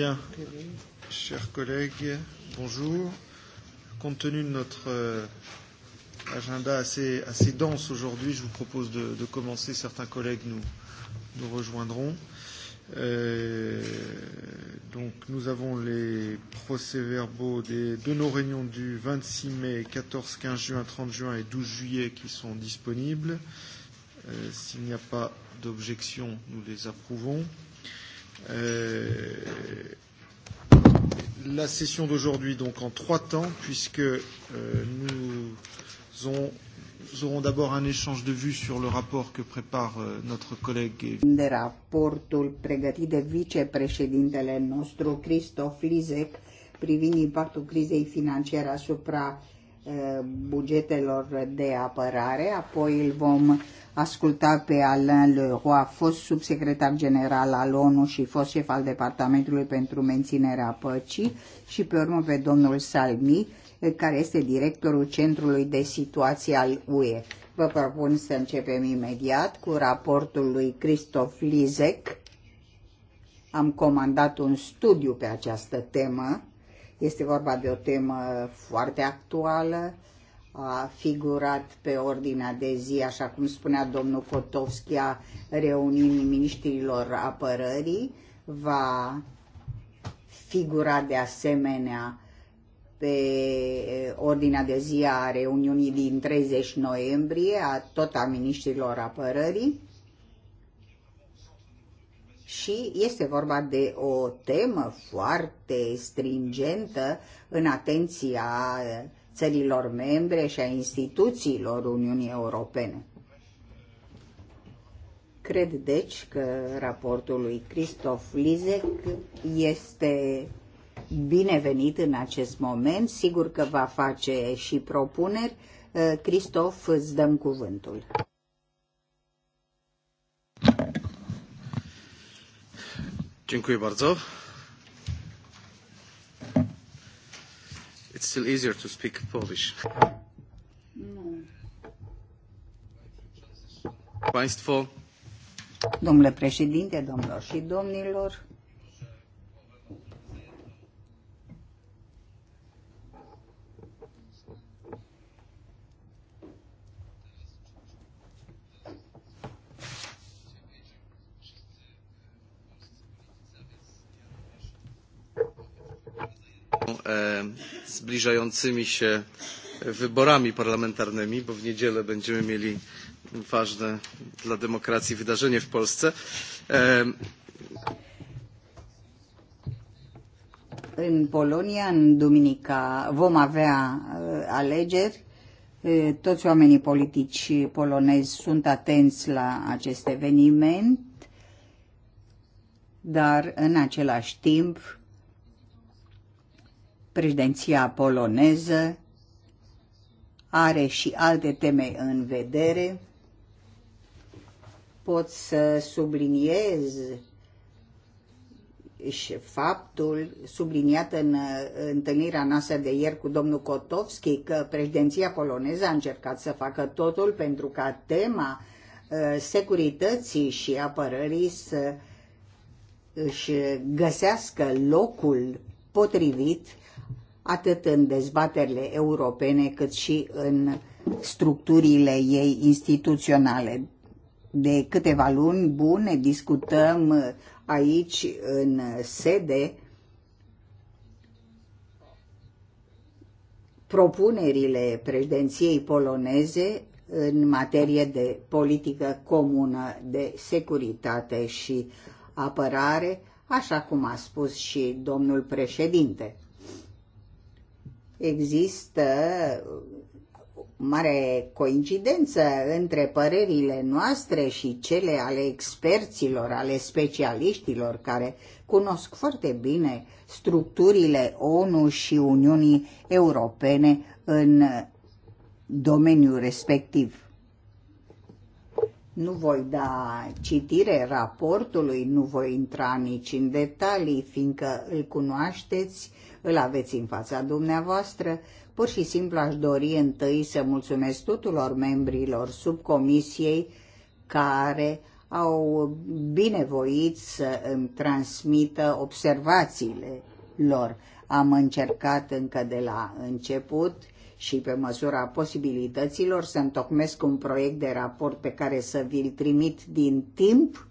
Bien, chers collègues, bonjour. Compte tenu de notre euh, agenda assez, assez dense aujourd'hui, je vous propose de, de commencer. Certains collègues nous, nous rejoindront. Euh, donc, nous avons les procès-verbaux de nos réunions du 26 mai, 14, 15 juin, 30 juin et 12 juillet qui sont disponibles. Euh, S'il n'y a pas d'objection, nous les approuvons. Euh, Euh, la session d'aujourd'hui, donc en trois temps, puisque euh, nous, on, nous aurons d'abord un échange de vues sur le rapport que prépare euh, notre collègue. De raportul pregătit de vicepreședintele nostru, Christoph Lisek, privind impactul crizei financiare asupra Eh, bugetelor de apărare, apoi îl vom asculta pe Alain Leroy, fost subsecretar general al ONU și fost șef al Departamentului pentru Menținerea Păcii și pe urmă pe domnul Salmi, eh, care este directorul Centrului de Situație al UE. Vă propun să începem imediat cu raportul lui Christoph Lizek. Am comandat un studiu pe această temă este vorba de o temă foarte actuală, a figurat pe ordinea de zi, așa cum spunea domnul Kotovski, a reuniunii ministrilor apărării, va figura de asemenea pe ordinea de zi a reuniunii din 30 noiembrie, a tot a ministrilor apărării și este vorba de o temă foarte stringentă în atenția țărilor membre și a instituțiilor Uniunii Europene. Cred, deci, că raportul lui Christoph Lizek este binevenit în acest moment. Sigur că va face și propuneri. Cristof, îți dăm cuvântul. It's still easier to speak Polish. Państwo. Domnule președinte, domnilor și domnilor, zbliżającymi się wyborami parlamentarnymi, bo w niedzielę będziemy mieli ważne dla demokracji wydarzenie w Polsce. În Polonia, în duminica, vom avea alegeri. Toți oamenii politici polonezi sunt atenți la acest eveniment, dar în același timp Președinția poloneză are și alte teme în vedere. Pot să subliniez și faptul subliniat în uh, întâlnirea noastră de ieri cu domnul Kotovski că președinția poloneză a încercat să facă totul pentru ca tema uh, securității și apărării să își găsească locul potrivit atât în dezbaterile europene cât și în structurile ei instituționale. De câteva luni bune discutăm aici în sede propunerile președinției poloneze în materie de politică comună de securitate și apărare, așa cum a spus și domnul președinte există uh, mare coincidență între părerile noastre și cele ale experților, ale specialiștilor care cunosc foarte bine structurile ONU și Uniunii Europene în uh, domeniul respectiv. Nu voi da citire raportului, nu voi intra nici în detalii, fiindcă îl cunoașteți îl aveți în fața dumneavoastră. Pur și simplu aș dori întâi să mulțumesc tuturor membrilor subcomisiei care au binevoit să îmi transmită observațiile lor. Am încercat încă de la început și pe măsura posibilităților să întocmesc un proiect de raport pe care să vi-l trimit din timp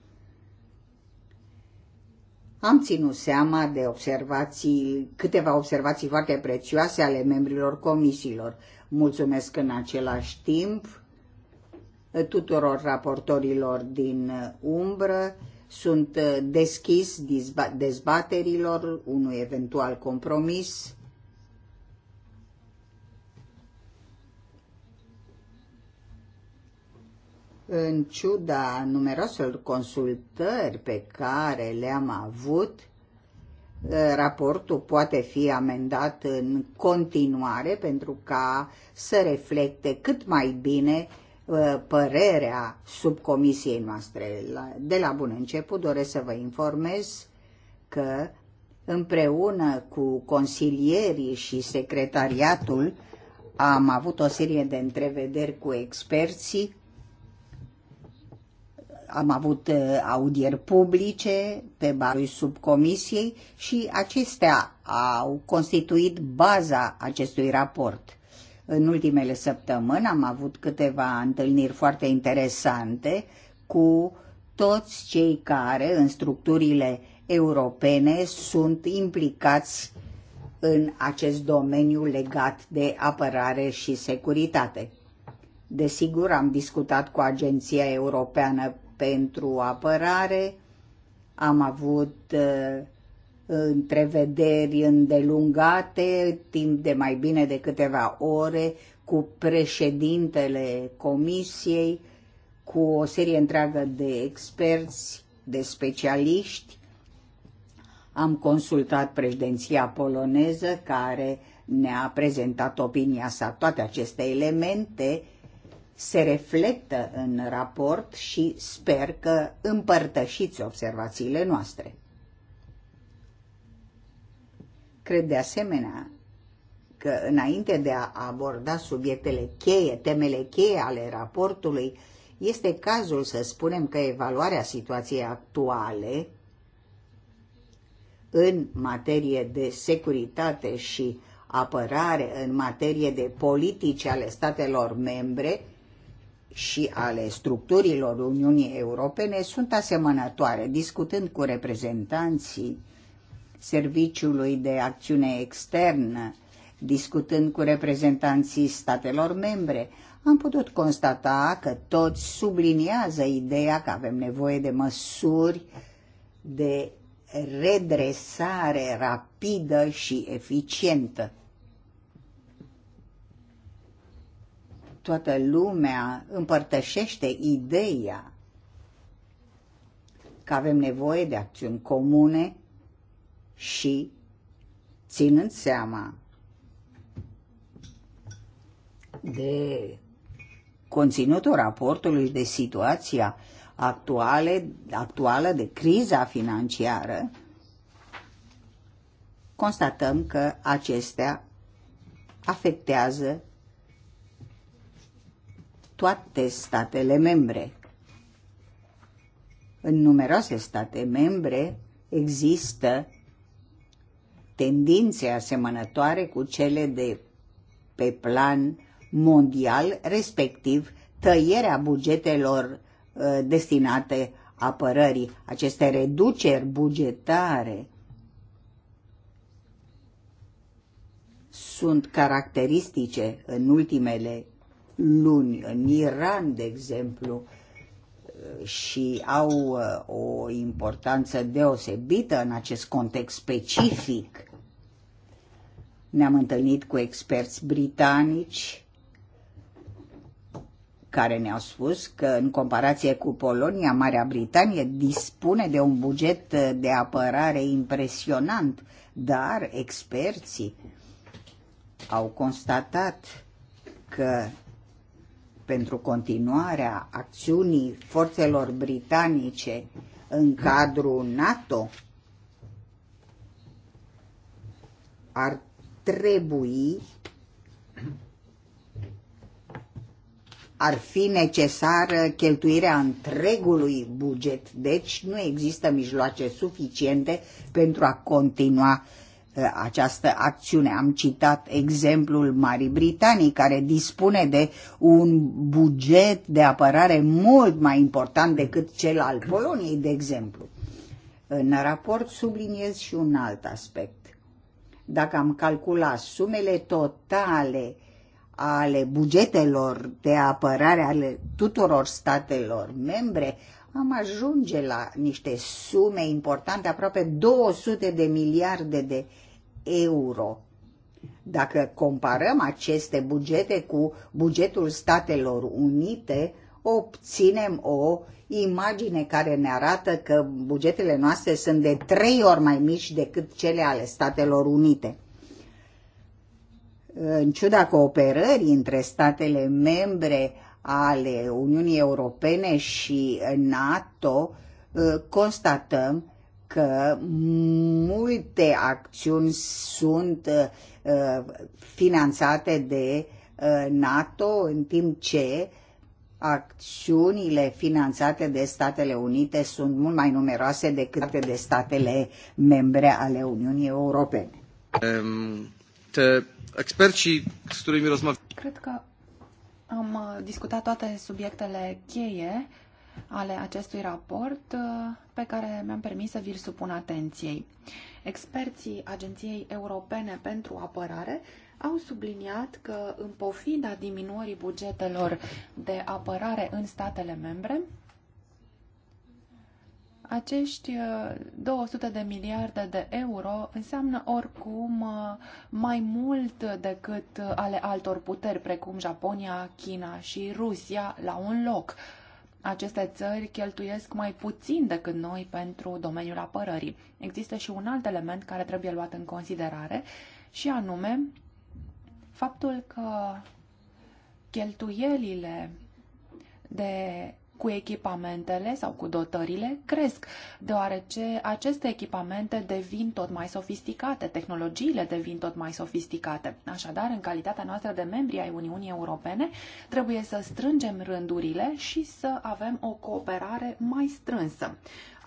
am ținut seama de observații, câteva observații foarte prețioase ale membrilor comisiilor. Mulțumesc în același timp uh, tuturor raportorilor din uh, umbră. Sunt uh, deschis dezbaterilor, unui eventual compromis în ciuda numeroaselor consultări pe care le-am avut, eh, raportul poate fi amendat în continuare pentru ca să reflecte cât mai bine eh, părerea subcomisiei noastre. De la bun început doresc să vă informez că împreună cu consilierii și secretariatul am avut o serie de întrevederi cu experții am avut eh, audieri publice pe barul subcomisiei și acestea au constituit baza acestui raport. În ultimele săptămâni am avut câteva întâlniri foarte interesante cu toți cei care în structurile europene sunt implicați în acest domeniu legat de apărare și securitate. Desigur, am discutat cu Agenția Europeană pentru apărare, am avut uh, întrevederi îndelungate, timp de mai bine de câteva ore, cu președintele comisiei, cu o serie întreagă de experți, de specialiști. Am consultat președinția poloneză care ne-a prezentat opinia sa. Toate aceste elemente se reflectă în raport și sper că împărtășiți observațiile noastre. Cred de asemenea că înainte de a aborda subiectele cheie, temele cheie ale raportului, este cazul să spunem că evaluarea situației actuale în materie de securitate și apărare, în materie de politici ale statelor membre, și ale structurilor Uniunii Europene sunt asemănătoare. Discutând cu reprezentanții Serviciului de Acțiune Externă, discutând cu reprezentanții statelor membre, am putut constata că toți subliniază ideea că avem nevoie de măsuri de redresare rapidă și eficientă. toată lumea împărtășește ideea că avem nevoie de acțiuni comune și ținând seama de conținutul raportului de situația actuale, actuală de criza financiară, constatăm că acestea afectează toate statele membre. În numeroase state membre există tendințe asemănătoare cu cele de pe plan mondial, respectiv tăierea bugetelor uh, destinate apărării, aceste reduceri bugetare sunt caracteristice în ultimele luni în Iran, de exemplu, uh, și au uh, o importanță deosebită în acest context specific. Ne-am întâlnit cu experți britanici care ne-au spus că, în comparație cu Polonia, Marea Britanie dispune de un buget uh, de apărare impresionant, dar experții au constatat că pentru continuarea acțiunii forțelor britanice în cadrul NATO ar trebui ar fi necesară cheltuirea întregului buget, deci nu există mijloace suficiente pentru a continua uh, această acțiune. Am citat exemplul Marii Britanii, care dispune de un buget de apărare mult mai important decât cel al Poloniei, de exemplu. În raport subliniez și un alt aspect. Dacă am calculat sumele totale ale bugetelor de apărare ale tuturor statelor membre, am ajunge la niște sume importante, aproape 200 de miliarde de euro. Dacă comparăm aceste bugete cu bugetul Statelor Unite, obținem o imagine care ne arată că bugetele noastre sunt de trei ori mai mici decât cele ale Statelor Unite. În ciuda cooperării între statele membre ale Uniunii Europene și NATO, constatăm că multe acțiuni sunt uh, finanțate de uh, NATO, în timp ce acțiunile finanțate de Statele Unite sunt mult mai numeroase decât de statele membre ale Uniunii Europene. Um, te, experții cu Cred că am uh, discutat toate subiectele cheie ale acestui raport uh, pe care mi-am permis să vi-l supun atenției. Experții Agenției Europene pentru Apărare au subliniat că în pofida diminuării bugetelor de apărare în statele membre, acești 200 uh, de miliarde de euro înseamnă oricum uh, mai mult decât ale altor puteri precum Japonia, China și Rusia la un loc aceste țări cheltuiesc mai puțin decât noi pentru domeniul apărării. Există și un alt element care trebuie luat în considerare și anume faptul că cheltuielile de cu echipamentele sau cu dotările cresc, deoarece aceste echipamente devin tot mai sofisticate, tehnologiile devin tot mai sofisticate. Așadar, în calitatea noastră de membri ai Uniunii Europene, trebuie să strângem rândurile și să avem o cooperare mai strânsă.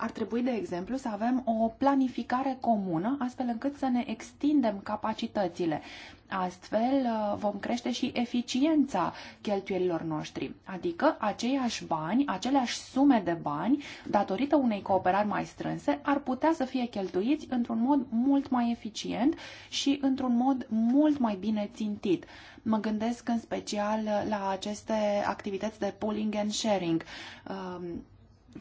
Ar trebui, de exemplu, să avem o planificare comună, astfel încât să ne extindem capacitățile. Astfel uh, vom crește și eficiența cheltuielilor noștri, adică aceiași bani, aceleași sume de bani, datorită unei cooperări mai strânse, ar putea să fie cheltuiți într-un mod mult mai eficient și într-un mod mult mai bine țintit. Mă gândesc în special la aceste activități de pooling and sharing. Um,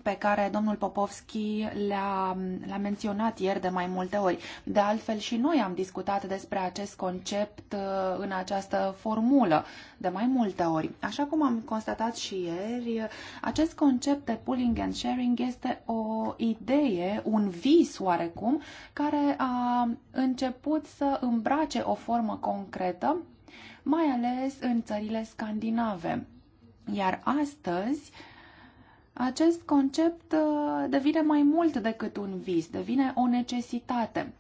pe care domnul Popovski le-a, le menționat ieri de mai multe ori. De altfel și noi am discutat despre acest concept uh, în această formulă de mai multe ori. Așa cum am constatat și ieri, acest concept de pulling and sharing este o idee, un vis oarecum, care a început să îmbrace o formă concretă, mai ales în țările scandinave. Iar astăzi, acest concept uh, devine mai mult decât un vis, devine o necesitate.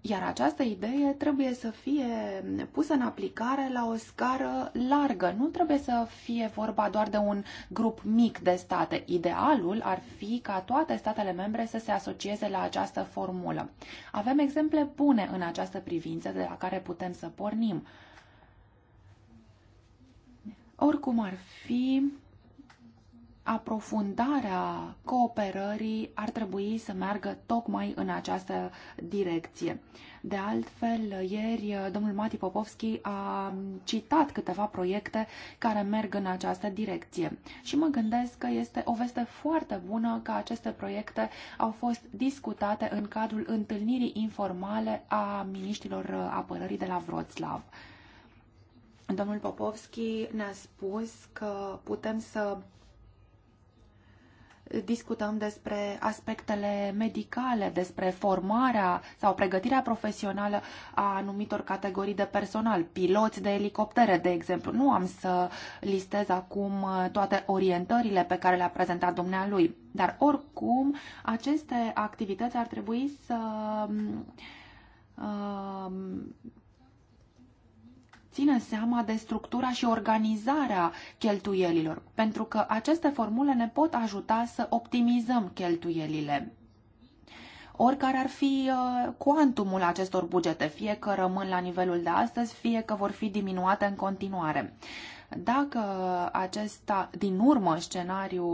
Iar această idee trebuie să fie pusă în aplicare la o scară largă. Nu trebuie să fie vorba doar de un grup mic de state. Idealul ar fi ca toate statele membre să se asocieze la această formulă. Avem exemple bune în această privință de la care putem să pornim. Oricum ar fi, aprofundarea cooperării ar trebui să meargă tocmai în această direcție. De altfel, ieri domnul Mati Popovski a citat câteva proiecte care merg în această direcție și mă gândesc că este o veste foarte bună că aceste proiecte au fost discutate în cadrul întâlnirii informale a miniștilor apărării de la Wroclaw. Domnul Popovski ne-a spus că putem să discutăm despre aspectele medicale, despre formarea sau pregătirea profesională a anumitor categorii de personal, piloți de elicoptere, de exemplu. Nu am să listez acum uh, toate orientările pe care le-a prezentat dumnealui, dar oricum aceste activități ar trebui să mm, uh, țină seama de structura și organizarea cheltuielilor, pentru că aceste formule ne pot ajuta să optimizăm cheltuielile oricare ar fi uh, cuantumul acestor bugete, fie că rămân la nivelul de astăzi, fie că vor fi diminuate în continuare. Dacă acesta din urmă scenariu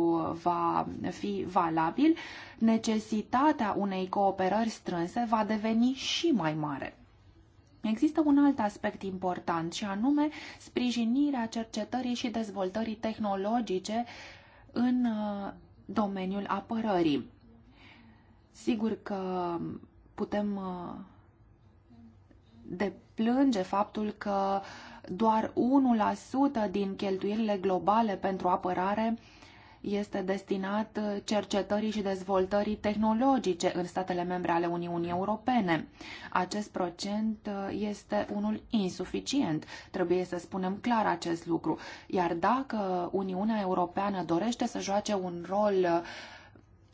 va fi valabil, necesitatea unei cooperări strânse va deveni și mai mare. Există un alt aspect important și anume sprijinirea cercetării și dezvoltării tehnologice în uh, domeniul apărării. Sigur că putem uh, deplânge faptul că doar 1% din cheltuielile globale pentru apărare uh, este destinat cercetării și dezvoltării tehnologice în statele membre ale Uniunii Europene. Acest procent uh, este unul insuficient, trebuie să spunem clar acest lucru. Iar dacă Uniunea Europeană dorește să joace un rol uh,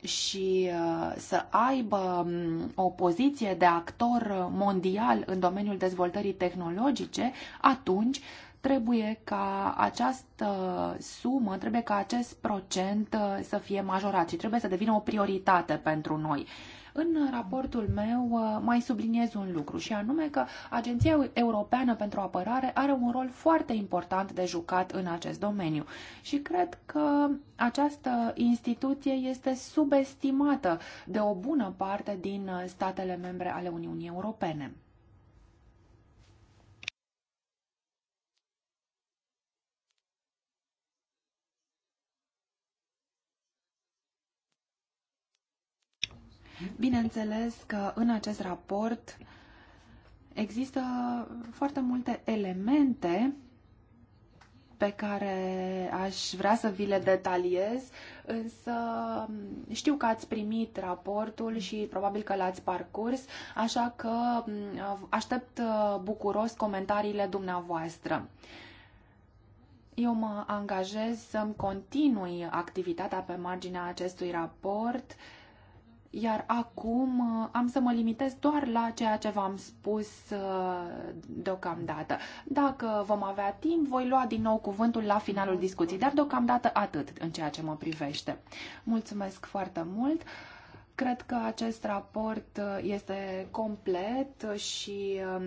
și uh, să aibă um, o poziție de actor mondial în domeniul dezvoltării tehnologice, atunci trebuie ca această sumă, trebuie ca acest procent uh, să fie majorat și trebuie să devină o prioritate pentru noi. În raportul meu uh, mai subliniez un lucru și anume că Agenția Europeană pentru Apărare are un rol foarte important de jucat în acest domeniu și cred că această instituție este subestimată de o bună parte din uh, statele membre ale Uniunii Europene. Bineînțeles că în acest raport există foarte multe elemente pe care aș vrea să vi le detaliez, însă știu că ați primit raportul și probabil că l-ați parcurs, așa că mm, aștept uh, bucuros comentariile dumneavoastră. Eu mă angajez să-mi continui activitatea pe marginea acestui raport iar acum uh, am să mă limitez doar la ceea ce v-am spus uh, deocamdată. Dacă vom avea timp, voi lua din nou cuvântul la finalul discuției, dar deocamdată atât în ceea ce mă privește. Mulțumesc foarte mult! Cred că acest raport uh, este complet și um,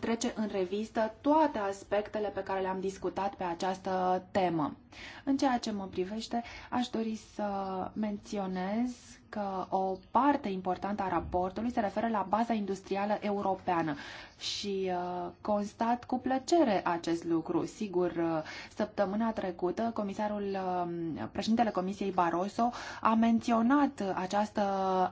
trece în revistă toate aspectele pe care le-am discutat pe această temă. În ceea ce mă privește, aș dori să menționez că o parte importantă a raportului se referă la baza industrială europeană și uh, constat cu plăcere acest lucru. Sigur, uh, săptămâna trecută, comisarul, um, președintele Comisiei Barroso a menționat această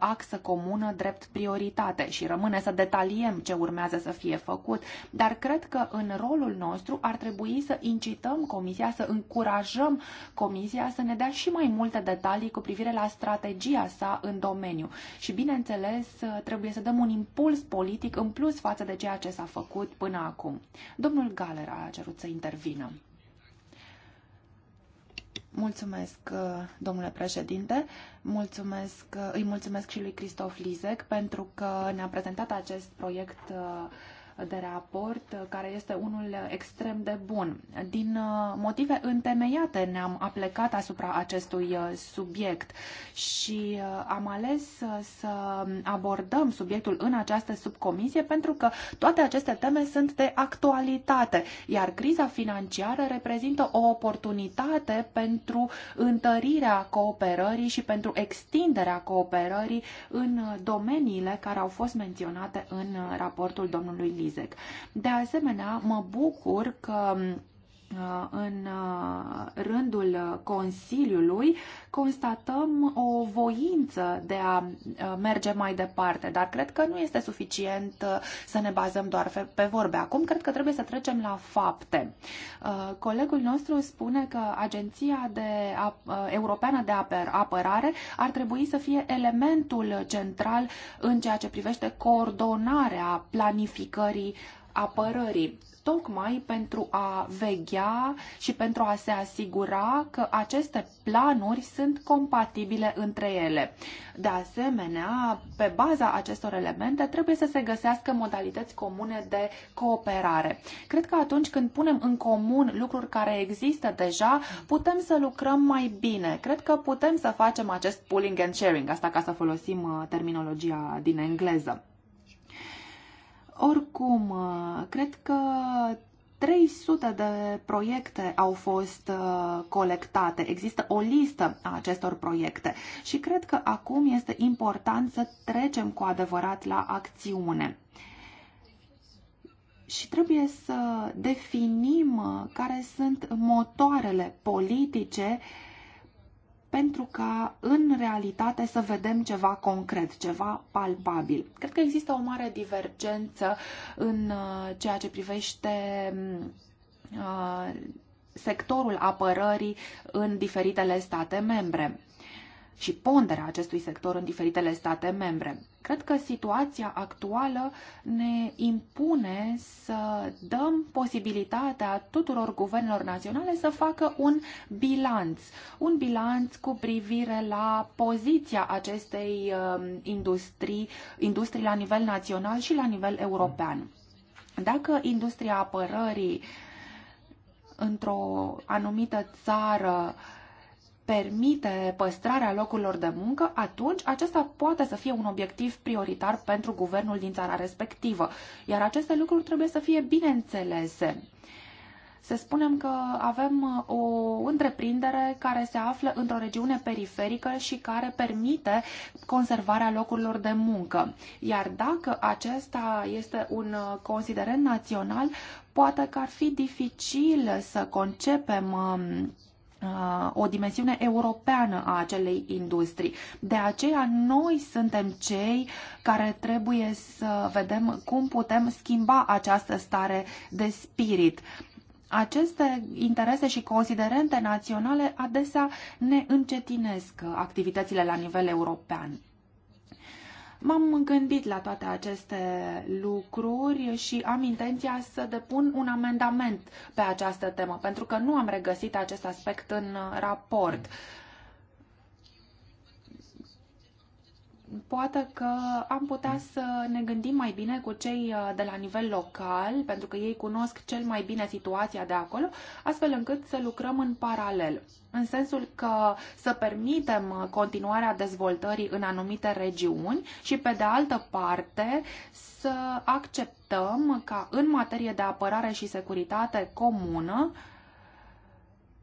axă comună drept prioritate și rămâne să detaliem ce urmează să fie făcut, dar cred că în rolul nostru ar trebui să incităm Comisia, să încurajăm Comisia să ne dea și mai multe detalii cu privire la strategia sa în domeniu. Și, bineînțeles, trebuie să dăm un impuls politic în plus față de ceea ce s-a făcut până acum. Domnul Galer a cerut să intervină. Mulțumesc, domnule președinte. Mulțumesc, îi mulțumesc și lui Cristof Lizec pentru că ne-a prezentat acest proiect uh, de raport, care este unul extrem de bun. Din uh, motive întemeiate ne-am aplecat asupra acestui uh, subiect și uh, am ales să abordăm subiectul în această subcomisie pentru că toate aceste teme sunt de actualitate, iar criza financiară reprezintă o oportunitate pentru întărirea cooperării și pentru extinderea cooperării în domeniile care au fost menționate în raportul domnului Liz. Lizec. De asemenea, mă bucur că Uh, în uh, rândul Consiliului, constatăm o voință de a uh, merge mai departe, dar cred că nu este suficient să ne bazăm doar pe vorbe. Acum cred că trebuie să trecem la fapte. Colegul nostru spune că Agenția de Europeană de Apărare ar trebui să fie elementul central în ceea ce privește coordonarea planificării apărării, tocmai pentru a veghea și pentru a se asigura că aceste planuri sunt compatibile între ele. De asemenea, pe baza acestor elemente trebuie să se găsească modalități comune de cooperare. Cred că atunci când punem în comun lucruri care există deja, putem să lucrăm mai bine. Cred că putem să facem acest pooling and sharing, asta ca să folosim uh, terminologia din engleză. Oricum, uh, cred că 300 de proiecte au fost uh, colectate. Există o listă a acestor proiecte și cred că acum este important să trecem cu adevărat la acțiune. Și trebuie să definim uh, care sunt motoarele politice uh, pentru ca în realitate să vedem ceva concret, ceva palpabil. Cred că există o mare divergență în uh, ceea ce privește mm, uh, sectorul apărării în diferitele state membre și ponderea acestui sector în diferitele state membre. Cred că situația actuală ne impune să dăm posibilitatea tuturor guvernelor naționale să facă un bilanț, un bilanț cu privire la poziția acestei um, industrii, industrii la nivel național și la nivel european. Dacă industria apărării într-o anumită țară uh, permite păstrarea locurilor de muncă, atunci acesta poate să fie un obiectiv prioritar pentru guvernul din țara respectivă. Iar aceste lucruri trebuie să fie bine Să spunem că avem uh, o întreprindere care se află într-o regiune periferică și care permite conservarea locurilor de muncă. Iar dacă acesta este un uh, considerent național, poate că ar fi dificil să concepem um, Uh, o dimensiune europeană a acelei industrii. De aceea noi suntem cei care trebuie să vedem cum putem schimba această stare de spirit. Aceste interese și considerente naționale adesea ne încetinesc activitățile la nivel european. M-am gândit la toate aceste lucruri și am intenția să depun un amendament pe această temă, pentru că nu am regăsit acest aspect în raport. Uh, poate că am putea să ne gândim mai bine cu cei uh, de la nivel local, pentru că ei cunosc cel mai bine situația de acolo, astfel încât să lucrăm în paralel. În sensul că să permitem uh, continuarea dezvoltării în anumite regiuni și, pe de altă parte, să acceptăm ca în materie de apărare și securitate comună,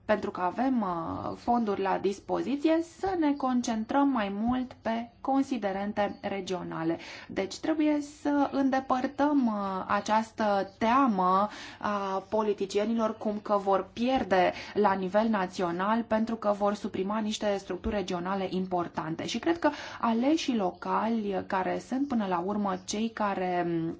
pentru că avem uh, fonduri la dispoziție, să ne concentrăm mai mult pe considerente regionale. Deci trebuie să îndepărtăm uh, această teamă a politicienilor cum că vor pierde la nivel național pentru că vor suprima niște structuri regionale importante. Și cred că aleșii locali care sunt până la urmă cei care mm,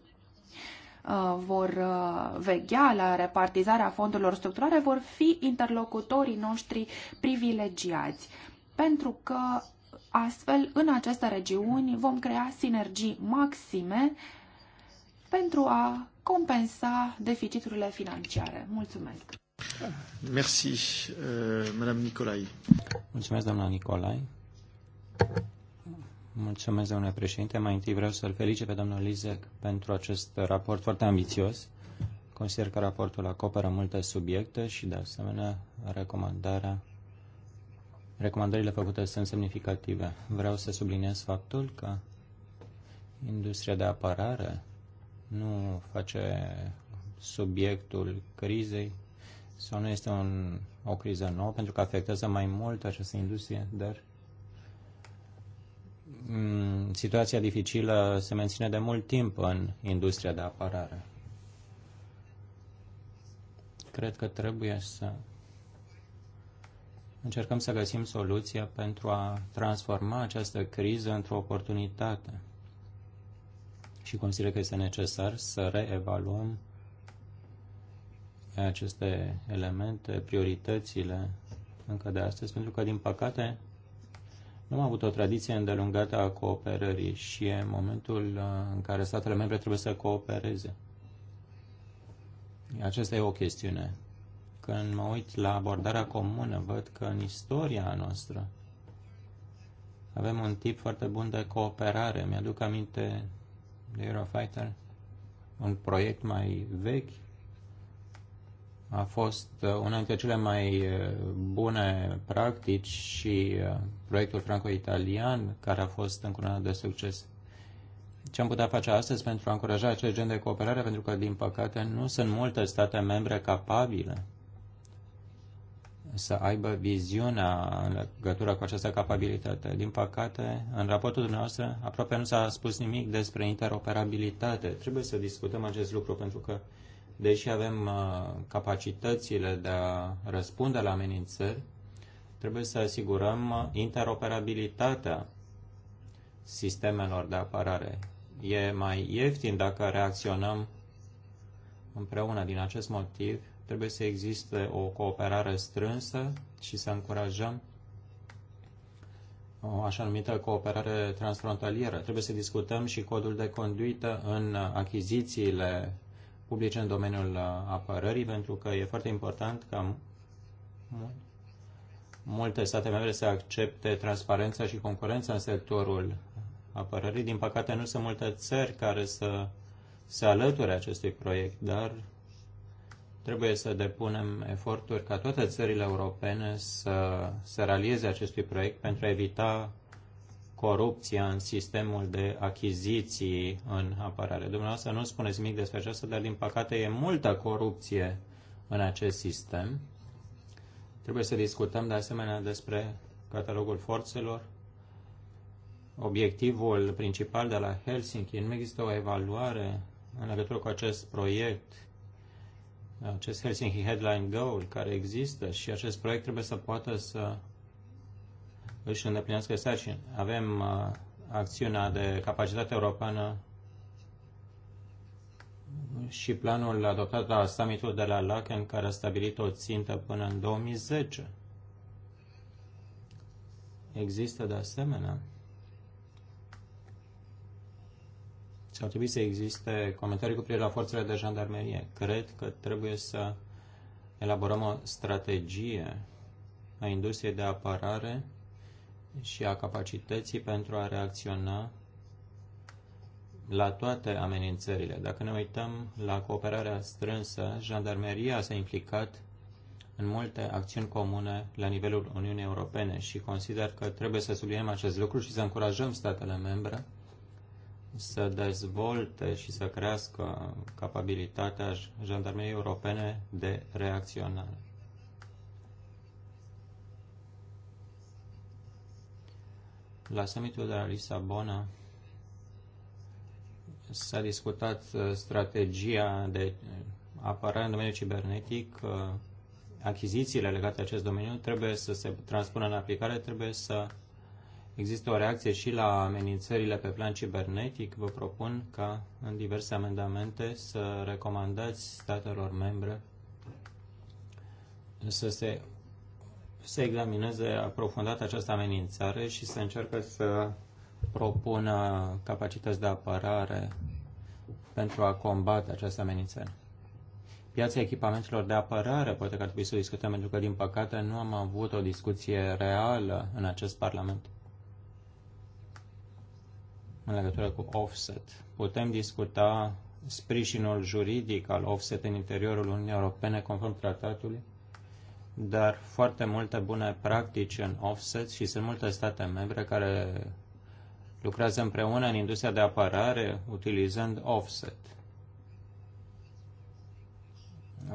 Uh, vor uh, veghea la repartizarea fondurilor structurale vor fi interlocutorii noștri privilegiați, pentru că astfel în aceste regiuni vom crea sinergii maxime pentru a compensa deficiturile financiare. Mulțumesc! Merci, uh, Madame Nicolai. Mulțumesc, doamna Nicolai. Mulțumesc, domnule președinte. Mai întâi vreau să-l felice pe domnul Lizec pentru acest raport foarte ambițios. Consider că raportul acoperă multe subiecte și, de asemenea, recomandarea recomandările făcute sunt semnificative. Vreau să subliniez faptul că industria de apărare nu face subiectul crizei sau nu este un, o criză nouă pentru că afectează mai mult această industrie, dar Mm, situația dificilă se menține de mult timp în industria de apărare. Cred că trebuie să încercăm să găsim soluția pentru a transforma această criză într-o oportunitate. Și consider că este necesar să reevaluăm aceste elemente, prioritățile încă de astăzi, pentru că, din păcate, nu am avut o tradiție îndelungată a cooperării și e momentul uh, în care statele membre trebuie să coopereze. Aceasta e o chestiune. Când mă uit la abordarea comună, văd că în istoria noastră avem un tip foarte bun de cooperare. Mi-aduc aminte de Eurofighter, un proiect mai vechi a fost uh, una dintre cele mai uh, bune practici și uh, proiectul franco-italian care a fost încununat de succes. Ce am putea face astăzi pentru a încuraja acest gen de cooperare? Pentru că, din păcate, nu sunt multe state membre capabile să aibă viziunea în legătură cu această capabilitate. Din păcate, în raportul dumneavoastră aproape nu s-a spus nimic despre interoperabilitate. Trebuie să discutăm acest lucru pentru că deși avem uh, capacitățile de a răspunde la amenințări, trebuie să asigurăm uh, interoperabilitatea sistemelor de apărare. E mai ieftin dacă reacționăm împreună. Din acest motiv, trebuie să existe o cooperare strânsă și să încurajăm o așa numită cooperare transfrontalieră. Trebuie să discutăm și codul de conduită în uh, achizițiile publice în domeniul uh, apărării, pentru că e foarte important ca multe state membre să accepte transparența și concurența în sectorul apărării. Din păcate, nu sunt multe țări care să se alăture acestui proiect, dar trebuie să depunem eforturi ca toate țările europene să se realieze acestui proiect pentru a evita corupția în sistemul de achiziții în apărare. Dumneavoastră nu spuneți nimic despre aceasta, dar din păcate e multă corupție în acest sistem. Trebuie să discutăm de asemenea despre catalogul forțelor. Obiectivul principal de la Helsinki, nu există o evaluare în legătură cu acest proiect, acest Helsinki Headline Goal care există și acest proiect trebuie să poată să își îndeplinească sarcini. Avem uh, acțiunea de capacitate europeană și planul adoptat la summitul de la Laken, care a stabilit o țintă până în 2010. Există de asemenea și ar trebui să existe comentarii cu privire la forțele de jandarmerie. Cred că trebuie să elaborăm o strategie a industriei de apărare și a capacității pentru a reacționa la toate amenințările. Dacă ne uităm la cooperarea strânsă, jandarmeria s-a implicat în multe acțiuni comune la nivelul Uniunii Europene și consider că trebuie să subliniem acest lucru și să încurajăm statele membre să dezvolte și să crească capabilitatea jandarmeriei europene de reacționare. La summitul de la Lisabona s-a discutat uh, strategia de uh, apărare în domeniul cibernetic, uh, achizițiile legate de acest domeniu trebuie să se transpună în aplicare, trebuie să există o reacție și la amenințările pe plan cibernetic. Vă propun ca în diverse amendamente să recomandați statelor membre să se să examineze aprofundat această amenințare și să încerce să propună capacități de apărare pentru a combate această amenințare. Piața echipamentelor de apărare poate că ar trebui să o discutăm, pentru că, din păcate, nu am avut o discuție reală în acest Parlament în legătură cu offset. Putem discuta sprijinul juridic al offset în interiorul Uniunii Europene conform tratatului? dar foarte multe bune practici în offset și sunt multe state membre care lucrează împreună în industria de apărare utilizând offset.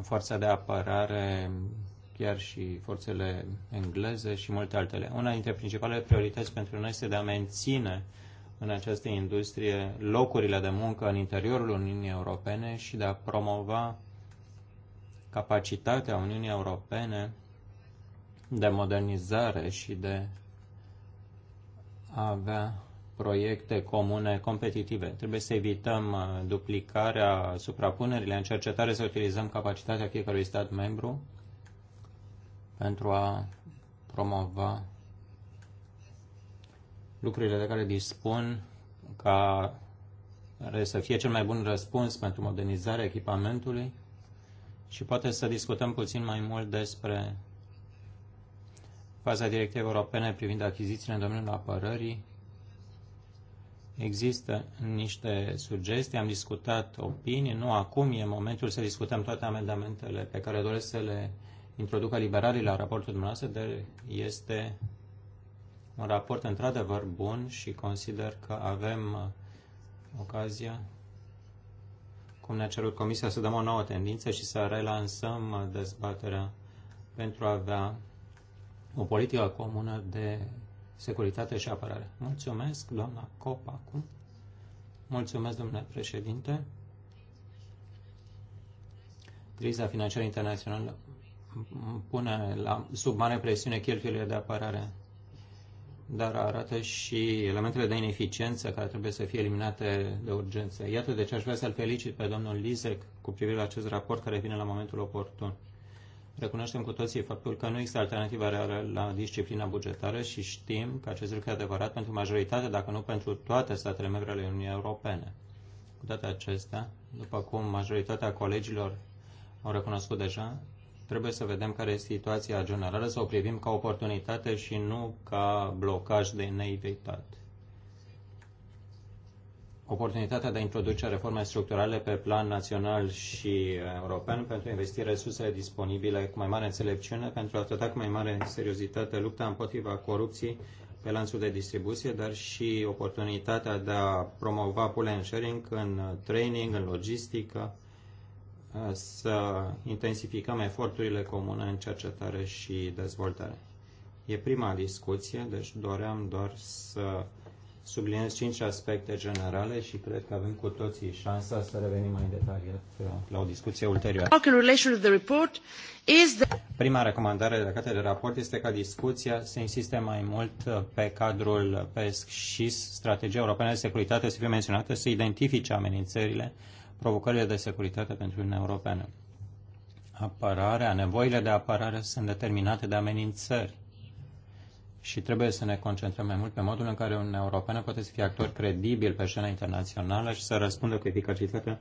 Forța de apărare, chiar și forțele engleze și multe altele. Una dintre principalele priorități pentru noi este de a menține în această industrie locurile de muncă în interiorul Uniunii Europene și de a promova capacitatea Uniunii Europene de modernizare și de a avea proiecte comune competitive. Trebuie să evităm uh, duplicarea, suprapunerile în cercetare, să utilizăm capacitatea fiecărui stat membru pentru a promova lucrurile de care dispun ca să fie cel mai bun răspuns pentru modernizarea echipamentului și poate să discutăm puțin mai mult despre faza directivă europene privind achizițiile în domeniul apărării. Există niște sugestii, am discutat opinii, nu acum e momentul să discutăm toate amendamentele pe care doresc să le introducă liberalii la raportul dumneavoastră, dar este un raport într-adevăr bun și consider că avem ocazia cum ne-a cerut Comisia, să dăm o nouă tendință și să relansăm dezbaterea pentru a avea o politică comună de securitate și apărare. Mulțumesc, doamna Copacu. Mulțumesc, domnule președinte. Criza financiară internațională pune la, sub mare presiune cheltuielile de apărare dar arată și elementele de ineficiență care trebuie să fie eliminate de urgență. Iată de ce aș vrea să-l felicit pe domnul Lizec cu privire la acest raport care vine la momentul oportun. Recunoaștem cu toții faptul că nu există alternativă reală la disciplina bugetară și știm că acest lucru e adevărat pentru majoritatea, dacă nu pentru toate statele membre ale Uniunii Europene. Cu toate acestea, după cum majoritatea colegilor au recunoscut deja, Trebuie să vedem care este situația generală, să o privim ca oportunitate și nu ca blocaj de neevitat. Oportunitatea de a introduce reforme structurale pe plan național și european pentru a investi resursele disponibile cu mai mare înțelepciune, pentru a trata cu mai mare seriozitate lupta împotriva corupției, pe lanțul de distribuție, dar și oportunitatea de a promova pull and sharing în training, în logistică, să intensificăm eforturile comune în cercetare și dezvoltare. E prima discuție, deci doream doar să subliniez cinci aspecte generale și cred că avem cu toții șansa să revenim mai detaliat uh, la o discuție ulterioară. Prima recomandare la de raport este ca discuția să insiste mai mult pe cadrul PESC și strategia europeană de securitate să fie menționată, să identifice amenințările provocările de securitate pentru Uniunea Europeană. Apărarea, nevoile de apărare sunt determinate de amenințări și trebuie să ne concentrăm mai mult pe modul în care Uniunea Europeană poate să fie actor credibil pe scena internațională și să răspundă cu eficacitate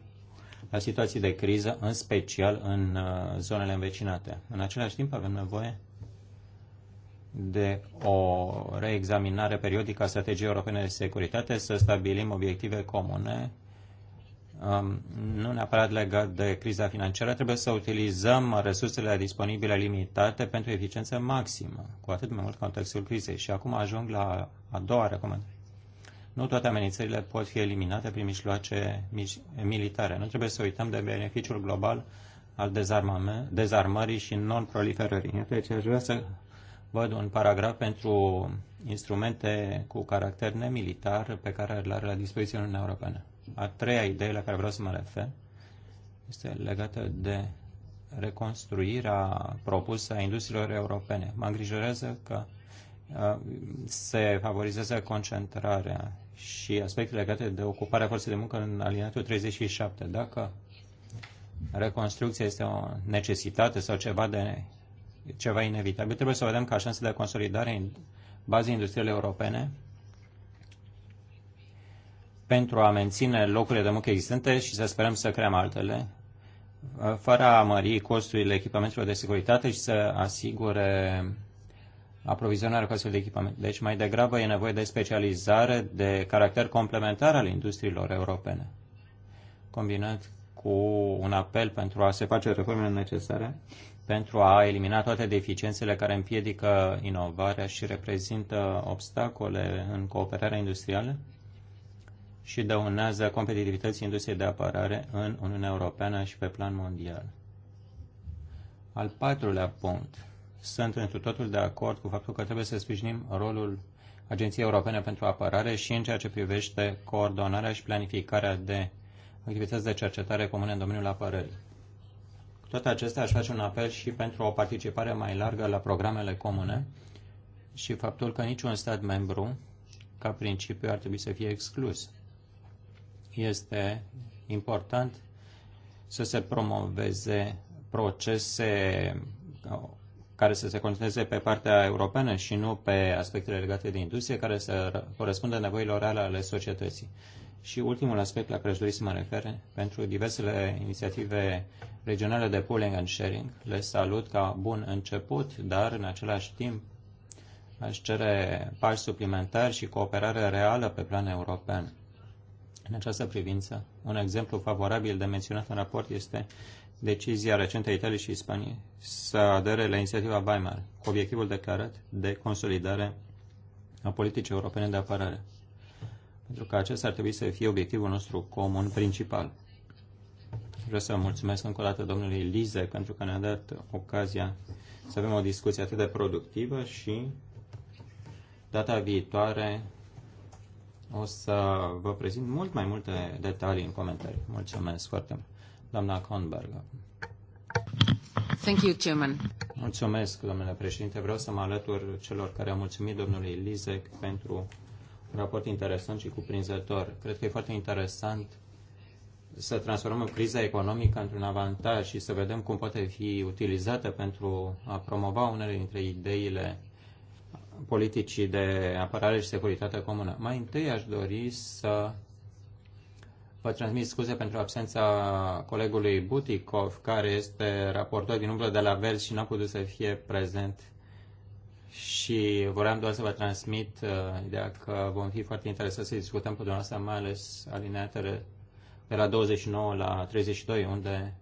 la situații de criză, în special în uh, zonele învecinate. În același timp avem nevoie de o reexaminare periodică a strategiei europene de securitate, să stabilim obiective comune Um, nu neapărat legat de criza financiară, trebuie să utilizăm resursele disponibile limitate pentru eficiență maximă, cu atât mai mult contextul crizei. Și acum ajung la a doua recomandare. Nu toate amenințările pot fi eliminate prin mijloace militare. Nu trebuie să uităm de beneficiul global al dezarmării și non-proliferării. Iată deci ce aș vrea să văd un paragraf pentru instrumente cu caracter nemilitar pe care le are la dispoziție Uniunea Europeană a treia idee la care vreau să mă refer este legată de reconstruirea propusă a industriilor europene. Mă îngrijorează că se favorizează concentrarea și aspecte legate de ocuparea forței de muncă în alineatul 37. Dacă reconstrucția este o necesitate sau ceva de ceva inevitabil, trebuie să vedem ca șanse de consolidare în bazei industriale europene pentru a menține locurile de muncă existente și să sperăm să creăm altele, uh, fără a mări costurile echipamentelor de securitate și să asigure aprovizionarea cu astfel de echipament. Deci mai degrabă e nevoie de specializare de caracter complementar al industriilor europene, combinat cu un apel pentru a se face reformele necesare, pentru a elimina toate deficiențele care împiedică inovarea și reprezintă obstacole în cooperarea industrială și dăunează competitivității industriei de apărare în Uniunea Europeană și pe plan mondial. Al patrulea punct. Sunt întru totul de acord cu faptul că trebuie să sprijinim rolul Agenției Europene pentru Apărare și în ceea ce privește coordonarea și planificarea de activități de cercetare comune în domeniul apărării. Cu toate acestea, aș face un apel și pentru o participare mai largă la programele comune și faptul că niciun stat membru, ca principiu, ar trebui să fie exclus este important să se promoveze procese uh, care să se concentreze pe partea europeană și nu pe aspectele legate de industrie, care să corespundă nevoilor reale ale societății. Și ultimul aspect la care aș dori să mă refer, pentru diversele inițiative regionale de pooling and sharing, le salut ca bun început, dar în același timp aș cere pași suplimentari și cooperare reală pe plan european. În această privință, un exemplu favorabil de menționat în raport este decizia recentă a Italiei și Spaniei să adere la inițiativa Weimar, cu obiectivul declarat de consolidare a politicii europene de apărare, pentru că acesta ar trebui să fie obiectivul nostru comun principal. Vreau să mulțumesc încă o dată domnului Lize pentru că ne-a dat ocazia să avem o discuție atât de productivă și data viitoare o să vă prezint mult mai multe detalii în comentarii. Mulțumesc foarte mult. Doamna Conberg. Thank you, Chairman. Mulțumesc, domnule președinte. Vreau să mă alătur celor care au mulțumit domnului Lizek pentru un raport interesant și cuprinzător. Cred că e foarte interesant să transformăm criza economică într-un avantaj și să vedem cum poate fi utilizată pentru a promova unele dintre ideile politicii de apărare și securitate comună. Mai întâi aș dori să vă transmit scuze pentru absența colegului Butikov, care este raportor din umbră de la Vers și nu a putut să fie prezent și voream doar să vă transmit uh, ideea că vom fi foarte interesați să discutăm cu dumneavoastră, mai ales alineatele de la 29 la 32, unde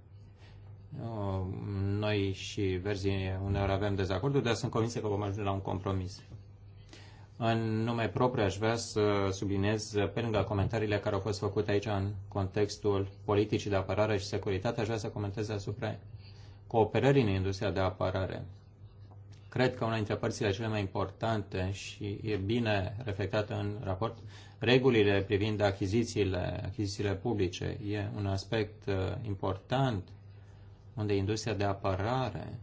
uh, noi și verzii uneori avem dezacorduri, dar sunt convins că vom ajunge la un compromis. În nume propriu aș vrea să subliniez, pe lângă comentariile care au fost făcute aici în contextul politicii de apărare și securitate, aș vrea să comentez asupra cooperării în industria de apărare. Cred că una dintre părțile cele mai importante și e bine reflectată în raport, regulile privind achizițiile, achizițiile publice, e un aspect uh, important unde industria de apărare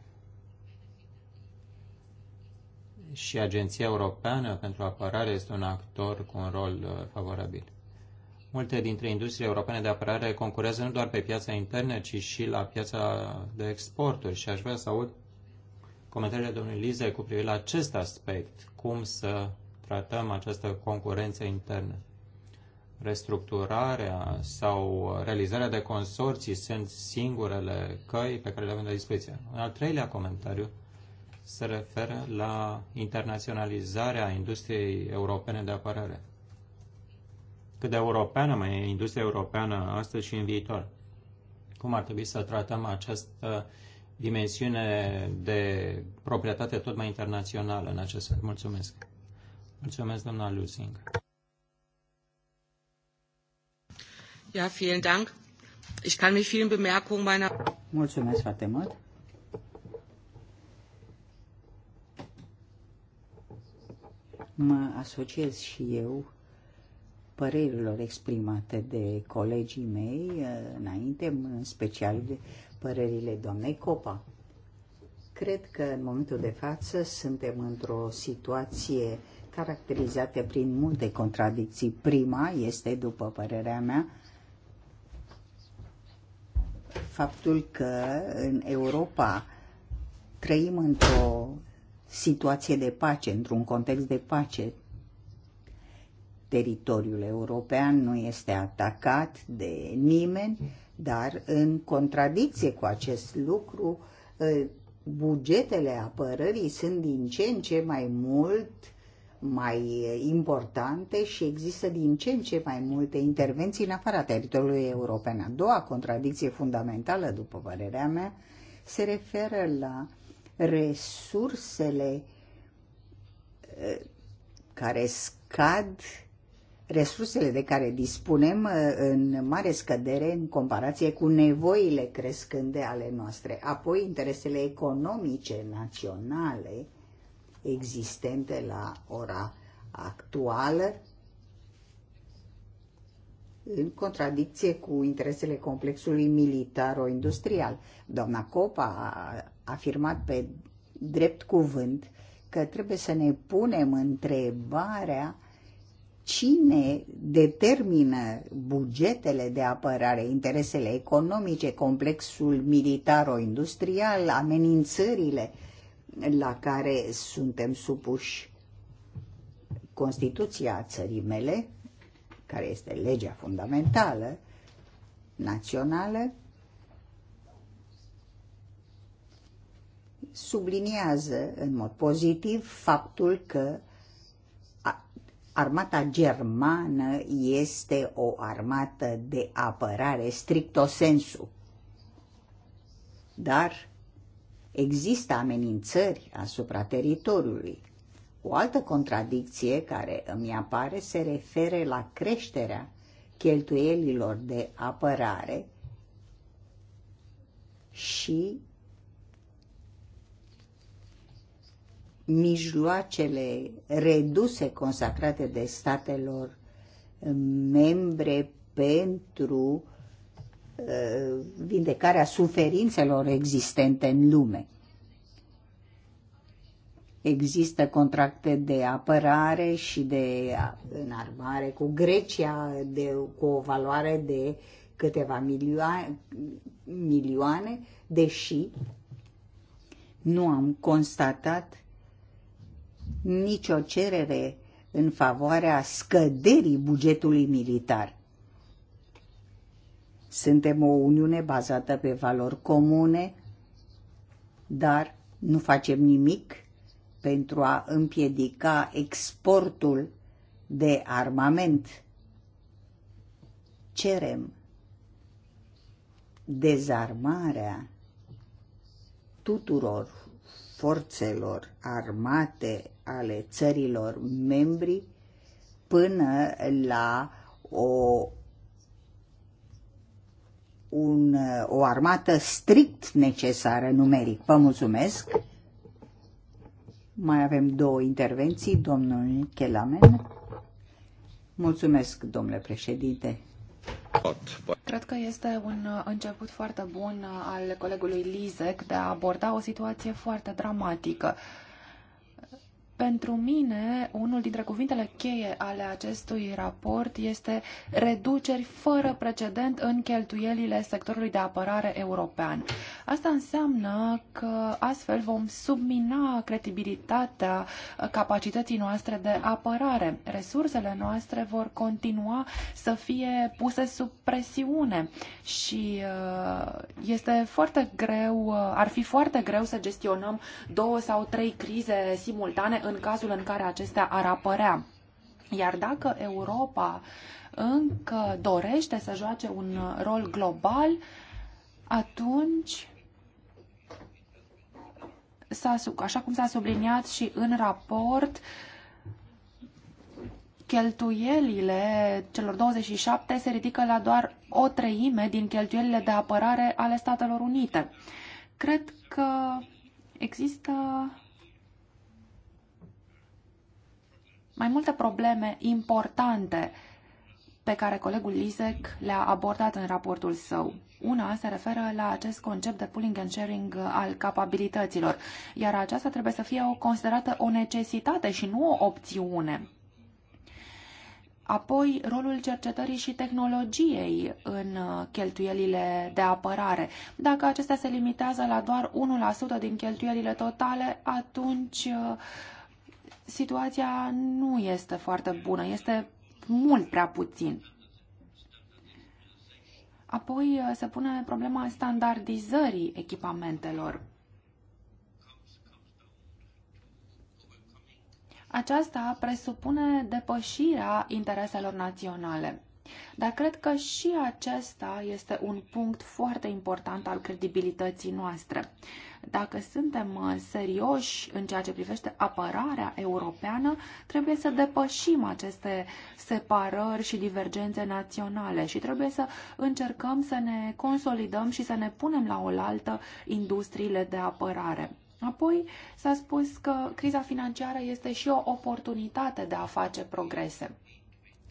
și Agenția Europeană pentru Apărare este un actor cu un rol uh, favorabil. Multe dintre industriile europene de apărare concurează nu doar pe piața internă, ci și la piața de exporturi și aș vrea să aud comentariile domnului Lize cu privire la acest aspect, cum să tratăm această concurență internă. Restructurarea sau realizarea de consorții sunt singurele căi pe care le avem la dispoziție. Un al treilea comentariu se referă la internaționalizarea industriei europene de apărare. Cât de europeană mai e industria europeană astăzi și în viitor? Cum ar trebui să tratăm această dimensiune de proprietate tot mai internațională în acest sens? Mulțumesc! Mulțumesc, doamna Lusing! Ja, vielen Dank. Ich kann mich vielen Bemerkungen meiner Mulțumesc foarte mult. Mă asociez și eu părerilor exprimate de colegii mei eh, înainte, în special de părerile doamnei Copa. Cred că în momentul de față suntem într-o situație caracterizată prin multe contradicții. Prima este, după părerea mea, faptul că în Europa trăim într-o situație de pace, într-un context de pace. Teritoriul european nu este atacat de nimeni, dar în contradicție cu acest lucru, ă, bugetele apărării sunt din ce în ce mai mult mai importante și există din ce în ce mai multe intervenții în afara teritoriului european. A doua contradicție fundamentală, după părerea mea, se referă la resursele eh, care scad, resursele de care dispunem eh, în mare scădere în comparație cu nevoile crescânde ale noastre. Apoi interesele economice naționale existente la ora actuală în contradicție cu interesele complexului militar-industrial. Doamna Copa afirmat pe drept cuvânt că trebuie să ne punem întrebarea cine determină bugetele de apărare, interesele economice, complexul militar industrial amenințările la care suntem supuși. Constituția țării mele, care este legea fundamentală națională, subliniază în mod pozitiv faptul că armata germană este o armată de apărare stricto sensu. Dar există amenințări asupra teritoriului. O altă contradicție care îmi apare se referă la creșterea cheltuielilor de apărare și mijloacele reduse consacrate de statelor uh, membre pentru uh, vindecarea suferințelor existente în lume. Există contracte de apărare și de înarmare cu Grecia de, cu o valoare de câteva milioane, milioane deși nu am constatat nicio cerere în favoarea scăderii bugetului militar. Suntem o uniune bazată pe valori comune, dar nu facem nimic pentru a împiedica exportul de armament. Cerem dezarmarea tuturor forțelor armate ale țărilor membri până la o, un, o armată strict necesară numeric. Vă mulțumesc! Mai avem două intervenții, domnul Chelamen. Mulțumesc, domnule președinte. Cred că este un început foarte bun al colegului Lizec de a aborda o situație foarte dramatică. Pentru mine, unul dintre cuvintele cheie ale acestui raport este reduceri fără precedent în cheltuielile sectorului de apărare european. Asta înseamnă că astfel vom submina credibilitatea capacității noastre de apărare. Resursele noastre vor continua să fie puse sub presiune și uh, este foarte greu, uh, ar fi foarte greu să gestionăm două sau trei crize simultane în cazul în care acestea ar apărea. Iar dacă Europa încă dorește să joace un rol global, atunci, așa cum s-a subliniat și în raport, cheltuielile celor 27 se ridică la doar o treime din cheltuielile de apărare ale Statelor Unite. Cred că există mai multe probleme importante pe care colegul Lisek le-a abordat în raportul său. Una se referă la acest concept de pooling and sharing al capabilităților, iar aceasta trebuie să fie o considerată o necesitate și nu o opțiune. Apoi, rolul cercetării și tehnologiei în cheltuielile de apărare. Dacă acestea se limitează la doar 1% din cheltuielile totale, atunci uh, situația nu este foarte bună, este mult prea puțin. Apoi uh, se pune problema standardizării echipamentelor. Aceasta presupune depășirea intereselor naționale. Dar cred că și acesta este un punct foarte important al credibilității noastre. Dacă suntem uh, serioși în ceea ce privește apărarea europeană, trebuie să depășim aceste separări și divergențe naționale și trebuie să încercăm să ne consolidăm și să ne punem la oaltă industriile de apărare. Apoi s-a spus că criza financiară este și o oportunitate de a face progrese.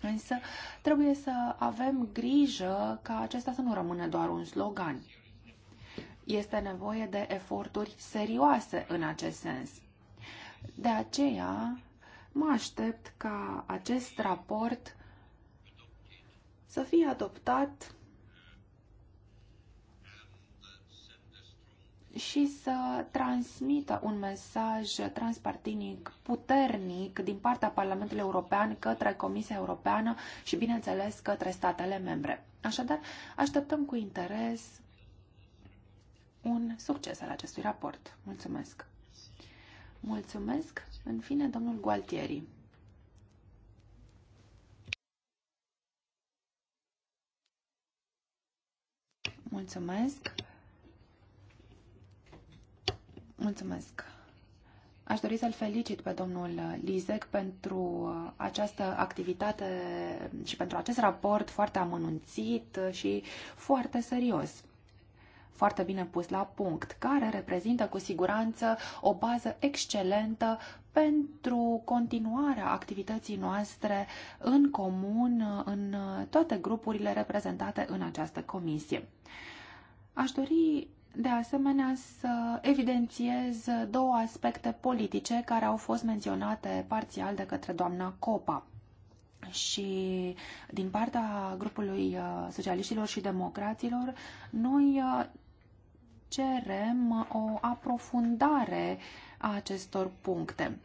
Însă trebuie să avem grijă ca acesta să nu rămână doar un slogan este nevoie de eforturi serioase în acest sens. De aceea, mă aștept ca acest raport să fie adoptat și să transmită un mesaj transpartinic puternic din partea Parlamentului European către Comisia Europeană și, bineînțeles, către statele membre. Așadar, așteptăm cu interes un succes al acestui raport. Mulțumesc! Mulțumesc, în fine, domnul Gualtieri. Mulțumesc. Mulțumesc. Aș dori să-l felicit pe domnul Lizec pentru uh, această activitate și pentru acest raport foarte amănunțit și foarte serios foarte bine pus la punct, care reprezintă cu siguranță o bază excelentă pentru continuarea activității noastre în comun în toate grupurile reprezentate în această comisie. Aș dori de asemenea să evidențiez două aspecte politice care au fost menționate parțial de către doamna Copa și din partea grupului uh, socialiștilor și democraților, noi uh, cerem o aprofundare a acestor puncte.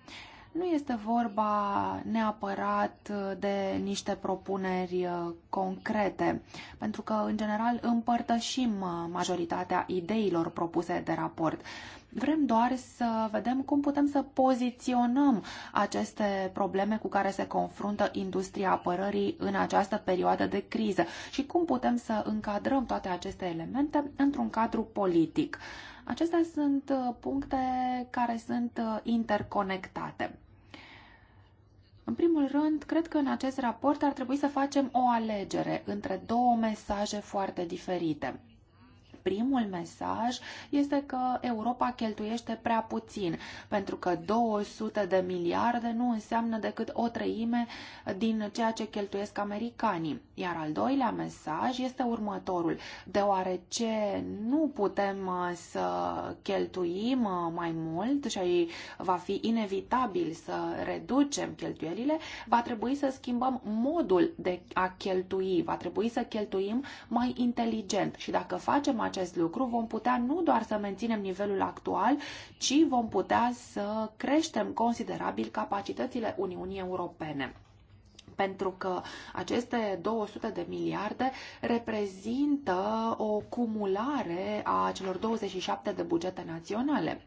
Nu este vorba neapărat de niște propuneri uh, concrete, pentru că, în general, împărtășim uh, majoritatea ideilor propuse de raport. Vrem doar să vedem cum putem să poziționăm aceste probleme cu care se confruntă industria apărării în această perioadă de criză și cum putem să încadrăm toate aceste elemente într-un cadru politic. Acestea sunt uh, puncte care sunt uh, interconectate. În primul rând, cred că în acest raport ar trebui să facem o alegere între două mesaje foarte diferite. Primul mesaj este că Europa cheltuiește prea puțin, pentru că 200 de miliarde nu înseamnă decât o treime din ceea ce cheltuiesc americanii. Iar al doilea mesaj este următorul, deoarece nu putem uh, să cheltuim uh, mai mult și va fi inevitabil să reducem cheltuielile, va trebui să schimbăm modul de a cheltui, va trebui să cheltuim mai inteligent. Și dacă facem acest lucru, vom putea nu doar să menținem nivelul actual, ci vom putea să creștem considerabil capacitățile Uniunii Europene pentru că aceste 200 de miliarde reprezintă o cumulare a celor 27 de bugete naționale.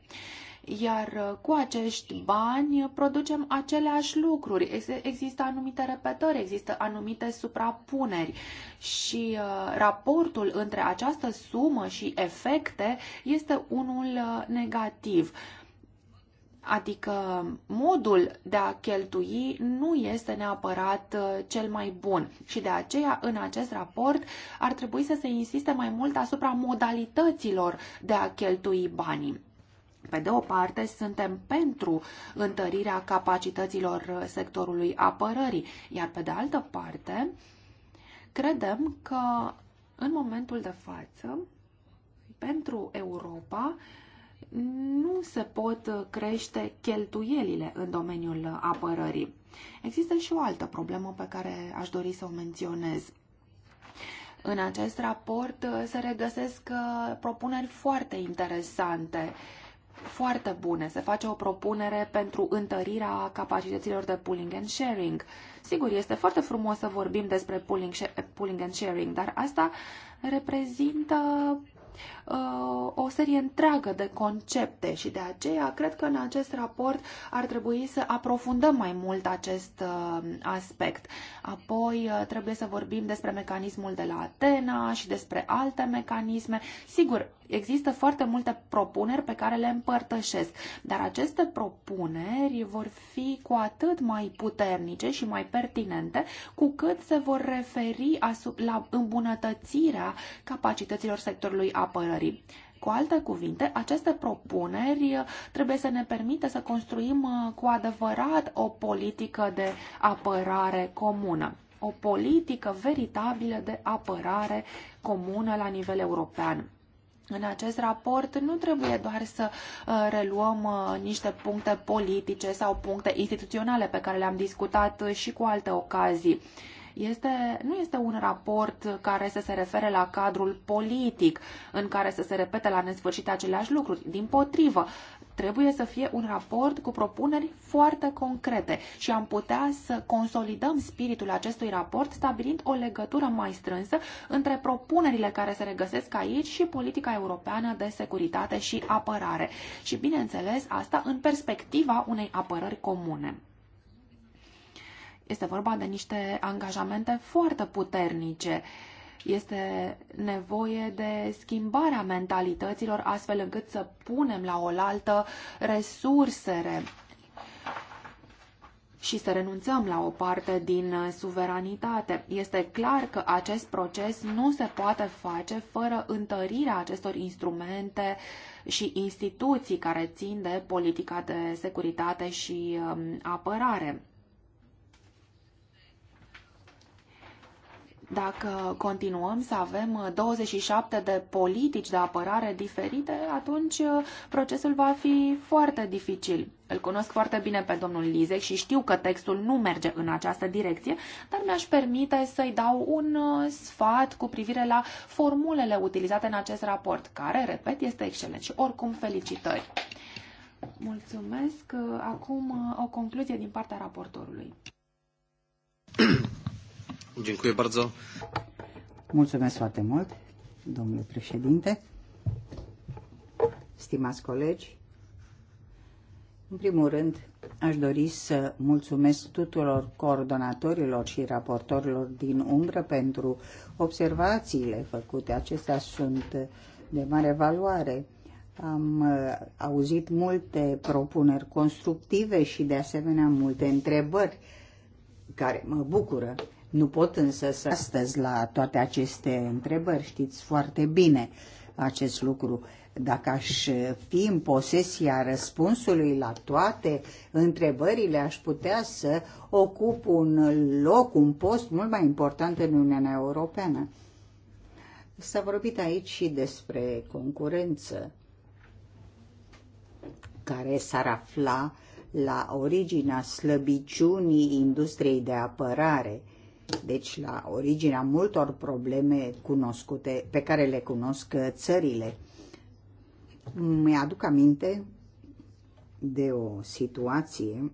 Iar uh, cu acești bani uh, producem aceleași lucruri. Există anumite repetări, există anumite suprapuneri și uh, raportul între această sumă și efecte este unul negativ. Adică modul de a cheltui nu este neapărat cel mai bun și de aceea în acest raport ar trebui să se insiste mai mult asupra modalităților de a cheltui banii. Pe de o parte, suntem pentru întărirea capacităților sectorului apărării, iar pe de altă parte, credem că în momentul de față, pentru Europa, nu se pot crește cheltuielile în domeniul apărării. Există și o altă problemă pe care aș dori să o menționez. În acest raport se regăsesc uh, propuneri foarte interesante foarte bune. Se face o propunere pentru întărirea capacităților de pooling and sharing. Sigur, este foarte frumos să vorbim despre pooling, pooling and sharing, dar asta reprezintă uh, o serie întreagă de concepte și de aceea cred că în acest raport ar trebui să aprofundăm mai mult acest uh, aspect. Apoi uh, trebuie să vorbim despre mecanismul de la Atena și despre alte mecanisme. Sigur, există foarte multe propuneri pe care le împărtășesc, dar aceste propuneri vor fi cu atât mai puternice și mai pertinente cu cât se vor referi la îmbunătățirea capacităților sectorului apărării. Cu alte cuvinte, aceste propuneri trebuie să ne permită să construim uh, cu adevărat o politică de apărare comună o politică veritabilă de apărare comună la nivel european în acest raport nu trebuie doar să uh, reluăm uh, niște puncte politice sau puncte instituționale pe care le-am discutat uh, și cu alte ocazii. Este, nu este un raport care să se refere la cadrul politic, în care să se repete la nesfârșit aceleași lucruri. Din potrivă, Trebuie să fie un raport cu propuneri foarte concrete și am putea să consolidăm spiritul acestui raport stabilind o legătură mai strânsă între propunerile care se regăsesc aici și politica europeană de securitate și apărare. Și bineînțeles asta în perspectiva unei apărări comune. Este vorba de niște angajamente foarte puternice uh, este nevoie de schimbarea mentalităților astfel încât să punem la oaltă resursele și să renunțăm la o parte din suveranitate. Este clar că acest proces nu se poate face fără întărirea acestor instrumente și instituții care țin de politica de securitate și um, apărare. Dacă continuăm să avem 27 uh, de politici de apărare diferite, atunci uh, procesul va fi foarte dificil. Îl cunosc foarte bine pe domnul Lizec și știu că textul nu merge în această direcție, dar mi-aș permite să-i dau un uh, sfat cu privire la formulele utilizate în acest raport, care, repet, este excelent și oricum felicitări. Mulțumesc. Acum o concluzie din partea raportorului. Dziękuję bardzo. Mulțumesc foarte mult, domnule președinte. Stimați colegi, în primul rând, aș dori să mulțumesc tuturor coordonatorilor și raportorilor din umbră pentru observațiile făcute. Acestea sunt de mare valoare. Am uh, auzit multe propuneri constructive și, de asemenea, multe întrebări care mă bucură. Nu pot însă să astăzi la toate aceste întrebări, știți foarte bine acest lucru. Dacă aș fi în posesia răspunsului la toate întrebările, aș putea să ocup un loc, un post mult mai important în Uniunea Europeană. S-a vorbit aici și despre concurență, care s-ar afla la originea slăbiciunii industriei de apărare – deci la originea multor probleme cunoscute, pe care le cunosc uh, țările. Mi-aduc aminte de o situație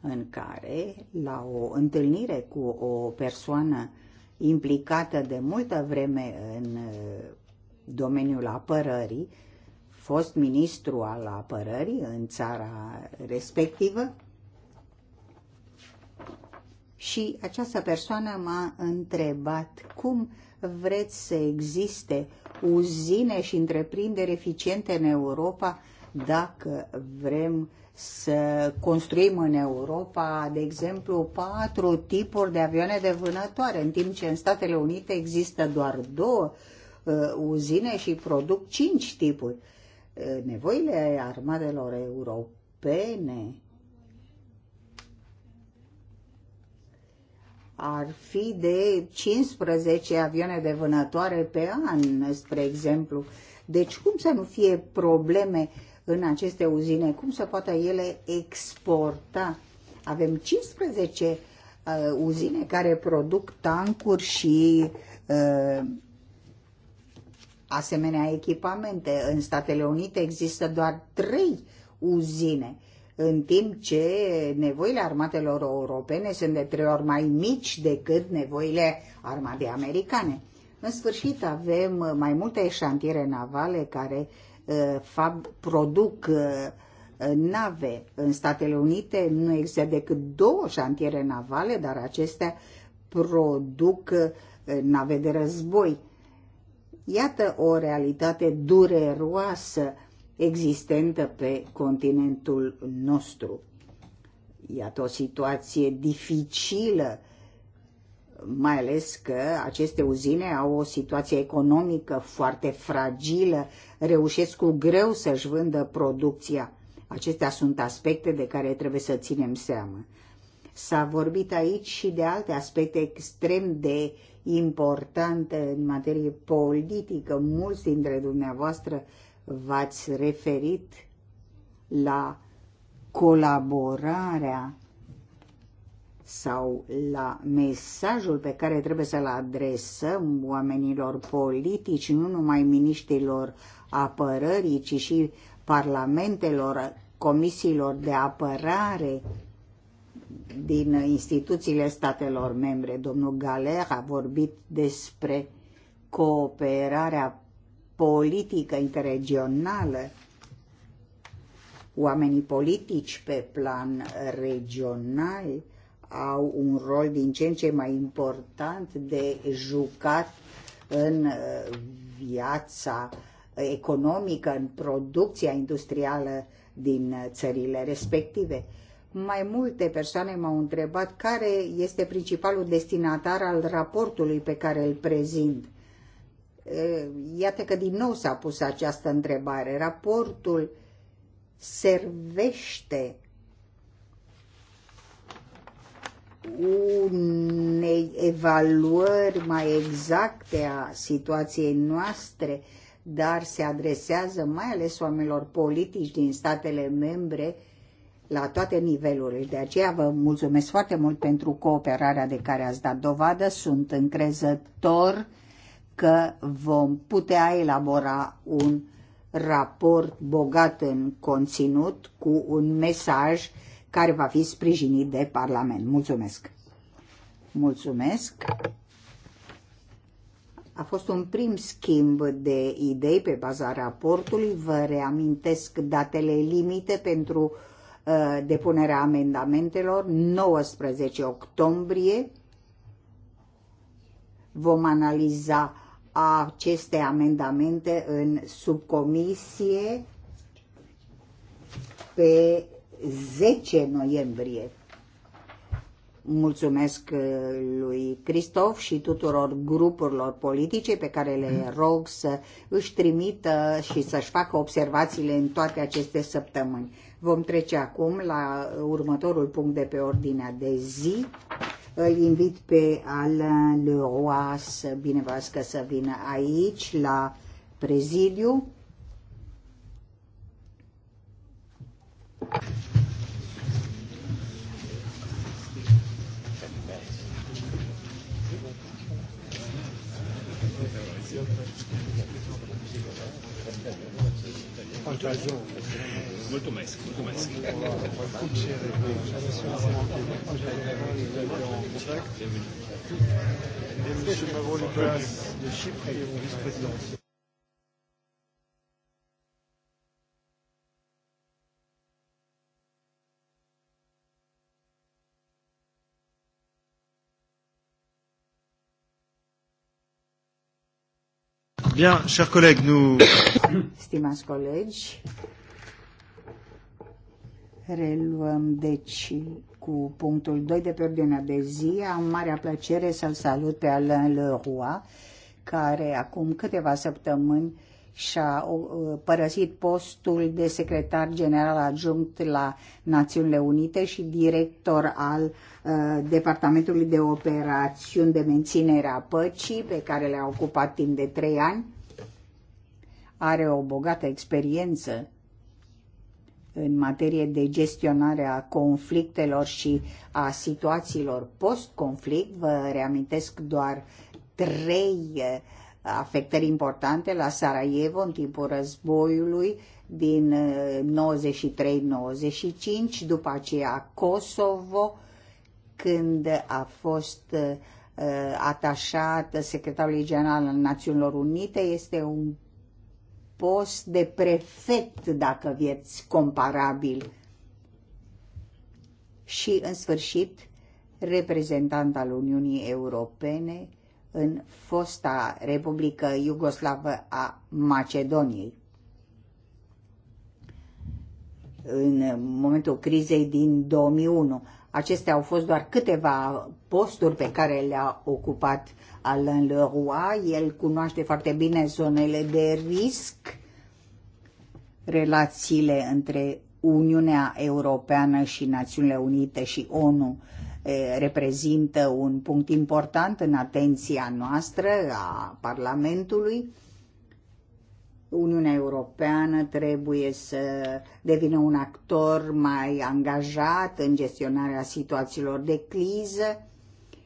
în care, la o întâlnire cu o persoană implicată de multă vreme în uh, domeniul apărării, fost ministru al apărării în țara respectivă, și această persoană m-a întrebat cum vreți să existe uzine și întreprinderi eficiente în Europa dacă vrem să construim în Europa, de exemplu, patru tipuri de avioane de vânătoare, în timp ce în Statele Unite există doar două uh, uzine și produc cinci tipuri. Uh, nevoile armadelor europene ar fi de 15 avioane de vânătoare pe an, spre exemplu. Deci cum să nu fie probleme în aceste uzine? Cum să poată ele exporta? Avem 15 uh, uzine care produc tancuri și uh, asemenea echipamente. În Statele Unite există doar 3 uzine în timp ce nevoile armatelor europene sunt de trei ori mai mici decât nevoile armatei americane. În sfârșit, avem mai multe eșantiere navale care uh, fab, produc uh, nave. În Statele Unite nu există decât două șantiere navale, dar acestea produc uh, nave de război. Iată o realitate dureroasă existentă pe continentul nostru. Iată o situație dificilă, mai ales că aceste uzine au o situație economică foarte fragilă, reușesc cu greu să-și vândă producția. Acestea sunt aspecte de care trebuie să ținem seama. S-a vorbit aici și de alte aspecte extrem de importante în materie politică. Mulți dintre dumneavoastră v-ați referit la colaborarea sau la mesajul pe care trebuie să-l adresăm oamenilor politici, nu numai miniștrilor apărării, ci și parlamentelor, comisiilor de apărare din instituțiile statelor membre. Domnul Galer a vorbit despre cooperarea politică interregională, oamenii politici pe plan regional au un rol din ce în ce mai important de jucat în uh, viața economică, în producția industrială din uh, țările respective. Mai multe persoane m-au întrebat care este principalul destinatar al raportului pe care îl prezint. Eh, iată că din nou s-a pus această întrebare. Raportul servește unei evaluări mai exacte a situației noastre, dar se adresează mai ales oamenilor politici din statele membre la toate nivelurile. De aceea vă mulțumesc foarte mult pentru cooperarea de care ați dat dovadă. Sunt încrezător că vom putea elabora un raport bogat în conținut cu un mesaj care va fi sprijinit de Parlament. Mulțumesc! Mulțumesc! A fost un prim schimb de idei pe baza raportului. Vă reamintesc datele limite pentru uh, depunerea amendamentelor 19 octombrie. Vom analiza aceste amendamente în subcomisie pe 10 noiembrie. Mulțumesc uh, lui Cristof și tuturor grupurilor politice pe care le rog să își trimită și să-și facă observațiile în toate aceste săptămâni. Vom trece acum la următorul punct de pe ordinea de zi. Îl invit pe Alain Leroy să binevască să vină aici la prezidiu. Fantazione. Mulțumesc, mulțumesc. Bien, chers collègues, nous... Stimați colegi, Reluăm deci cu punctul 2 de pe ordinea de zi. Am marea plăcere să-l salut pe Alain Leroy, care acum câteva săptămâni și-a uh, părăsit postul de secretar general adjunct la Națiunile Unite și director al uh, Departamentului de Operațiuni de Menținere a Păcii, pe care le-a ocupat timp de trei ani. Are o bogată experiență în materie de gestionare a conflictelor și a situațiilor post-conflict. Vă reamintesc doar trei eh, afectări importante la Sarajevo în timpul războiului din 93-95, eh, după aceea Kosovo, când a fost eh, atașat secretarului general al Națiunilor Unite, este un post de prefect, dacă vieți comparabil. Și, în sfârșit, reprezentant al Uniunii Europene în fosta Republică Iugoslavă a Macedoniei. În momentul crizei din 2001 Acestea au fost doar câteva posturi pe care le-a ocupat Alain Leroy. El cunoaște foarte bine zonele de risc, relațiile între Uniunea Europeană și Națiunile Unite și ONU reprezintă un punct important în atenția noastră a Parlamentului Uniunea Europeană trebuie să devină un actor mai angajat în gestionarea situațiilor de criză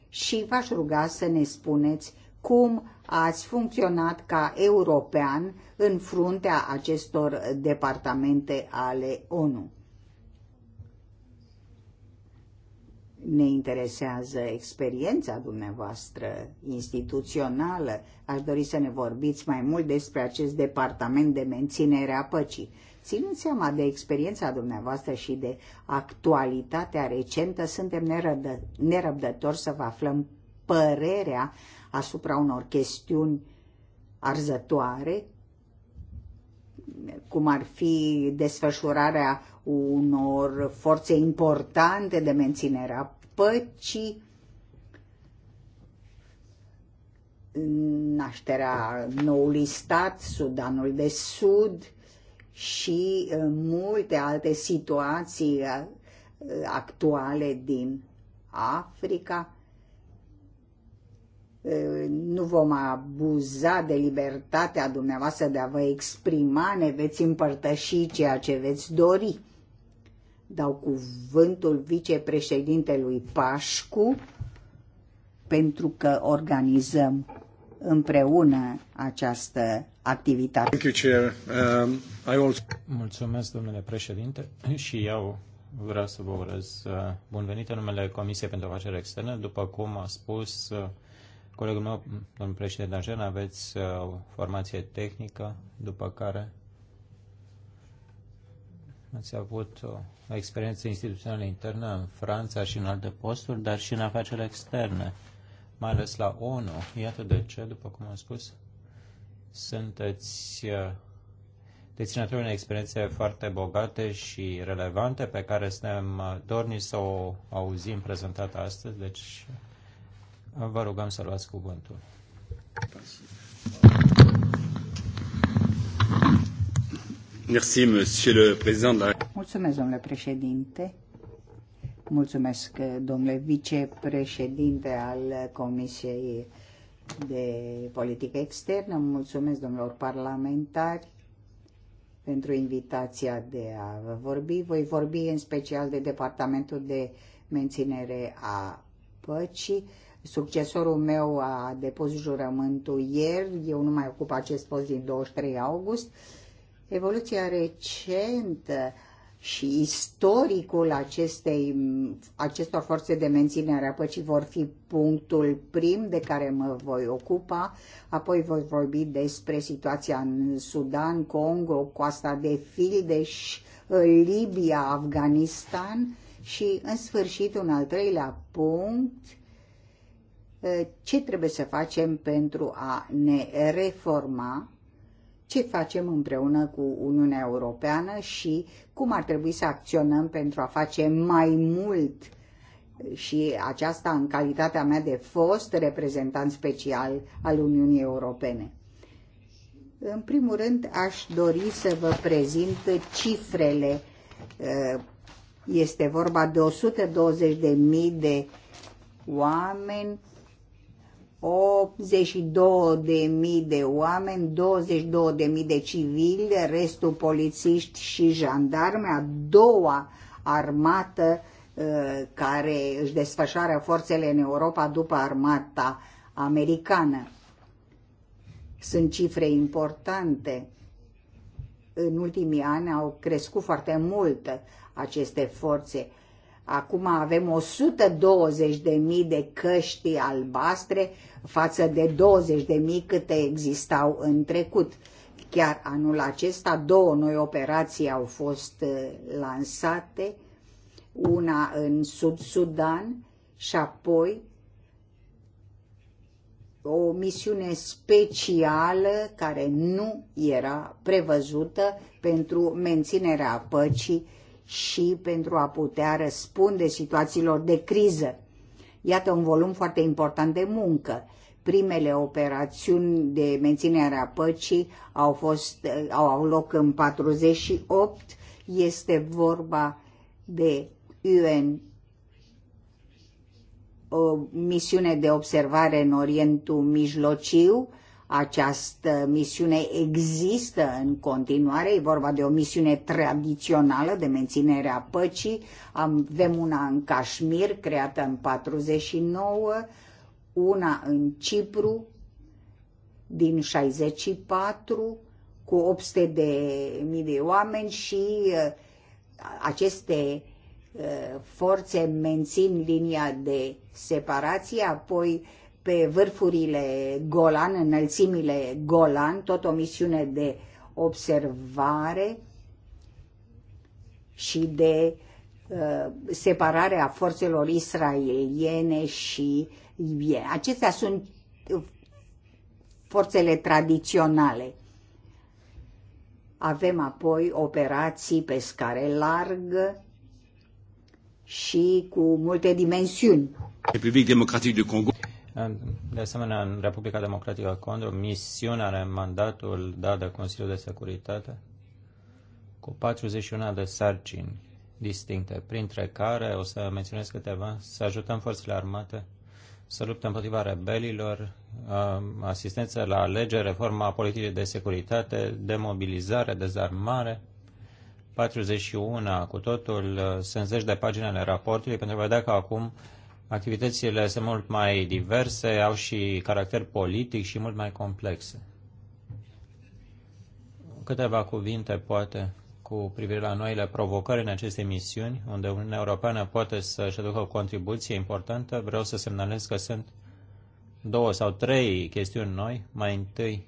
și v-aș ruga să ne spuneți cum ați funcționat ca european în fruntea acestor departamente ale ONU. Ne interesează experiența dumneavoastră instituțională. Aș dori să ne vorbiți mai mult despre acest departament de menținere a păcii. Ținând seama de experiența dumneavoastră și de actualitatea recentă, suntem nerăbdă, nerăbdători să vă aflăm părerea asupra unor chestiuni arzătoare, cum ar fi desfășurarea unor forțe importante de menținere a păcii, nașterea noului stat, Sudanul de Sud și uh, multe alte situații uh, actuale din Africa. Uh, nu vom abuza de libertatea dumneavoastră de a vă exprima, ne veți împărtăși ceea ce veți dori. Dau cuvântul vicepreședintelui Pașcu pentru că organizăm împreună această activitate. Um, Mulțumesc, domnule președinte, și eu vreau să vă urez uh, bun venit în numele Comisiei pentru Afaceri Externe. După cum a spus uh, colegul meu, domnul președinte Danjen, aveți uh, o formație tehnică, după care Ați avut o experiență instituțională internă în Franța și în alte posturi, dar și în afaceri externe, mai ales la ONU. Iată de ce, după cum am spus, sunteți uh, deținători unei experiențe foarte bogate și relevante pe care suntem uh, dorni să o auzim prezentată astăzi, deci vă rugăm să luați cuvântul. Merci, monsieur le président Mulțumesc, domnule președinte. Mulțumesc, domnule vicepreședinte al Comisiei de Politică Externă. Mulțumesc, domnilor parlamentari, pentru invitația de a vă vorbi. Voi vorbi în special de Departamentul de Menținere a Păcii. Succesorul meu a depus jurământul ieri. Eu nu mai ocup acest post din 23 august Evoluția recentă și istoricul acestei, acestor forțe de menținere a păcii vor fi punctul prim de care mă voi ocupa, apoi voi vorbi despre situația în Sudan, Congo, coasta de Fildeș, Libia, Afganistan și, în sfârșit, un al treilea punct, ce trebuie să facem pentru a ne reforma ce facem împreună cu Uniunea Europeană și cum ar trebui să acționăm pentru a face mai mult și aceasta în calitatea mea de fost reprezentant special al Uniunii Europene. În primul rând, aș dori să vă prezint cifrele. Este vorba de 120.000 de oameni 82.000 de oameni, 22.000 de civili, restul polițiști și jandarme, a doua armată uh, care își desfășoară forțele în Europa după armata americană. Sunt cifre importante. În ultimii ani au crescut foarte mult aceste forțe. Acum avem 120.000 de căști albastre față de 20.000 câte existau în trecut. Chiar anul acesta două noi operații au fost uh, lansate, una în Sud-Sudan și apoi o misiune specială care nu era prevăzută pentru menținerea păcii și pentru a putea răspunde situațiilor de criză. Iată un volum foarte important de muncă. Primele operațiuni de menținere a păcii au, fost, au avut loc în 48. Este vorba de UN, o misiune de observare în Orientul Mijlociu, această misiune există în continuare, e vorba de o misiune tradițională de menținere a păcii. Avem una în Cașmir, creată în 49, una în Cipru din 64, cu 800 de mii de oameni și uh, aceste uh, forțe mențin linia de separație, apoi pe vârfurile Golan, înălțimile Golan, tot o misiune de observare și de uh, separare a forțelor israeliene și libiene. Acestea sunt uh, forțele tradiționale. Avem apoi operații pe scară largă și cu multe dimensiuni. Republica Democratică de Congo. De asemenea, în Republica Democratică Condro, misiunea are mandatul dat de Consiliul de Securitate cu 41 de sarcini distincte, printre care, o să menționez câteva, să ajutăm forțele armate să luptăm împotriva rebelilor, um, asistență la alegeri, reforma politicii de securitate, demobilizare, dezarmare, 41 cu totul uh, sunt zeci de pagini ale raportului pentru a vedea că acum Activitățile sunt mult mai diverse, au și caracter politic și mult mai complexe. Câteva cuvinte, poate, cu privire la noile provocări în aceste misiuni, unde Uniunea Europeană poate să-și aducă o contribuție importantă. Vreau să semnalez că sunt două sau trei chestiuni noi. Mai întâi,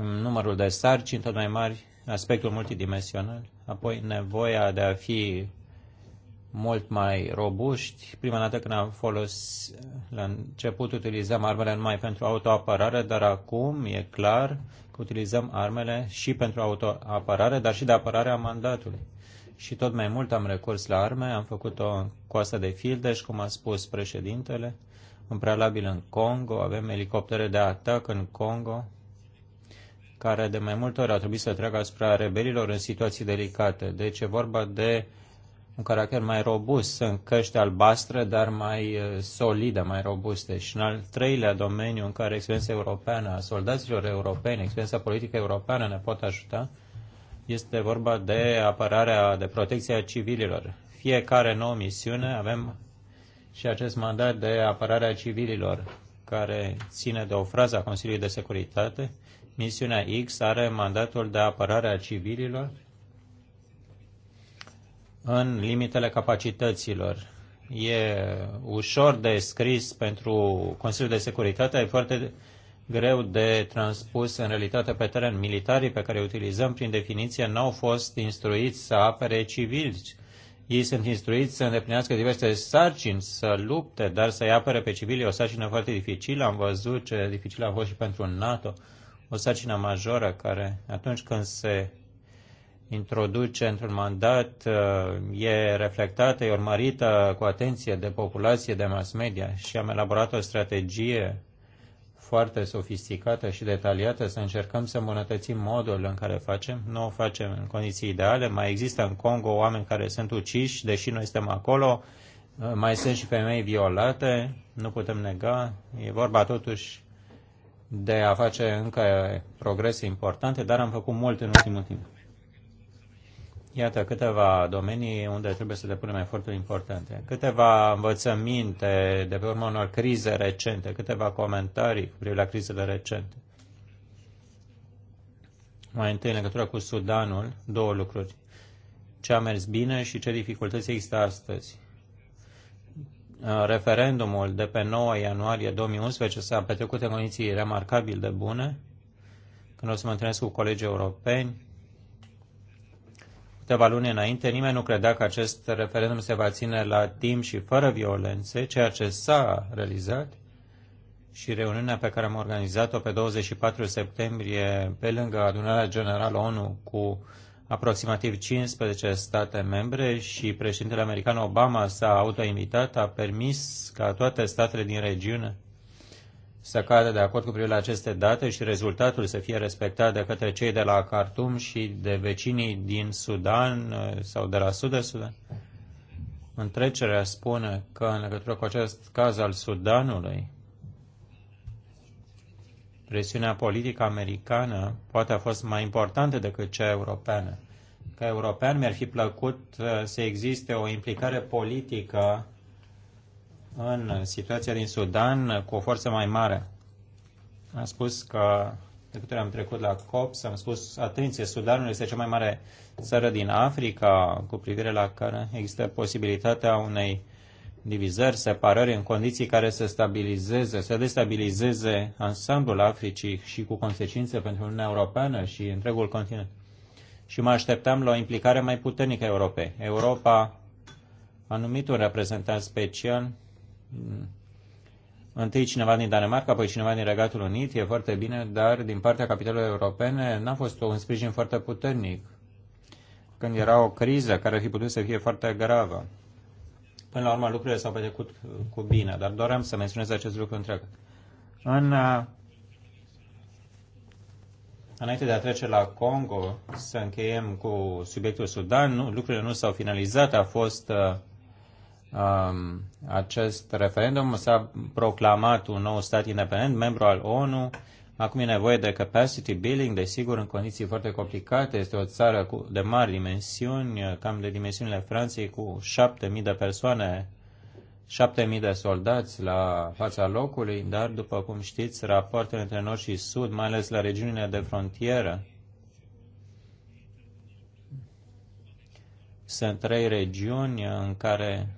numărul de sarcini tot mai mari, aspectul multidimensional, apoi nevoia de a fi mult mai robuști. Prima dată când am folosit, la început utilizăm armele numai pentru autoapărare, dar acum e clar că utilizăm armele și pentru autoapărare, dar și de apărare a mandatului. Și tot mai mult am recurs la arme, am făcut-o în de Fildeș, cum a spus președintele, în prealabil în Congo, avem elicoptere de atac în Congo, care de mai multe ori au trebuit să treacă asupra rebelilor în situații delicate. Deci e vorba de un caracter mai robust. Sunt căști albastre, dar mai uh, solide, mai robuste. Și în al treilea domeniu în care experiența europeană a soldaților europeni, experiența politică europeană ne pot ajuta, este vorba de apărarea, de protecția civililor. Fiecare nouă misiune avem și acest mandat de apărare a civililor, care ține de o frază a Consiliului de Securitate. Misiunea X are mandatul de apărare a civililor în limitele capacităților. E ușor de scris pentru Consiliul de Securitate, e foarte greu de transpus în realitate pe teren. Militarii pe care îi utilizăm, prin definiție, n-au fost instruiți să apere civili. Ei sunt instruiți să îndeplinească diverse sarcini, să lupte, dar să-i apere pe civili e o sarcină foarte dificilă. Am văzut ce dificil a fost și pentru NATO, o sarcină majoră care, atunci când se introduce într-un mandat uh, e reflectată, e urmărită cu atenție de populație, de mass media și am elaborat o strategie foarte sofisticată și detaliată să încercăm să îmbunătățim modul în care facem. Nu o facem în condiții ideale. Mai există în Congo oameni care sunt uciși, deși noi suntem acolo. Uh, mai sunt și femei violate, nu putem nega. E vorba totuși de a face încă progrese importante, dar am făcut mult în ultimul timp. Iată câteva domenii unde trebuie să depunem eforturi importante. Câteva învățăminte de pe urmă unor crize recente, câteva comentarii cu privire la crizele recente. Mai întâi, în legătură cu Sudanul, două lucruri. Ce a mers bine și ce dificultăți există astăzi. Referendumul de pe 9 ianuarie 2011 s-a petrecut în condiții remarcabil de bune. Când o să mă întâlnesc cu colegii europeni, câteva luni înainte, nimeni nu credea că acest referendum se va ține la timp și fără violențe, ceea ce s-a realizat și reuniunea pe care am organizat-o pe 24 septembrie pe lângă adunarea generală ONU cu aproximativ 15 state membre și președintele american Obama s-a autoinvitat, a permis ca toate statele din regiune să cadă de acord cu privire la aceste date și rezultatul să fie respectat de către cei de la Khartoum și de vecinii din Sudan uh, sau de la Sud-Sudan? Întrecerea spune că în legătură cu acest caz al Sudanului, presiunea politică americană poate a fost mai importantă decât cea europeană. Ca european mi-ar fi plăcut uh, să existe o implicare politică în situația din Sudan cu o forță mai mare. Am spus că de câte ori am trecut la COPS, am spus, atenție, Sudanul este cea mai mare țară din Africa cu privire la care există posibilitatea unei divizări, separări în condiții care să stabilizeze, să destabilizeze ansamblul Africii și cu consecințe pentru Uniunea Europeană și întregul continent. Și mă așteptam la o implicare mai puternică a Europei. Europa a numit un reprezentant special întâi cineva din Danemarca, apoi cineva din Regatul Unit, e foarte bine, dar din partea capitalelor europene n-a fost un sprijin foarte puternic când era o criză care ar fi putut să fie foarte gravă. Până la urmă lucrurile s-au petrecut uh, cu bine, dar doream să menționez acest lucru întreg. În, uh, înainte de a trece la Congo, să încheiem cu subiectul Sudan, nu, lucrurile nu s-au finalizat, a fost uh, Um, acest referendum, s-a proclamat un nou stat independent, membru al ONU, acum e nevoie de capacity building, desigur, în condiții foarte complicate, este o țară cu, de mari dimensiuni, cam de dimensiunile Franței, cu 7.000 de persoane, 7.000 de soldați la fața locului, dar, după cum știți, rapoartele între nord și sud, mai ales la regiunile de frontieră, sunt trei regiuni în care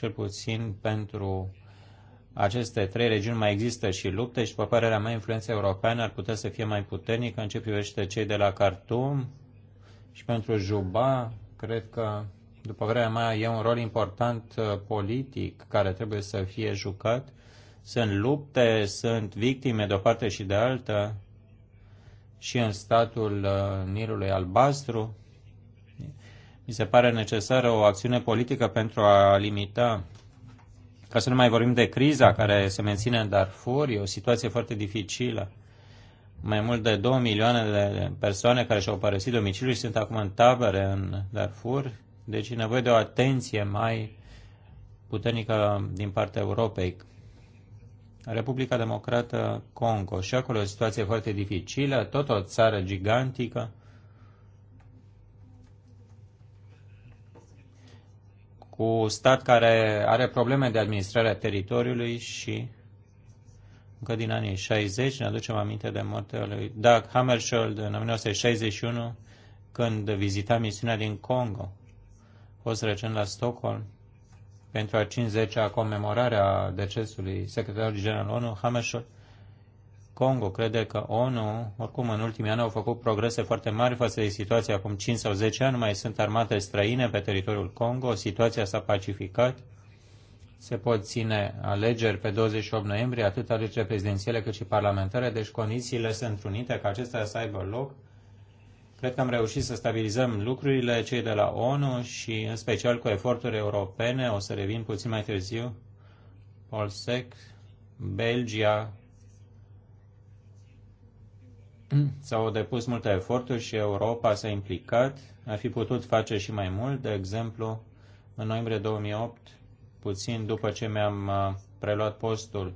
cel puțin pentru aceste trei regiuni mai există și lupte și, după părerea mea, influența europeană ar putea să fie mai puternică în ce privește cei de la Khartoum și pentru Juba, cred că, după părerea mea, e un rol important uh, politic care trebuie să fie jucat. Sunt lupte, sunt victime de o parte și de alta și în statul uh, Nilului Albastru mi se pare necesară o acțiune politică pentru a limita, ca să nu mai vorbim de criza care se menține în Darfur, e o situație foarte dificilă. Mai mult de 2 milioane de persoane care și-au părăsit domiciliul și sunt acum în tabere în Darfur, deci e nevoie de o atenție mai puternică din partea Europei. Republica Democrată Congo și acolo e o situație foarte dificilă, tot o țară gigantică, cu stat care are probleme de administrare a teritoriului și încă din anii 60 ne aducem aminte de moartea lui Doug Hammarskjöld în 1961 când vizita misiunea din Congo, fost recent la Stockholm, pentru a 50-a comemorare a decesului secretarului general ONU, Hammarskjöld Congo crede că ONU, oricum în ultimii ani au făcut progrese foarte mari față de situația acum 5 sau 10 ani, mai sunt armate străine pe teritoriul Congo, situația s-a pacificat, se pot ține alegeri pe 28 noiembrie, atât alegeri prezidențiale cât și parlamentare, deci condițiile sunt unite ca acestea să aibă loc. Cred că am reușit să stabilizăm lucrurile cei de la ONU și în special cu eforturi europene, o să revin puțin mai târziu, Polsec, Belgia, Mm. S-au depus multe eforturi și Europa s-a implicat. Ar fi putut face și mai mult. De exemplu, în noiembrie 2008, puțin după ce mi-am uh, preluat postul,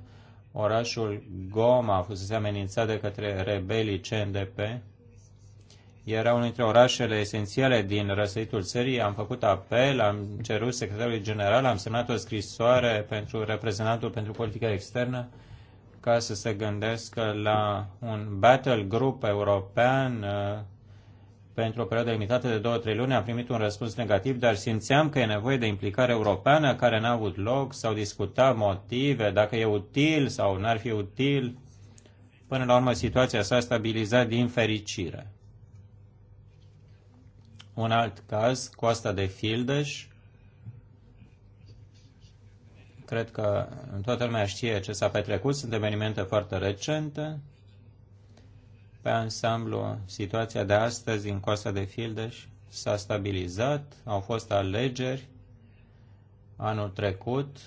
orașul Goma a fost amenințat de către rebelii CNDP. Era unul dintre orașele esențiale din răsăritul țării. Am făcut apel, am cerut secretarului general, am semnat o scrisoare pentru reprezentantul pentru politica externă ca să se gândească la un battle group european uh, pentru o perioadă limitată de două trei luni. Am primit un răspuns negativ, dar simțeam că e nevoie de implicare europeană care n-a avut loc, s-au discutat motive, dacă e util sau n-ar fi util. Până la urmă, situația s-a stabilizat din fericire. Un alt caz, Coasta de Fildeș, Cred că toată lumea știe ce s-a petrecut. Sunt evenimente foarte recente. Pe ansamblu, situația de astăzi din Costa de Fildeș s-a stabilizat. Au fost alegeri anul trecut.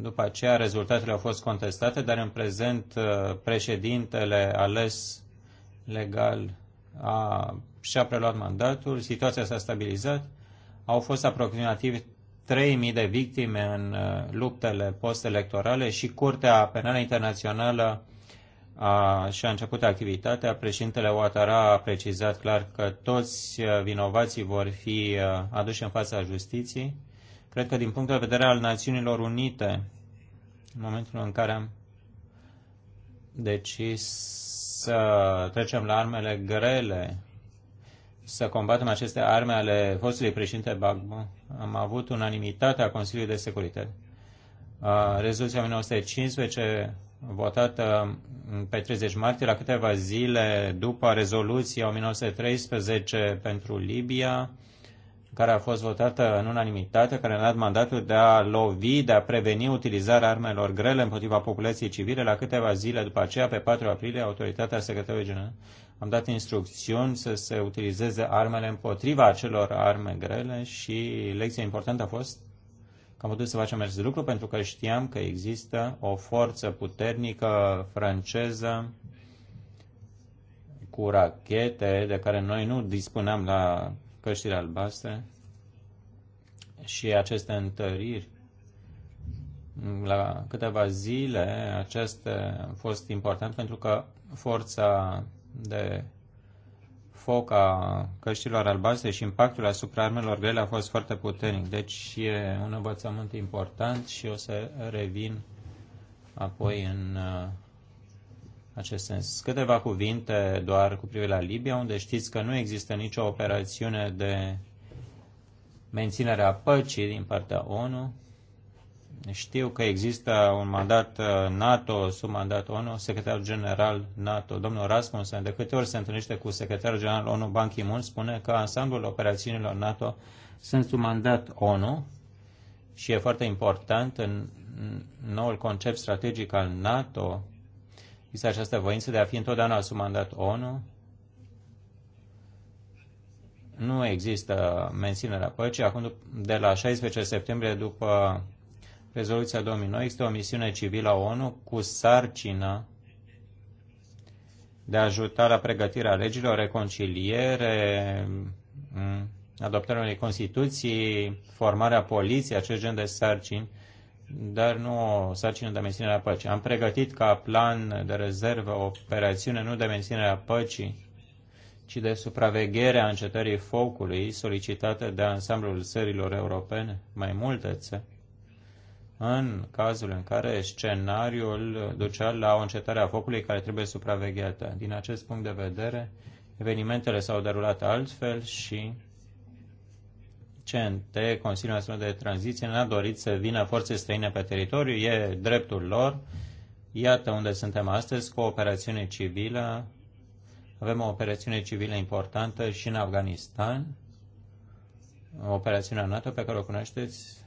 După aceea, rezultatele au fost contestate, dar în prezent uh, președintele ales legal a, și-a preluat mandatul, situația s-a stabilizat, au fost aproximativ 3.000 de victime în uh, luptele postelectorale și Curtea Penală Internațională a, și-a început activitatea. Președintele Ouattara a precizat clar că toți uh, vinovații vor fi uh, aduși în fața justiției. Cred că din punctul de vedere al Națiunilor Unite, în momentul în care am decis să trecem la armele grele, să combatem aceste arme ale fostului președinte Bagbo, am avut unanimitatea Consiliului de Securitate. Rezoluția 1915 votată pe 30 martie, la câteva zile după rezoluția 1913 pentru Libia, care a fost votată în unanimitate, care ne-a dat mandatul de a lovi, de a preveni utilizarea armelor grele împotriva populației civile. La câteva zile după aceea, pe 4 aprilie, Autoritatea Secretarului General am dat instrucțiuni să se utilizeze armele împotriva acelor arme grele și lecția importantă a fost că am putut să facem acest lucru pentru că știam că există o forță puternică franceză cu rachete de care noi nu dispuneam la căștile albastre și aceste întăriri la câteva zile acest a fost important pentru că forța de foc a căștilor albastre și impactul asupra armelor grele a fost foarte puternic. Deci e un învățământ important și o să revin apoi în uh, acest sens. Câteva cuvinte doar cu privire la Libia, unde știți că nu există nicio operațiune de menținere a păcii din partea ONU. Știu că există un mandat uh, NATO sub mandat ONU, secretar general NATO, domnul Rasmussen, de câte ori se întâlnește cu secretarul general ONU Ban Ki-moon, spune că ansamblul operațiunilor NATO sunt sub mandat ONU și e foarte important în noul concept strategic al NATO, este această voință de a fi întotdeauna sub mandat ONU, nu există menținerea păcii. Acum, de la 16 septembrie, după rezoluția 2009, există o misiune civilă a ONU cu sarcină de a ajuta la pregătirea legilor, reconciliere, adoptarea unei Constituții, formarea poliției, acest gen de sarcini, dar nu o sarcină de menținere a păcii. Am pregătit ca plan de rezervă o operațiune nu de menținere a păcii, ci de supraveghere a încetării focului solicitată de ansamblul țărilor europene, mai multe țări, în cazul în care scenariul ducea la o încetare a focului care trebuie supravegheată. Din acest punct de vedere, evenimentele s-au derulat altfel și CNT, Consiliul Național de Tranziție, n-a dorit să vină forțe străine pe teritoriu, e dreptul lor. Iată unde suntem astăzi cu o operațiune civilă. Avem o operațiune civilă importantă și în Afganistan, operațiunea NATO pe care o cunoașteți,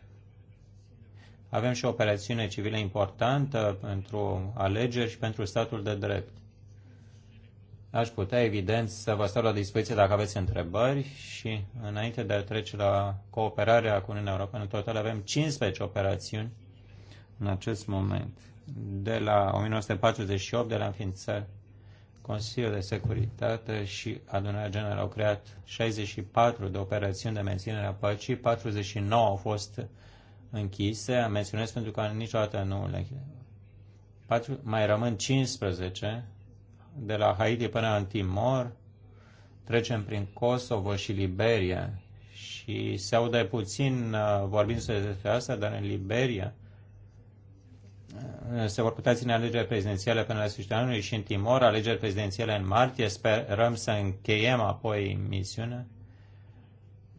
avem și o operațiune civilă importantă pentru alegeri și pentru statul de drept. Aș putea, evident, să vă stau la dispoziție dacă aveți întrebări și înainte de a trece la cooperarea cu Uniunea Europeană, în total avem 15 operațiuni în acest moment. De la 1948, de la înființare, Consiliul de Securitate și Adunarea Generală au creat 64 de operațiuni de menținere a păcii, 49 au fost închise, menționez pentru că niciodată nu le patru, mai rămân 15, de la Haiti până în Timor, trecem prin Kosovo și Liberia și se aude puțin uh, vorbind despre asta, dar în Liberia uh, se vor putea ține alegeri prezidențiale până la sfârșitul anului și în Timor alegeri prezidențiale în martie. Sperăm să încheiem apoi misiunea.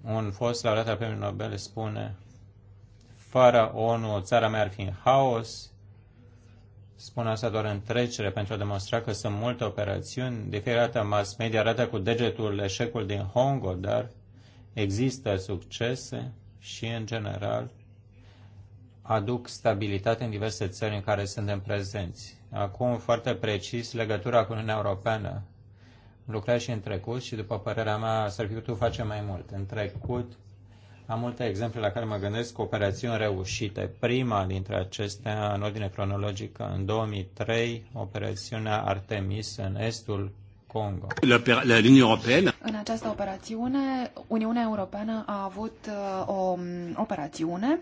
Un fost laureat al premiului Nobel spune fără ONU o țară mea ar fi în haos. Spun asta doar în trecere pentru a demonstra că sunt multe operațiuni. De fiecare dată mass media arată cu degetul eșecul din Hongo, dar există succese și, în general, aduc stabilitate în diverse țări în care suntem prezenți. Acum, foarte precis, legătura cu Uniunea Europeană. Lucra și în trecut și, după părerea mea, s-ar fi putut face mai mult. În trecut, am multe exemple la care mă gândesc operațiuni reușite. Prima dintre acestea, în ordine cronologică, în 2003, operațiunea Artemis în estul Congo. La, la Europeană. În această operațiune, Uniunea Europeană a avut uh, o um, operațiune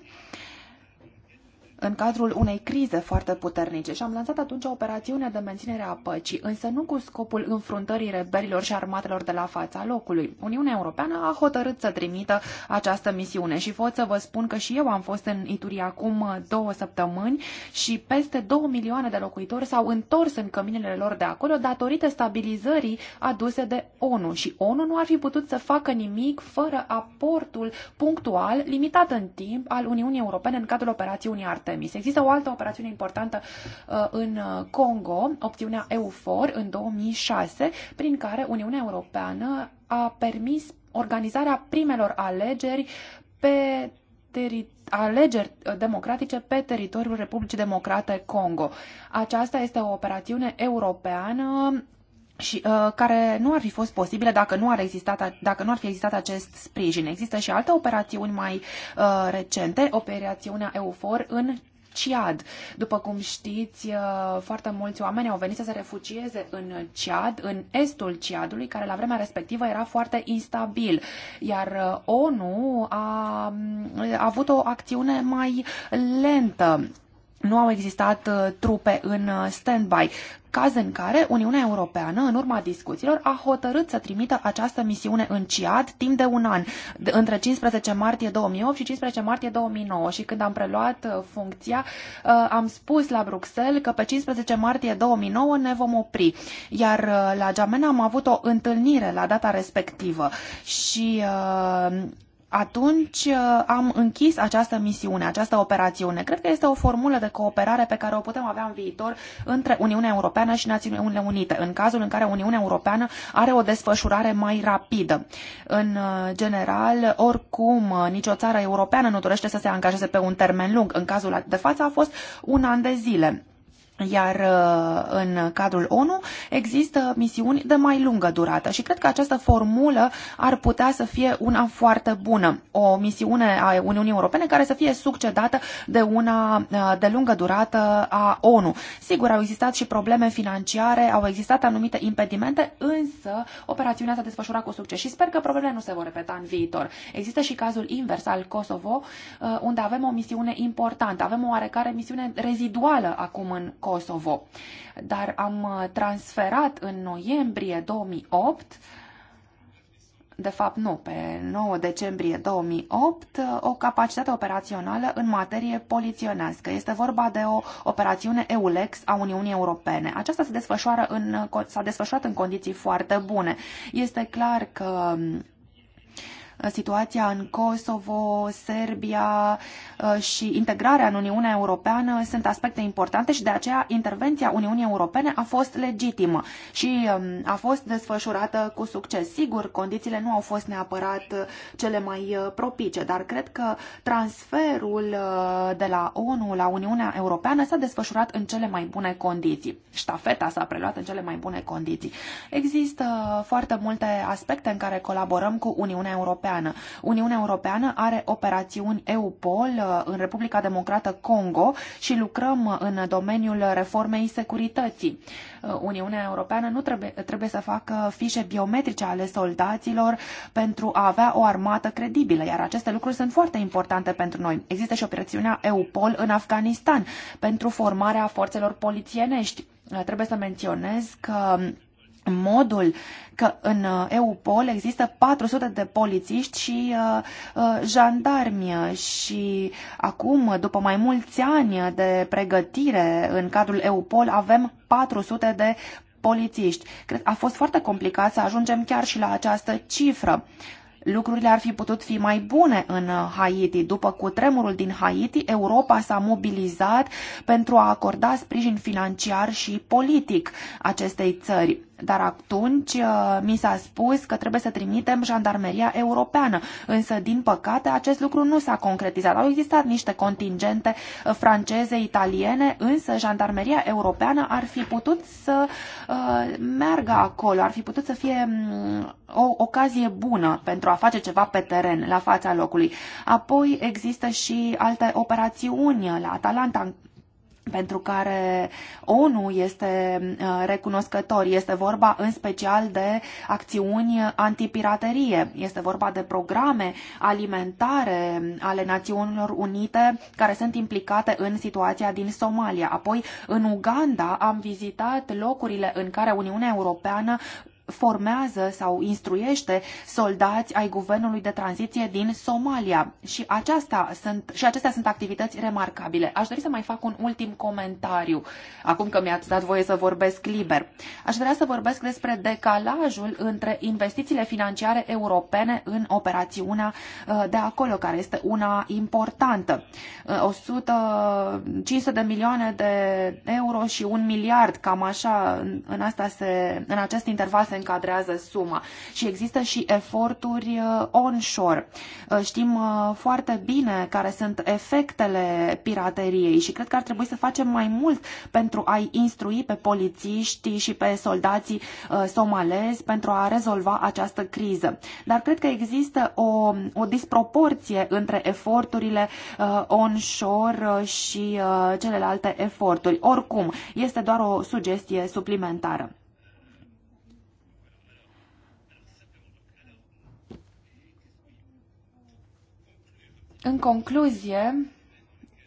în cadrul unei crize foarte puternice și am lansat atunci o operațiune de menținere a păcii, însă nu cu scopul înfruntării rebelilor și armatelor de la fața locului. Uniunea Europeană a hotărât să trimită această misiune și pot să vă spun că și eu am fost în Ituri acum două săptămâni și peste două milioane de locuitori s-au întors în căminele lor de acolo datorită stabilizării aduse de ONU și ONU nu ar fi putut să facă nimic fără aportul punctual, limitat în timp, al Uniunii Europene în cadrul operațiunii Arte permis. Există o altă operațiune importantă uh, în uh, Congo, opțiunea EUFOR în 2006, prin care Uniunea Europeană a permis organizarea primelor alegeri pe teri- alegeri uh, democratice pe teritoriul Republicii Democrate Congo. Aceasta este o operațiune europeană și uh, care nu ar fi fost posibile dacă nu, ar existat, dacă nu ar fi existat acest sprijin. Există și alte operațiuni mai uh, recente, operațiunea EUFOR în Ciad. După cum știți, uh, foarte mulți oameni au venit să se refugieze în Ciad, în estul Ciadului, care la vremea respectivă era foarte instabil. Iar uh, ONU a, a avut o acțiune mai lentă nu au existat uh, trupe în uh, standby, caz în care Uniunea Europeană, în urma discuțiilor, a hotărât să trimită această misiune în CIAD timp de un an, între 15 martie 2008 și 15 martie 2009. Și când am preluat uh, funcția, am spus la Bruxelles că pe 15 martie 2009 ne vom opri. Iar la Jamena am avut o întâlnire la data respectivă și atunci uh, am închis această misiune, această operațiune. Cred că este o formulă de cooperare pe care o putem avea în viitor între Uniunea Europeană și Națiunile Unite, în cazul în care Uniunea Europeană are o desfășurare mai rapidă. În uh, general, oricum, uh, nicio țară europeană nu dorește să se angajeze pe un termen lung. În cazul de față a fost un an de zile. Iar uh, în cadrul ONU există misiuni de mai lungă durată și cred că această formulă ar putea să fie una foarte bună. O misiune a Uniunii Europene care să fie succedată de una uh, de lungă durată a ONU. Sigur, au existat și probleme financiare, au existat anumite impedimente, însă operațiunea s-a desfășurat cu succes și sper că problemele nu se vor repeta în viitor. Există și cazul invers al Kosovo, uh, unde avem o misiune importantă, avem o oarecare misiune reziduală acum în Kosovo. Dar am uh, transferat în noiembrie 2008 de fapt nu, pe 9 decembrie 2008, uh, o capacitate operațională în materie poliționească. Este vorba de o operațiune EULEX a Uniunii Europene. Aceasta în, uh, s-a desfășurat în condiții foarte bune. Este clar că um, situația în Kosovo, Serbia uh, și integrarea în Uniunea Europeană sunt aspecte importante și de aceea intervenția Uniunii Europene a fost legitimă și um, a fost desfășurată cu succes. Sigur, condițiile nu au fost neapărat cele mai uh, propice, dar cred că transferul uh, de la ONU la Uniunea Europeană s-a desfășurat în cele mai bune condiții. Ștafeta s-a preluat în cele mai bune condiții. Există foarte multe aspecte în care colaborăm cu Uniunea Europeană Europeană. Uniunea Europeană are operațiuni EUPOL uh, în Republica Democrată Congo și lucrăm în domeniul reformei securității. Uh, Uniunea Europeană nu trebuie, trebuie să facă fișe biometrice ale soldaților pentru a avea o armată credibilă, iar aceste lucruri sunt foarte importante pentru noi. Există și operațiunea EUPOL în Afganistan pentru formarea forțelor polițienești. Uh, trebuie să menționez că um, modul că în uh, EUPOL există 400 de polițiști și uh, uh, jandarmi și acum, după mai mulți ani de pregătire în cadrul EUPOL, avem 400 de polițiști. Cred a fost foarte complicat să ajungem chiar și la această cifră. Lucrurile ar fi putut fi mai bune în uh, Haiti. După cutremurul din Haiti, Europa s-a mobilizat pentru a acorda sprijin financiar și politic acestei țări. Dar atunci uh, mi s-a spus că trebuie să trimitem jandarmeria europeană, însă din păcate acest lucru nu s-a concretizat. Au existat niște contingente uh, franceze, italiene, însă jandarmeria europeană ar fi putut să uh, meargă acolo, ar fi putut să fie um, o ocazie bună pentru a face ceva pe teren, la fața locului. Apoi există și alte operațiuni la Atalanta, pentru care ONU este uh, recunoscător. Este vorba în special de acțiuni antipiraterie. Este vorba de programe alimentare ale Națiunilor Unite care sunt implicate în situația din Somalia. Apoi, în Uganda am vizitat locurile în care Uniunea Europeană formează sau instruiește soldați ai guvernului de tranziție din Somalia. Și, aceasta sunt, și acestea sunt activități remarcabile. Aș dori să mai fac un ultim comentariu, acum că mi-ați dat voie să vorbesc liber. Aș vrea să vorbesc despre decalajul între investițiile financiare europene în operațiunea uh, de acolo, care este una importantă. 100, uh, 500 de milioane de euro și un miliard, cam așa, în, asta se, în acest interval se se încadrează suma. Și există și eforturi uh, onshore. Uh, știm uh, foarte bine care sunt efectele pirateriei și cred că ar trebui să facem mai mult pentru a-i instrui pe polițiștii și pe soldații somalezi pentru a rezolva această criză. Dar cred că există o, o disproporție între eforturile onshore și celelalte eforturi. Oricum, este doar o sugestie suplimentară. În concluzie,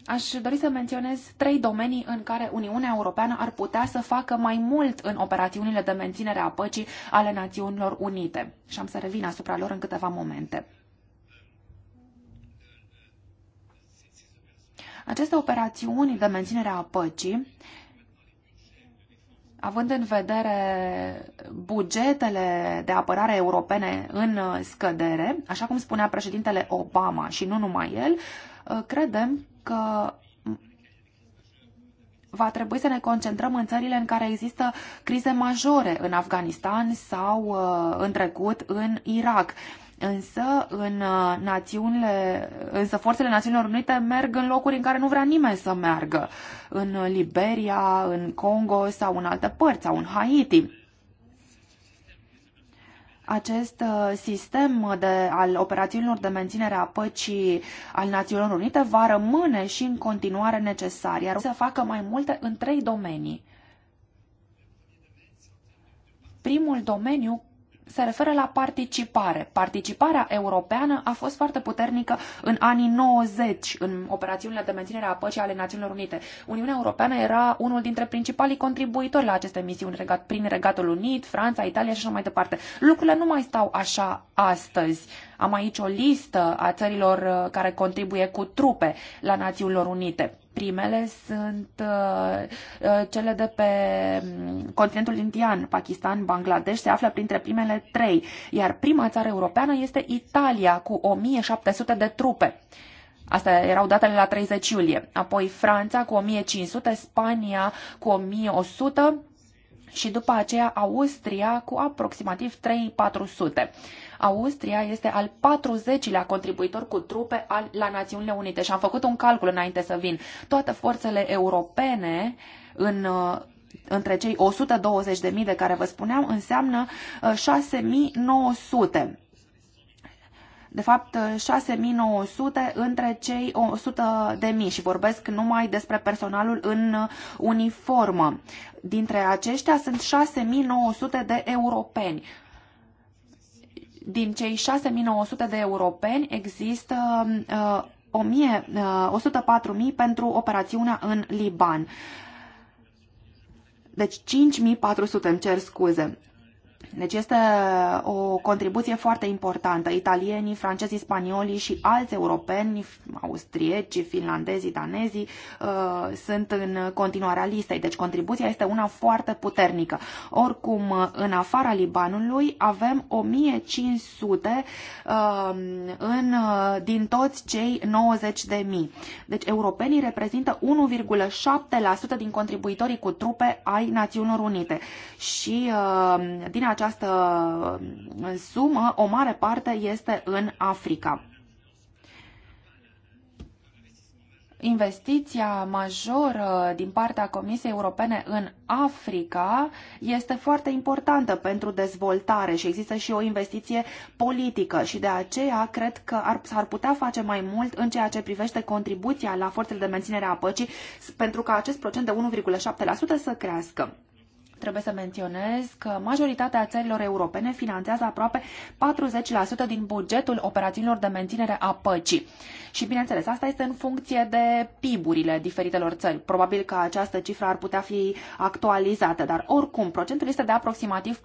aș dori să menționez trei domenii în care Uniunea Europeană ar putea să facă mai mult în operațiunile de menținere a păcii ale Națiunilor Unite. Și am să revin asupra lor în câteva momente. Aceste operațiuni de menținere a păcii având în vedere bugetele de apărare europene în uh, scădere, așa cum spunea președintele Obama și nu numai el, uh, credem că va trebui să ne concentrăm în țările în care există crize majore, în Afganistan sau uh, în trecut în Irak. Însă, în uh, națiunile, însă forțele Națiunilor Unite merg în locuri în care nu vrea nimeni să meargă, în uh, Liberia, în Congo sau în alte părți, sau în Haiti. Acest uh, sistem de, al operațiunilor de menținere a păcii al Națiunilor Unite va rămâne și în continuare necesar, iar să facă mai multe în trei domenii primul domeniu se referă la participare. Participarea europeană a fost foarte puternică în anii 90 în operațiunile de menținere a păcii ale Națiunilor Unite. Uniunea Europeană era unul dintre principalii contribuitori la aceste misiuni prin Regatul Unit, Franța, Italia și așa mai departe. Lucrurile nu mai stau așa astăzi. Am aici o listă a țărilor uh, care contribuie cu trupe la Națiunilor Unite primele sunt uh, uh, cele de pe mm, continentul indian, Pakistan, Bangladesh, se află printre primele trei, iar prima țară europeană este Italia, cu 1700 de trupe. Asta erau datele la 30 iulie. Apoi Franța cu 1500, Spania cu 1100 și după aceea Austria cu aproximativ 3400. Austria este al 40-lea contribuitor cu trupe al, la Națiunile Unite și am făcut un calcul înainte să vin. Toate forțele europene în uh, între cei 120.000 de care vă spuneam, înseamnă 6.900. Uh, de fapt, 6.900 uh, între cei 100.000 și vorbesc numai despre personalul în uniformă. Dintre aceștia sunt 6.900 de europeni. Din cei 6900 de europeni există uh, 1000, uh, 104.000 pentru operațiunea în Liban. Deci 5400, îmi cer scuze. Deci este o contribuție foarte importantă. Italienii, francezii, spaniolii și alți europeni, austrieci, finlandezii, danezii, uh, sunt în continuarea listei. Deci contribuția este una foarte puternică. Oricum, în afara Libanului avem 1500 uh, în, uh, din toți cei 90 de mii. Deci europenii reprezintă 1,7% din contribuitorii cu trupe ai Națiunilor Unite. Și din această această uh, sumă, o mare parte este în Africa. Investiția majoră din partea Comisiei Europene în Africa este foarte importantă pentru dezvoltare și există și o investiție politică și de aceea cred că ar, s-ar putea face mai mult în ceea ce privește contribuția la forțele de menținere a păcii pentru ca acest procent de 1,7% să crească. Trebuie să menționez că majoritatea țărilor europene finanțează aproape 40% din bugetul operațiunilor de menținere a păcii. Și bineînțeles, asta este în funcție de PIB-urile diferitelor țări. Probabil că această cifră ar putea fi actualizată, dar oricum, procentul este de aproximativ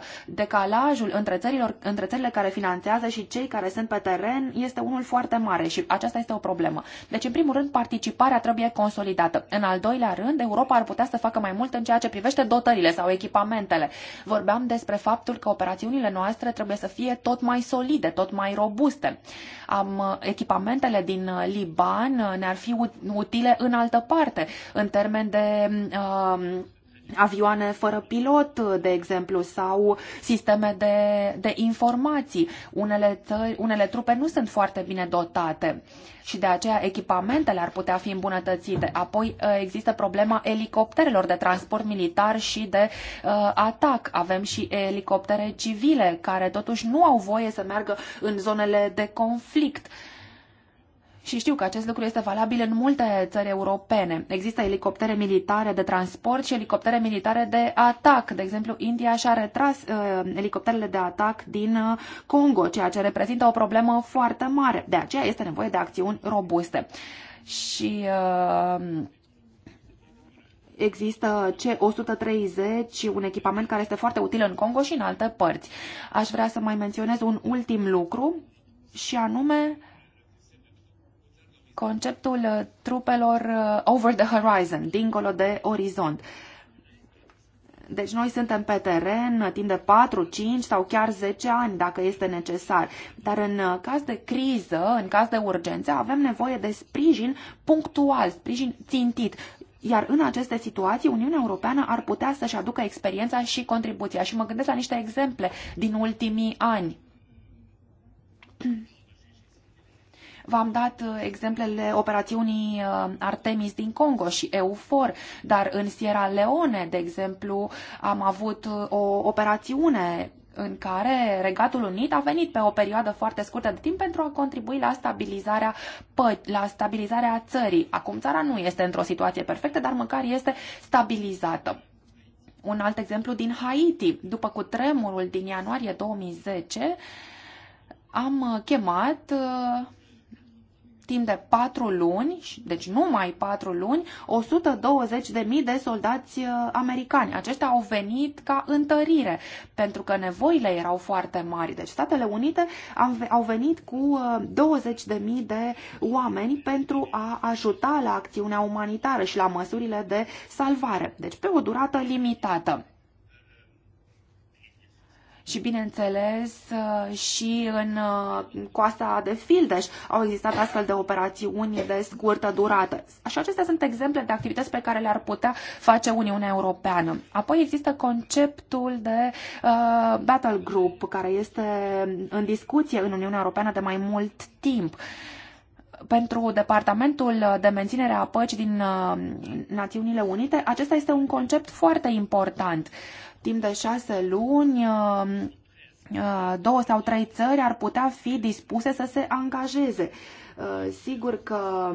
40%. Decalajul între, țărilor, între țările care finanțează și cei care sunt pe teren este unul foarte mare și aceasta este o problemă. Deci, în primul rând, participarea trebuie consolidată. În al doilea rând, Europa ar putea să facă mai mult în ceea ce privește dotările sau echipamentele. Vorbeam despre faptul că operațiunile noastre trebuie să fie tot mai solide, tot mai robuste. Am, echipamentele din uh, Liban uh, ne-ar fi utile în altă parte, în termen de uh, avioane fără pilot, de exemplu, sau sisteme de, de informații. Unele, țări, unele trupe nu sunt foarte bine dotate și de aceea echipamentele ar putea fi îmbunătățite. Apoi ă, există problema elicopterelor de transport militar și de uh, atac. Avem și elicoptere civile care totuși nu au voie să meargă în zonele de conflict. Uh, și știu că acest lucru este valabil în multe țări europene. Există elicoptere militare de transport și elicoptere militare de atac. De exemplu, India și-a retras uh, elicopterele de atac din uh, Congo, ceea ce reprezintă o problemă foarte mare. De aceea este nevoie de acțiuni robuste. Și uh, există C130, un echipament care este foarte util în Congo și în alte părți. Aș vrea să mai menționez un ultim lucru și anume uh, conceptul uh, trupelor uh, over the horizon, dincolo de orizont. Deci noi suntem pe teren uh, timp de 4, 5 sau chiar 10 ani, dacă este necesar. Dar în caz de criză, în caz de urgență, avem nevoie de sprijin punctual, sprijin țintit. Iar în aceste situații, Uniunea Europeană ar putea să-și aducă experiența și contribuția. Și mă gândesc la niște exemple din ultimii ani. V-am dat uh, exemplele operațiunii uh, Artemis din Congo și EUFOR, dar în Sierra Leone, de exemplu, am avut uh, o operațiune în care Regatul Unit a venit pe o perioadă foarte scurtă de timp pentru a contribui la stabilizarea, pă- la stabilizarea țării. Acum țara nu este într-o situație perfectă, dar măcar este stabilizată. Un alt exemplu din Haiti. După cutremurul din ianuarie 2010, am chemat uh, timp de patru luni, deci numai patru luni, 120.000 de soldați uh, americani. Aceștia au venit ca întărire, pentru că nevoile erau foarte mari. Deci Statele Unite au venit cu 20.000 uh, de oameni pentru a ajuta la acțiunea umanitară și la măsurile de salvare, deci pe o durată limitată și, bineînțeles, uh, și în uh, coasta de Fildeș au existat astfel de operațiuni de scurtă durată. Așa acestea sunt exemple de activități pe care le-ar putea face Uniunea Europeană. Apoi există conceptul de uh, battle group, care este în discuție în Uniunea Europeană de mai mult timp pentru Departamentul de Menținere a Păcii din uh, Națiunile Unite, acesta este un concept foarte important. Uh, timp de șase luni uh, uh, două sau trei țări ar putea fi dispuse să se angajeze. Uh, sigur că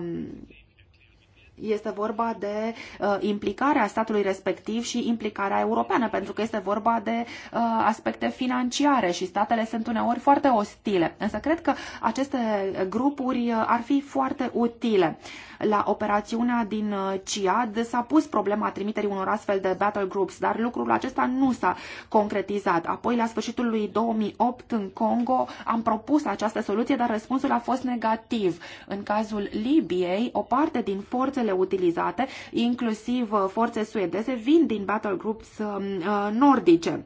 este vorba de uh, implicarea statului respectiv și implicarea europeană, pentru că este vorba de uh, aspecte financiare și statele sunt uneori foarte ostile. Însă cred că aceste grupuri ar fi foarte utile. Uh, la operațiunea din uh, CIAD s-a pus problema trimiterii unor astfel de battle groups, dar lucrul acesta nu s-a concretizat. Apoi, la sfârșitul lui 2008, în Congo, am propus această soluție, dar răspunsul a fost negativ. În cazul Libiei, o parte din forțele utilizate, inclusiv uh, forțe suedeze, vin din battle groups um, uh, nordice.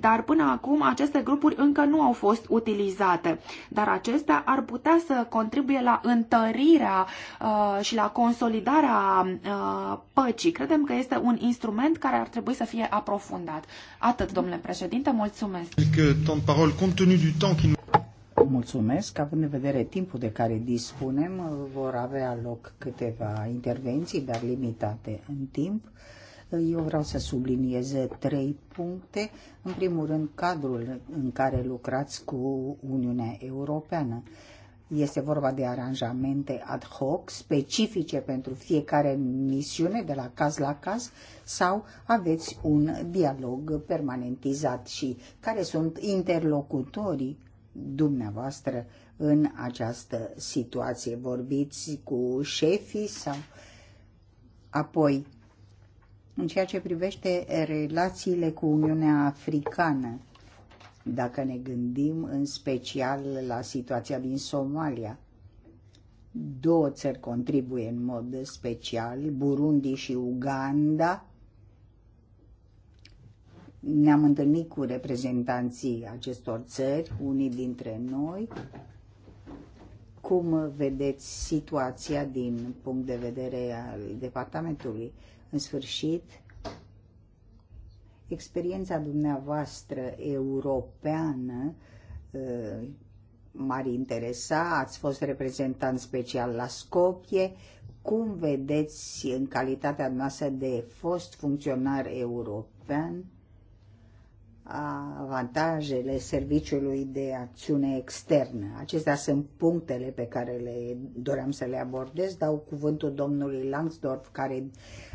Dar până acum aceste grupuri încă nu au fost utilizate, dar acestea ar putea să contribuie la întărirea uh, și la consolidarea uh, păcii. Credem că este un instrument care ar trebui să fie aprofundat. Atât, domnule președinte, mulțumesc. Mulțumesc. Având în vedere timpul de care dispunem, uh, vor avea loc câteva intervenții, dar limitate în timp. Eu vreau să subliniez trei puncte. În primul rând, cadrul în care lucrați cu Uniunea Europeană. Este vorba de aranjamente ad hoc specifice pentru fiecare misiune de la caz la caz sau aveți un dialog permanentizat și care sunt interlocutorii dumneavoastră în această situație? Vorbiți cu șefii sau apoi în ceea ce privește relațiile cu Uniunea Africană, dacă ne gândim în special la situația din Somalia. Două țări contribuie în mod special, Burundi și Uganda. Ne-am întâlnit cu reprezentanții acestor țări, unii dintre noi. Cum vedeți situația din punct de vedere al departamentului? În sfârșit, experiența dumneavoastră europeană ă, m-ar interesa, ați fost reprezentant special la Scopie, cum vedeți în calitatea noastră de fost funcționar european avantajele serviciului de acțiune externă. Acestea sunt punctele pe care le doream să le abordez. Dau cuvântul domnului Langsdorf, care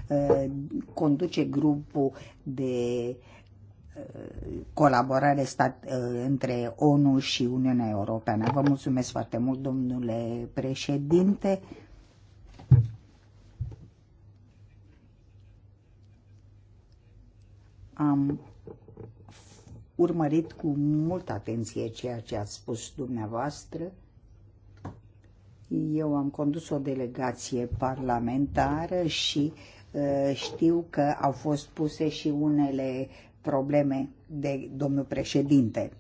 uh, conduce grupul de uh, colaborare stat, uh, între ONU și Uniunea Europeană. Vă mulțumesc foarte mult, domnule președinte. Am urmărit cu multă atenție ceea ce ați spus dumneavoastră. Eu am condus o delegație parlamentară și uh, știu că au fost puse și unele probleme de domnul președinte.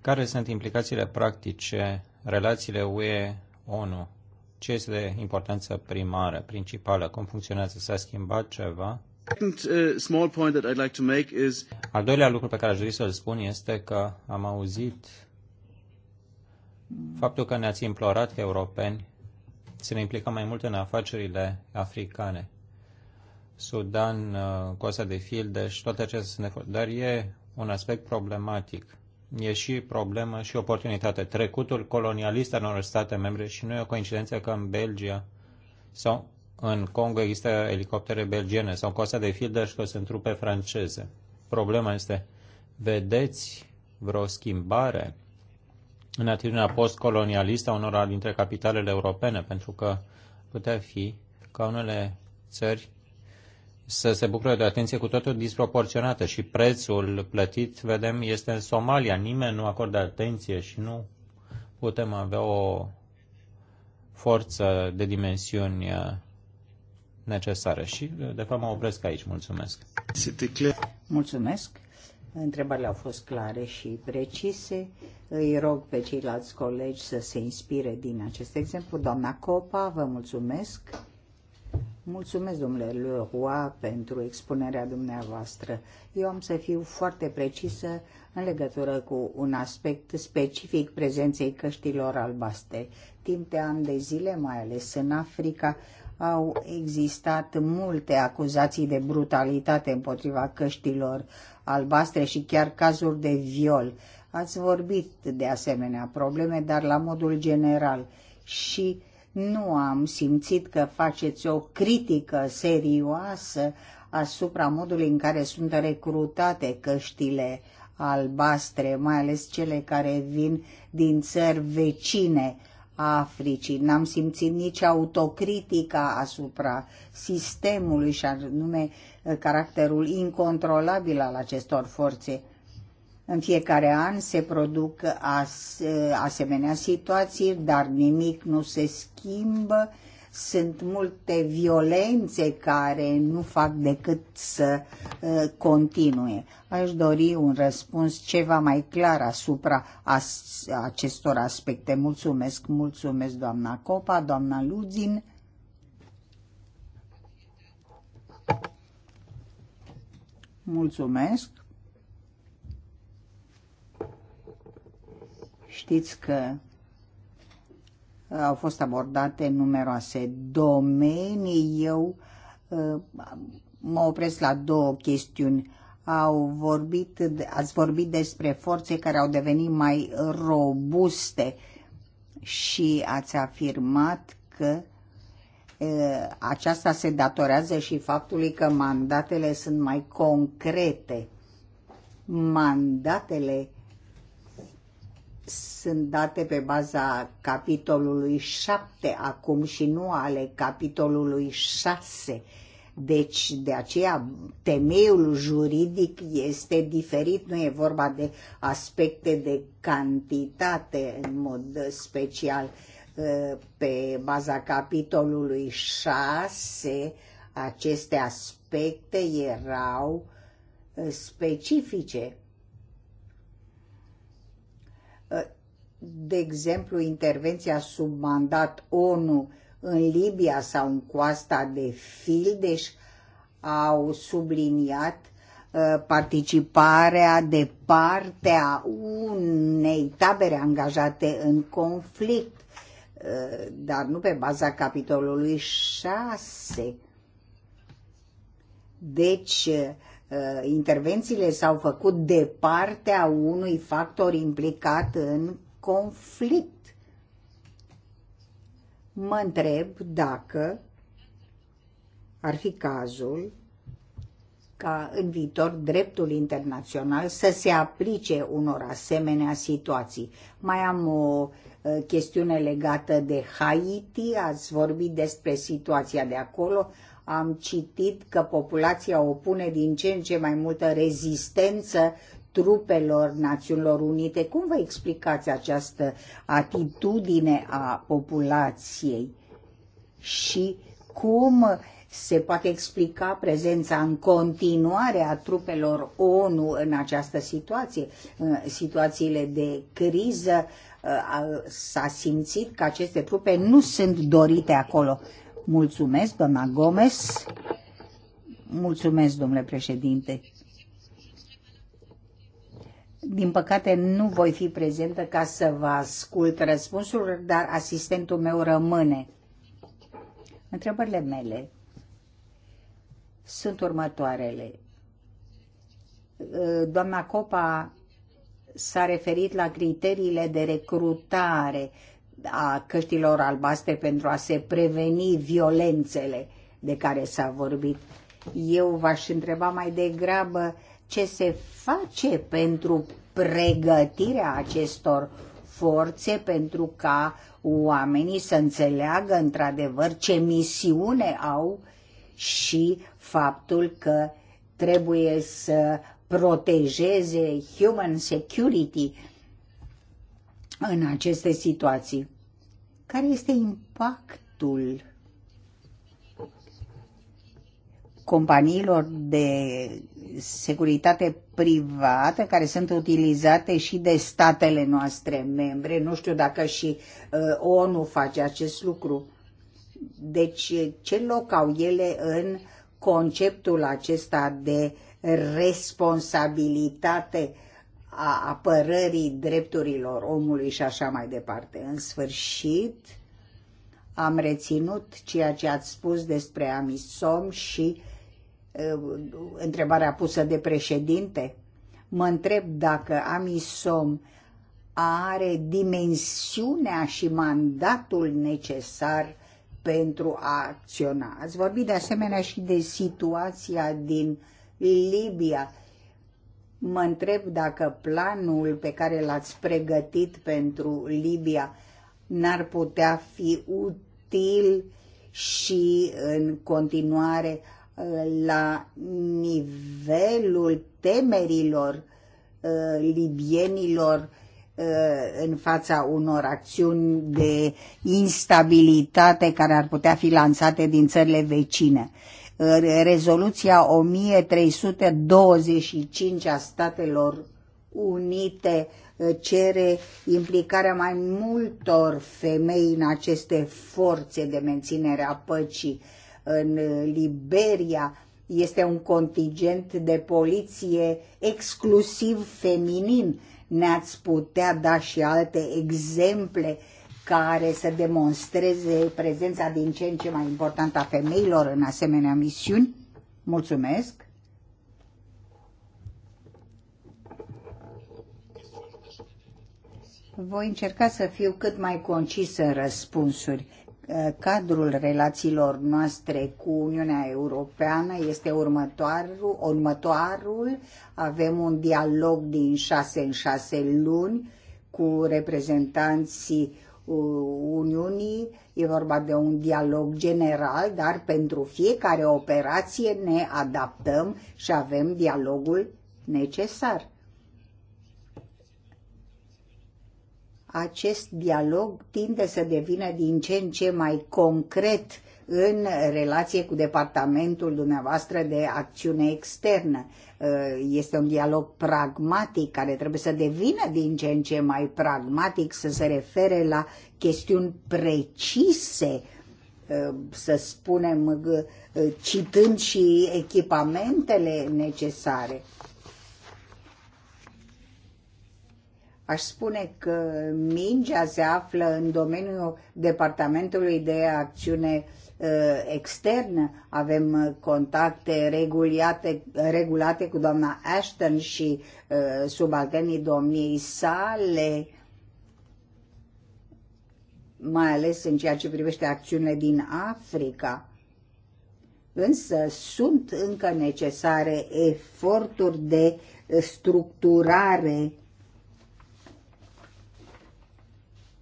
Care sunt implicațiile practice, relațiile UE-ONU? Ce este de importanță primară, principală? Cum funcționează? S-a schimbat ceva? Uh, al doilea lucru pe care aș dori să-l spun este că am auzit faptul că ne-ați implorat ca europeni să ne implicăm mai mult în afacerile africane. Sudan, uh, Coasa de Fildeș, toate acestea sunt efort. Dar e un aspect problematic. E și problemă și oportunitate. Trecutul colonialist al unor state membre și nu e o coincidență că în Belgia sau în Congo există elicoptere belgiene sau Costa de și că sunt trupe franceze. Problema este, vedeți vreo schimbare în atitudinea postcolonialistă a unora dintre capitalele europene, pentru că putea fi ca unele țări să se bucure de atenție cu totul disproporționată și prețul plătit, vedem, este în Somalia. Nimeni nu acordă atenție și nu putem avea o forță de dimensiuni uh, necesară. Și, de fapt, mă opresc aici. Mulțumesc. Mulțumesc. Întrebările au fost clare și precise. Îi rog pe ceilalți colegi să se inspire din acest exemplu. Doamna Copa, vă mulțumesc. Mulțumesc, domnule Leroy, pentru expunerea dumneavoastră. Eu am să fiu foarte precisă în legătură cu un aspect specific prezenței căștilor albaste. Timp de ani de zile, mai ales în Africa, au existat multe acuzații de brutalitate împotriva căștilor albastre și chiar cazuri de viol. Ați vorbit de asemenea probleme, dar la modul general. Și nu am simțit că faceți o critică serioasă asupra modului în care sunt recrutate căștile albastre, mai ales cele care vin din țări vecine Africii. N-am simțit nici autocritica asupra sistemului și anume caracterul incontrolabil al acestor forțe. În fiecare an se produc as, asemenea situații, dar nimic nu se schimbă sunt multe violențe care nu fac decât să uh, continue. Aș dori un răspuns ceva mai clar asupra as- acestor aspecte. Mulțumesc, mulțumesc doamna Copa, doamna Luzin. Mulțumesc. Știți că au fost abordate numeroase domenii. Eu uh, mă opresc la două chestiuni. Au vorbit, ați vorbit despre forțe care au devenit mai robuste și ați afirmat că uh, aceasta se datorează și faptului că mandatele sunt mai concrete. Mandatele sunt date pe baza capitolului 7 acum și nu ale capitolului 6. Deci, de aceea, temeiul juridic este diferit, nu e vorba de aspecte de cantitate în mod special. Ă, pe baza capitolului 6, aceste aspecte erau specifice Uh, de exemplu, intervenția sub mandat ONU în Libia sau în coasta de Fildeș au subliniat uh, participarea de partea unei tabere angajate în conflict, uh, dar nu pe baza capitolului 6. Deci, Uh, intervențiile s-au făcut de partea unui factor implicat în conflict. Mă întreb dacă ar fi cazul ca în viitor dreptul internațional să se aplice unor asemenea situații. Mai am o uh, chestiune legată de Haiti, ați vorbit despre situația de acolo, am citit că populația opune din ce în ce mai multă rezistență trupelor Națiunilor Unite. Cum vă explicați această atitudine a populației? Și cum se poate explica prezența în continuare a trupelor ONU în această situație? În situațiile de criză s-a simțit că aceste trupe nu sunt dorite acolo. Mulțumesc, doamna Gomes. Mulțumesc, domnule președinte. Din păcate nu voi fi prezentă ca să vă ascult răspunsul, dar asistentul meu rămâne. Întrebările mele sunt următoarele. Doamna Copa s-a referit la criteriile de recrutare a căștilor albaste pentru a se preveni violențele de care s-a vorbit. Eu v-aș întreba mai degrabă ce se face pentru pregătirea acestor forțe pentru ca oamenii să înțeleagă într-adevăr ce misiune au și faptul că trebuie să protejeze human security în aceste situații. Care este impactul companiilor de securitate privată care sunt utilizate și de statele noastre membre. Nu știu dacă și uh, ONU face acest lucru. Deci, ce loc au ele în conceptul acesta de responsabilitate a apărării drepturilor omului și așa mai departe. În sfârșit, am reținut ceea ce ați spus despre Amisom și uh, întrebarea pusă de președinte. Mă întreb dacă Amisom are dimensiunea și mandatul necesar pentru a acționa. Ați vorbit de asemenea și de situația din Libia Mă întreb dacă planul pe care l-ați pregătit pentru Libia n-ar putea fi util și în continuare uh, la nivelul temerilor uh, libienilor uh, în fața unor acțiuni de instabilitate care ar putea fi lansate din țările vecine rezoluția 1325 a Statelor Unite uh, cere implicarea mai multor femei în aceste forțe de menținere a păcii. În uh, Liberia este un contingent de poliție exclusiv feminin. Ne-ați putea da și alte exemple care să demonstreze prezența din ce în ce mai importantă a femeilor în asemenea misiuni? Mulțumesc! Voi încerca să fiu cât mai concis în răspunsuri. Cadrul relațiilor noastre cu Uniunea Europeană este următoarul, următoarul. Avem un dialog din șase în șase luni cu reprezentanții Uh, Uniunii, e vorba de un dialog general, dar pentru fiecare operație ne adaptăm și avem dialogul necesar. Acest dialog tinde să devină din ce în ce mai concret în relație cu departamentul dumneavoastră de acțiune externă. Eh, este un dialog pragmatic care trebuie să devină din ce în ce mai pragmatic, să se refere la chestiuni precise, eh, să spunem, eh, citând și echipamentele necesare. Aș spune că mingea se află în domeniul Departamentului de Acțiune uh, Uh, externă, avem uh, contacte regulate, regulate cu doamna Ashton și uh, subalternii domniei sale, mai ales în ceea ce privește acțiunile din Africa. Însă sunt încă necesare eforturi de structurare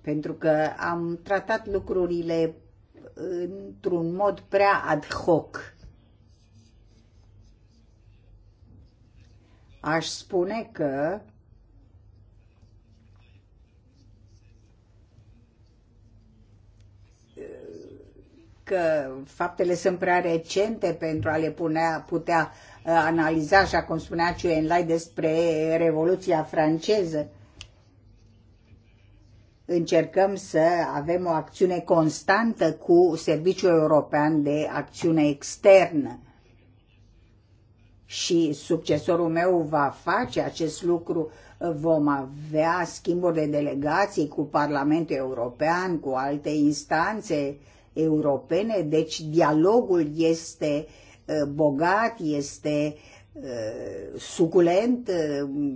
pentru că am tratat lucrurile într-un mod prea ad hoc. Aș spune că că faptele sunt prea recente pentru a le punea, putea uh, analiza, așa cum spunea Ciuenlai despre Revoluția franceză încercăm să avem o acțiune constantă cu Serviciul European de Acțiune Externă. Și succesorul meu va face acest lucru. Vom avea schimburi de delegații cu Parlamentul European, cu alte instanțe europene, deci dialogul este uh, bogat, este uh, suculent, uh,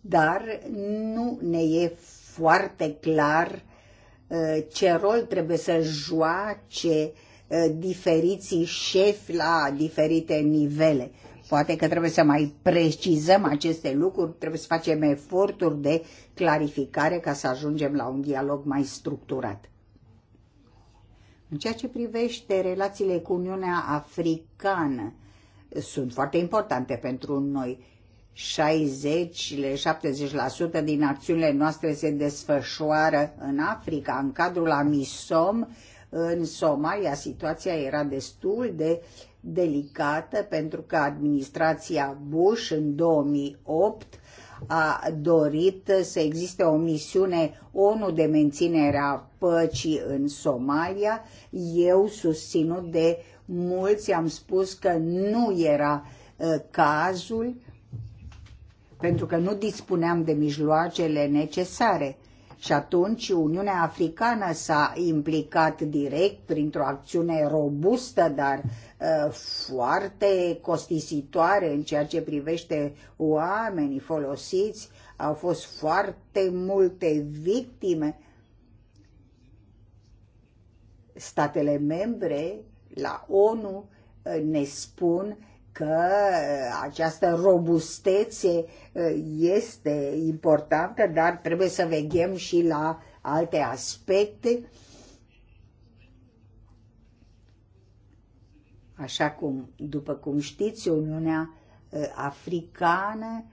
dar nu ne e foarte clar uh, ce rol trebuie să joace uh, diferiții șefi la diferite nivele. Poate că trebuie să mai precizăm aceste lucruri, trebuie să facem eforturi de clarificare ca să ajungem la un dialog mai structurat. În ceea ce privește relațiile cu Uniunea Africană, sunt foarte importante pentru noi. 60-70% din acțiunile noastre se desfășoară în Africa, în cadrul AMISOM, în Somalia situația era destul de delicată pentru că administrația Bush în 2008 a dorit să existe o misiune ONU de menținere a păcii în Somalia. Eu, susținut de mulți, am spus că nu era uh, cazul, pentru că nu dispuneam de mijloacele necesare. Și atunci Uniunea Africană s-a implicat direct printr-o acțiune robustă, dar uh, foarte costisitoare în ceea ce privește oamenii folosiți. Au fost foarte multe victime. Statele membre la ONU ă, ne spun că uh, această robustețe uh, este importantă, dar trebuie să veghem și la alte aspecte. Așa cum, după cum știți, Uniunea uh, Africană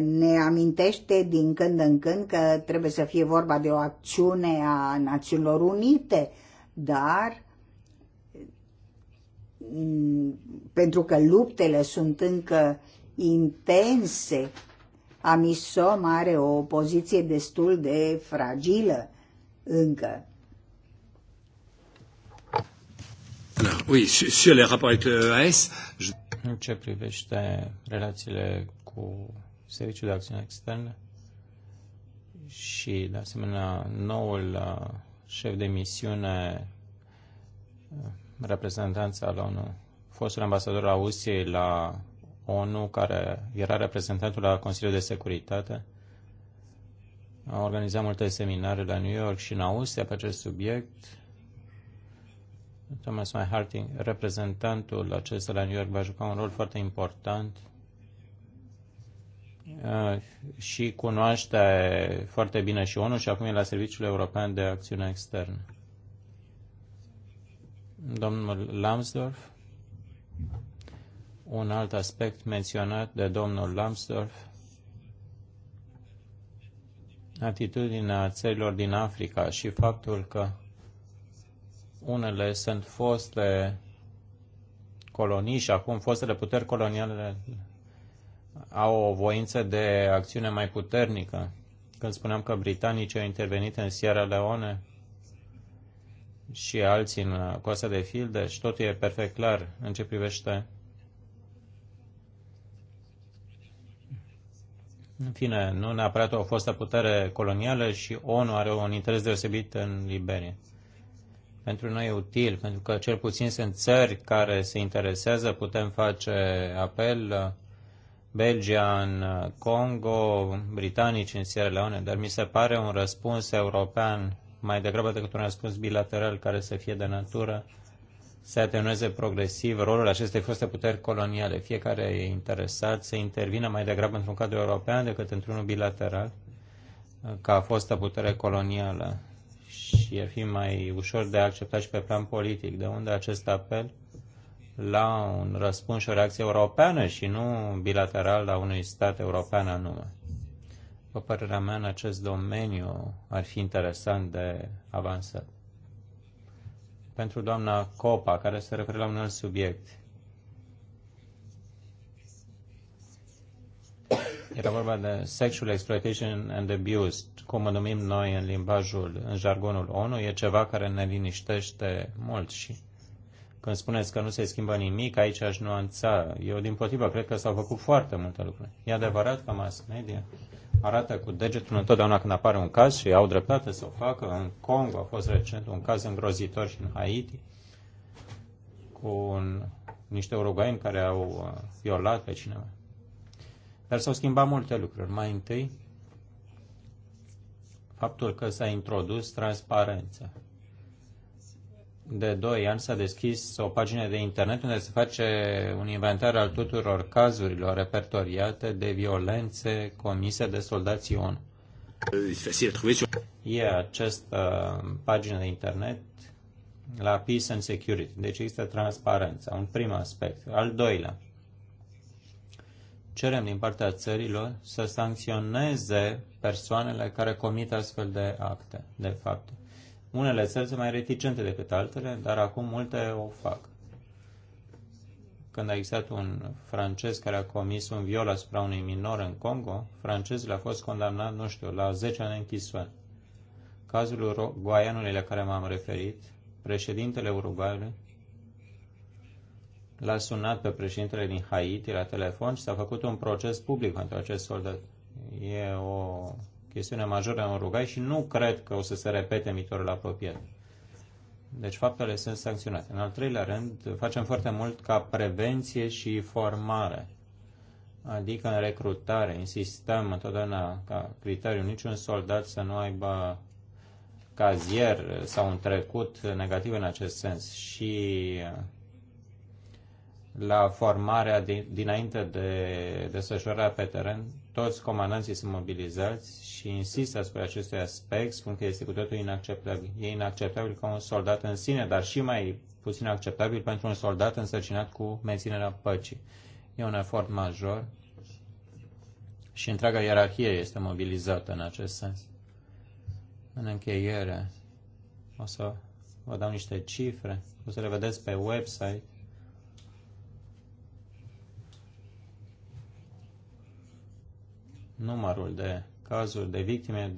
ne amintește din când în când că trebuie să fie vorba de o acțiune a Națiunilor Unite, dar pentru că luptele sunt încă intense, Amisom are o poziție destul de fragilă încă. AS, În ce privește relațiile cu Serviciul de Acțiune Externă și, de asemenea, noul uh, șef de misiune uh, reprezentanța la ONU, fostul ambasador al Austriei la ONU, care era reprezentantul la Consiliul de Securitate, a organizat multe seminare la New York și în Austria pe acest subiect. Thomas May Harting, reprezentantul acesta la New York, va juca un rol foarte important ah, și cunoaște foarte bine și ONU și acum e la Serviciul European de Acțiune Externă. Domnul Lambsdorff, un alt aspect menționat de domnul Lambsdorff, atitudinea țărilor din Africa și faptul că unele sunt foste colonii și acum fostele puteri coloniale au o voință de acțiune mai puternică. Când spuneam că britanicii au intervenit în Sierra Leone, și alții în coasa de filde și totul e perfect clar în ce privește. În fine, nu neapărat o fostă putere colonială și ONU are un interes deosebit în Liberia. Pentru noi e util, pentru că cel puțin sunt țări care se interesează, putem face apel Belgia în Congo, britanici în Sierra Leone, dar mi se pare un răspuns european mai degrabă decât un răspuns bilateral care să fie de natură să atenueze progresiv rolul acestei foste puteri coloniale. Fiecare e interesat să intervină mai degrabă într-un cadru european decât într-unul bilateral ca fostă putere colonială și ar fi mai ușor de acceptat și pe plan politic. De unde acest apel la un răspuns și o reacție europeană și nu bilateral la unui stat european anume. După părerea mea, în acest domeniu ar fi interesant de avansat. Pentru doamna Copa, care se referă la un alt subiect, Era vorba de sexual exploitation and abuse, cum o numim noi în limbajul, în jargonul ONU, e ceva care ne liniștește mult și când spuneți că nu se schimbă nimic, aici aș nuanța. Eu, din potrivă, cred că s-au făcut foarte multe lucruri. E adevărat că mass media arată cu degetul întotdeauna când apare un caz și au dreptate să o facă. În Congo a fost recent un caz îngrozitor și în Haiti cu un, niște uruguaieni care au uh, violat pe cineva. Dar s-au schimbat multe lucruri. Mai întâi, faptul că s-a introdus transparența de 2 ani s-a deschis o pagină de internet unde se face un inventar al tuturor cazurilor repertoriate de violențe comise de soldații ONU. E această uh, pagină de internet la Peace and Security. Deci există transparența, un prim aspect. Al doilea, cerem din partea țărilor să sancționeze persoanele care comit astfel de acte, de fapte. Unele țări sunt mai reticente decât altele, dar acum multe o fac. Când a existat un francez care a comis un viol asupra unui minor în Congo, francezul a fost condamnat, nu știu, la 10 ani închisoare. Cazul Guaianului la care m-am referit, președintele Uruguayului l-a sunat pe președintele din Haiti la telefon și s-a făcut un proces public pentru acest soldat. E o chestiunea majoră în rugai și nu cred că o să se repete în viitorul apropiat. Deci faptele sunt sancționate. În al treilea rând, facem foarte mult ca prevenție și formare. Adică în recrutare, insistăm întotdeauna ca criteriu niciun soldat să nu aibă cazier sau un trecut negativ în acest sens și la formarea din, dinainte de desfășurarea pe teren toți comandanții sunt mobilizați și insistă asupra acestui aspect, spun că este cu totul inacceptabil. E inacceptabil ca un soldat în sine, dar și mai puțin acceptabil pentru un soldat însărcinat cu menținerea păcii. E un efort major și întreaga ierarhie este mobilizată în acest sens. În încheiere, o să vă dau niște cifre, o să le vedeți pe website numărul de cazuri de victime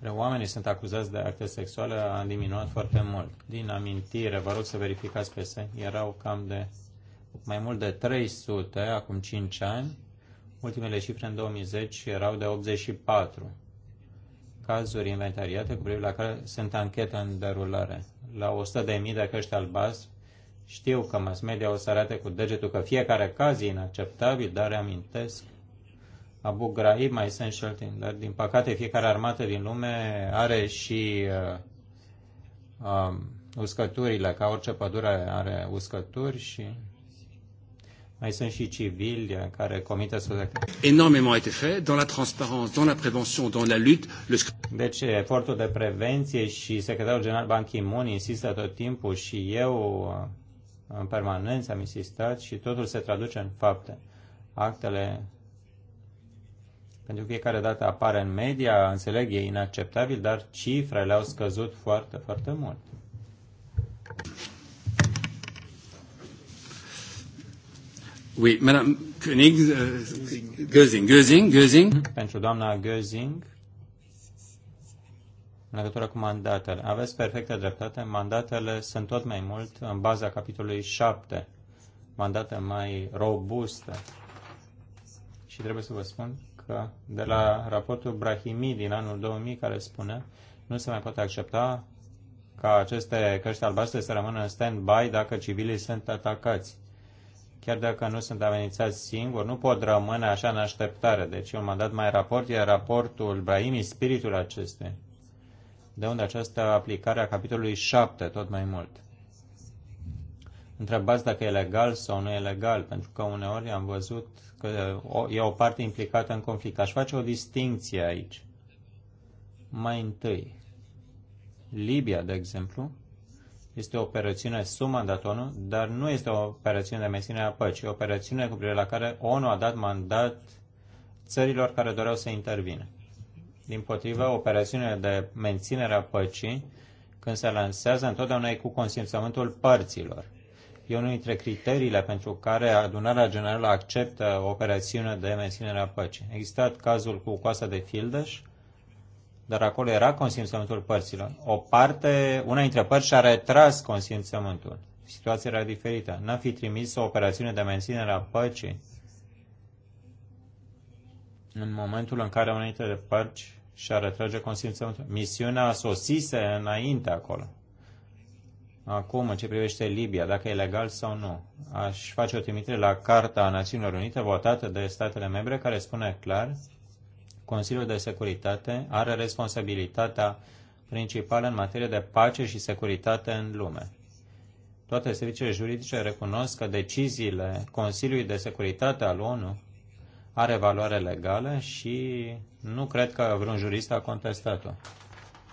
de oamenii sunt acuzați de acte sexuale a diminuat foarte mult. Din amintire, vă rog să verificați pe se, erau cam de mai mult de 300 acum 5 ani, ultimele cifre în 2010 erau de 84 cazuri inventariate cu privire la care sunt anchete în derulare. La 100.000 de, de căști albastri, știu că mass media o să arate cu degetul că fiecare caz e inacceptabil, dar reamintesc Abu Ghraib, mai sunt și alte, dar din păcate fiecare armată din lume are și uh, um, uscăturile, ca orice pădure are uscături și mai sunt și civili care comit subiecte. Enormément a été fait dans la transparence, dans la prévention, dans la lutte. Le... Deci efortul de prevenție și secretarul general Ban Ki-moon insistă tot timpul și eu uh, în permanență am insistat și totul se traduce în fapte. Actele pentru fiecare dată apare în media, înțeleg, e inacceptabil, dar cifrele au scăzut foarte, foarte mult. Oui, Madame König, uh, Gözing, Gözing, Gözing. Mhm. Pentru doamna Gözing, în legătură cu mandatele. Aveți perfectă dreptate, mandatele sunt tot mai mult în baza capitolului 7, mandate mai robuste. Și trebuie să vă spun că de la raportul Brahimi din anul 2000 care spune nu se mai poate accepta ca aceste căști albastre să rămână în stand-by dacă civilii sunt atacați. Chiar dacă nu sunt amenințați singuri, nu pot rămâne așa în așteptare. Deci eu m-am dat mai raport, iar raportul Brahimi, spiritul acestei. De unde această aplicare a capitolului 7, tot mai mult întrebați dacă e legal sau nu e legal, pentru că uneori am văzut că e o parte implicată în conflict. Aș face o distinție aici. Mai întâi, Libia, de exemplu, este o operațiune mandat ONU, dar nu este o operațiune de menținere a păcii, o operațiune cu privire la care ONU a dat mandat țărilor care doreau să intervină. Din potrivă, operațiunea de menținere a păcii, când se lansează, întotdeauna e cu consimțământul părților. E unul dintre criteriile pentru care adunarea generală acceptă o operațiune de menținere a păcii. Existat cazul cu coasta de Fildeș, dar acolo era consimțământul părților. O parte, una dintre părți și-a retras consimțământul. Situația era diferită. N-a fi trimis o operațiune de menținere a păcii în momentul în care una dintre părți și-a retrage consimțământul. Misiunea sosise înainte acolo. Acum, în ce privește Libia, dacă e legal sau nu, aș face o trimitere la Carta a Națiunilor Unite votată de statele membre care spune clar Consiliul de Securitate are responsabilitatea principală în materie de pace și securitate în lume. Toate serviciile juridice recunosc că deciziile Consiliului de Securitate al ONU are valoare legală și nu cred că vreun jurist a contestat-o.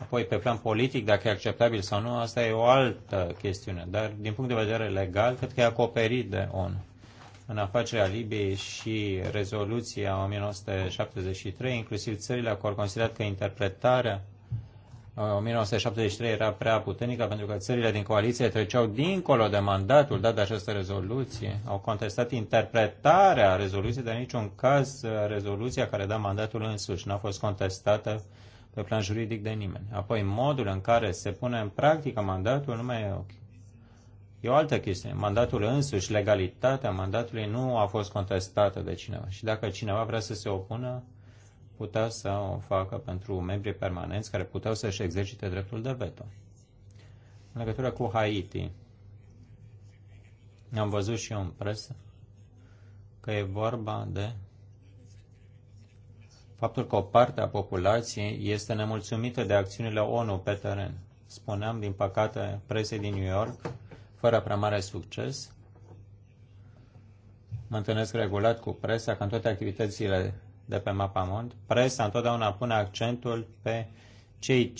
Apoi, pe plan politic, dacă e acceptabil sau nu, asta e o altă chestiune. Dar, din punct de vedere legal, cred că e acoperit de ONU. În afacerea Libiei și rezoluția 1973, inclusiv țările care au considerat că interpretarea 1973 uh, era prea puternică pentru că țările din coaliție treceau dincolo de mandatul dat de această rezoluție, au contestat interpretarea rezoluției, dar în niciun caz uh, rezoluția care da mandatul însuși n-a fost contestată pe plan juridic de nimeni. Apoi, modul în care se pune în practică mandatul nu mai e ok. E o altă chestie. Mandatul însuși, legalitatea mandatului nu a fost contestată de cineva. Și dacă cineva vrea să se opună, putea să o facă pentru membrii permanenți care puteau să-și exercite dreptul de veto. În legătură cu Haiti, am văzut și eu în presă că e vorba de faptul că o parte a populației este nemulțumită de acțiunile ONU pe teren. Spuneam, din păcate, presei din New York, fără prea mare succes. Mă întâlnesc regulat cu presa, ca în toate activitățile de pe mapa mond. Presa întotdeauna pune accentul pe cei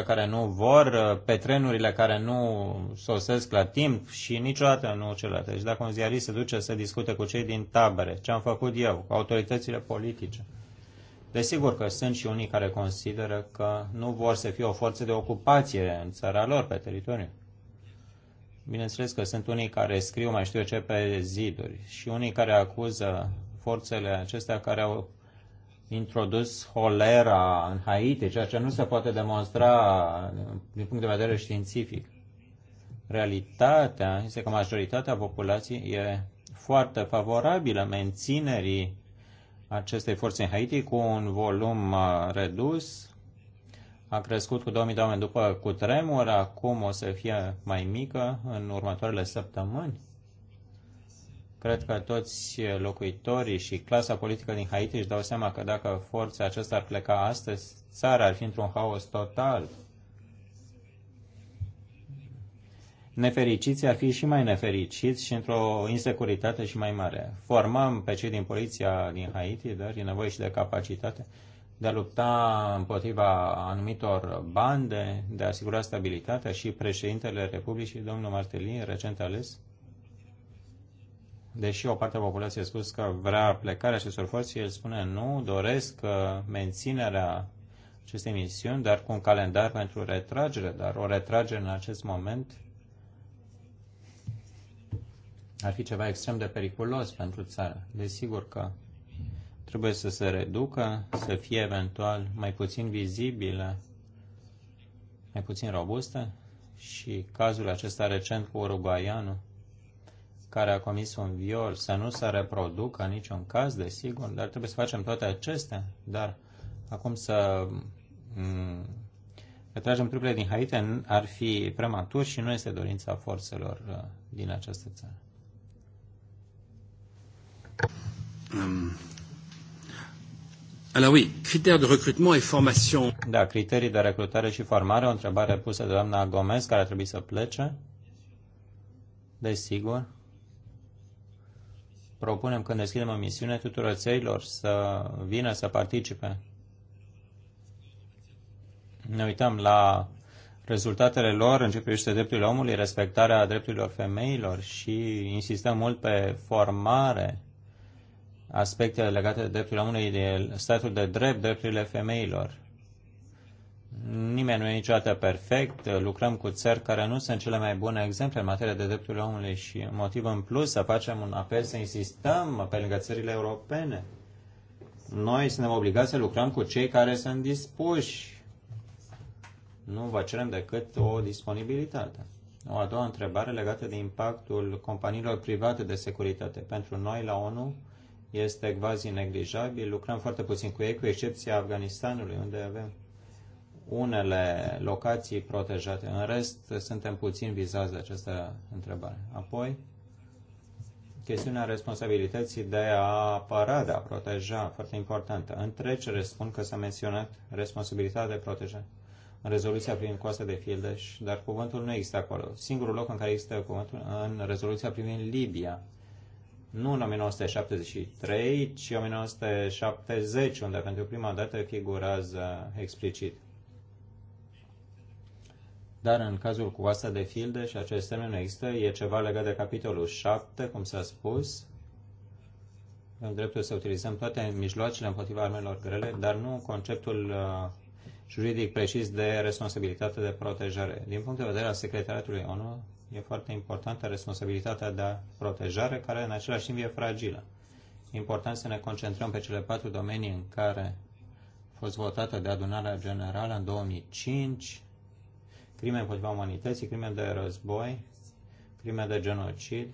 5% care nu vor, pe trenurile care nu sosesc la timp și niciodată nu celelalte. Deci dacă un ziarist se duce să discute cu cei din tabere, ce am făcut eu, cu autoritățile politice, Desigur că sunt și unii care consideră că nu vor să fie o forță de ocupație în țara lor, pe teritoriu. Bineînțeles că sunt unii care scriu mai știu eu ce pe ziduri și unii care acuză forțele acestea care au introdus holera în Haiti, ceea ce nu se poate demonstra din punct de vedere științific. Realitatea este că majoritatea populației e foarte favorabilă menținerii acestei forțe în Haiti cu un volum uh, redus. A crescut cu 2000 de oameni după cutremur, acum o să fie mai mică în următoarele săptămâni. Cred că toți locuitorii și clasa politică din Haiti își dau seama că dacă forța aceasta ar pleca astăzi, țara ar fi într-un haos total nefericiți ar fi și mai nefericiți și într-o insecuritate și mai mare. Formăm pe cei din poliția din Haiti, dar e nevoie și de capacitate de a lupta împotriva anumitor bande, de a asigura stabilitatea și președintele Republicii, domnul Martelin, recent ales, deși o parte a populației a spus că vrea plecarea acestor forțe, el spune nu, doresc uh, menținerea acestei misiuni, dar cu un calendar pentru retragere, dar o retragere în acest moment ar fi ceva extrem de periculos pentru țară. Desigur că trebuie să se reducă, să fie eventual mai puțin vizibilă, mai puțin robustă și cazul acesta recent cu Uruguayanu, care a comis un viol, să nu se reproducă în niciun caz, desigur, dar trebuie să facem toate acestea. Dar acum să retragem mm, trupele din Haiti ar fi prematur și nu este dorința forțelor uh, din această țară. Euh, alors oui, critères de recrutement et formation. Da, criterii de recrutare și formare, o întrebare pusă de doamna Gomez, care ar trebui să plece. Desigur. Propunem când deschidem o misiune tuturor țărilor să vină să participe. Ne uităm la rezultatele lor în ce privește drepturile omului, respectarea drepturilor femeilor și insistăm mult pe formare aspectele legate de drepturile omului, de statul de drept, drepturile femeilor. Nimeni nu e niciodată perfect, lucrăm cu țări care nu sunt cele mai bune exemple în materie de drepturile omului și motiv în plus să facem un apel să insistăm pe lângă țările europene. Noi suntem obligați să lucrăm cu cei care sunt dispuși. Nu vă cerem decât o disponibilitate. O a doua întrebare legată de impactul companiilor private de securitate. Pentru noi la ONU, este quasi neglijabil. Lucrăm foarte puțin cu ei, cu excepția Afganistanului, unde avem unele locații protejate. În rest, suntem puțin vizați de această întrebare. Apoi, chestiunea responsabilității de a apăra, de a proteja, foarte importantă. În trecere spun că s-a menționat responsabilitatea de protejare în rezoluția privind coasta de Fildeș, dar cuvântul nu există acolo. Singurul loc în care există cuvântul în rezoluția privind Libia, nu în 1973, ci 1970, unde pentru prima dată figurează explicit. Dar în cazul cu asta de filde și acest termen nu există, e ceva legat de capitolul 7, cum s-a spus, în dreptul să utilizăm toate mijloacele împotriva armelor grele, dar nu conceptul uh, juridic precis de responsabilitate de protejare. Din punct de vedere al Secretariatului ONU, e foarte importantă responsabilitatea de protejare, care în același timp e fragilă. E important să ne concentrăm pe cele patru domenii în care a fost votată de adunarea generală în 2005, crime împotriva umanității, crime de război, crime de genocid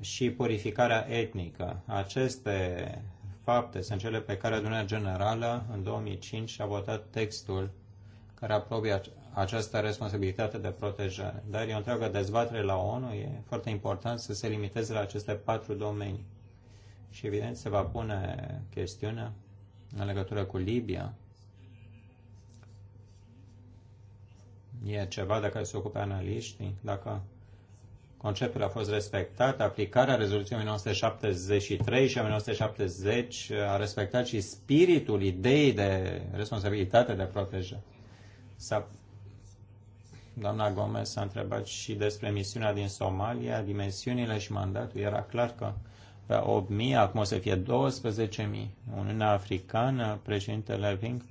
și purificarea etnică. Aceste fapte sunt cele pe care adunarea generală în 2005 a votat textul care aprobă această responsabilitate de protejare. Dar e o întreagă dezbatere la ONU, e foarte important să se limiteze la aceste patru domenii. Și evident se va pune chestiunea în legătură cu Libia. E ceva de care se ocupe analiștii. Dacă conceptul a fost respectat, aplicarea rezoluției 1973 și 1970 a respectat și spiritul ideii de responsabilitate de protejare. S-a Doamna Gomez a întrebat și despre misiunea din Somalia, dimensiunile și mandatul. Era clar că pe 8.000, acum o să fie 12.000. Uniunea Africană, președintele Ving.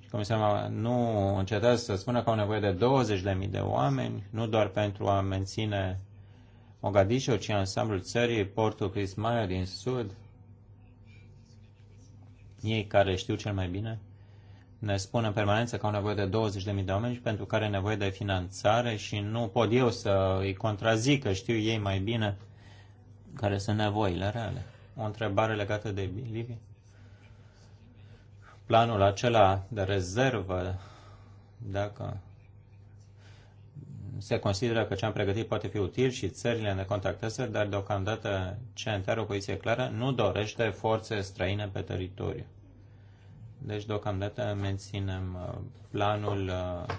și cum seama, nu încetează să spună că au nevoie de 20.000 de oameni, nu doar pentru a menține Mogadishu, ci ansamblul țării, portul Chris Maia din sud, ei care știu cel mai bine ne spun în permanență că au nevoie de 20.000 de oameni pentru care au nevoie de finanțare și nu pot eu să îi contrazic, că știu ei mai bine care sunt nevoile reale. O întrebare legată de Livii. Planul acela de rezervă, dacă se consideră că ce am pregătit poate fi util și țările ne contactează, dar deocamdată CNT are o poziție clară, nu dorește forțe străine pe teritoriu. Deci, deocamdată, menținem uh, planul uh,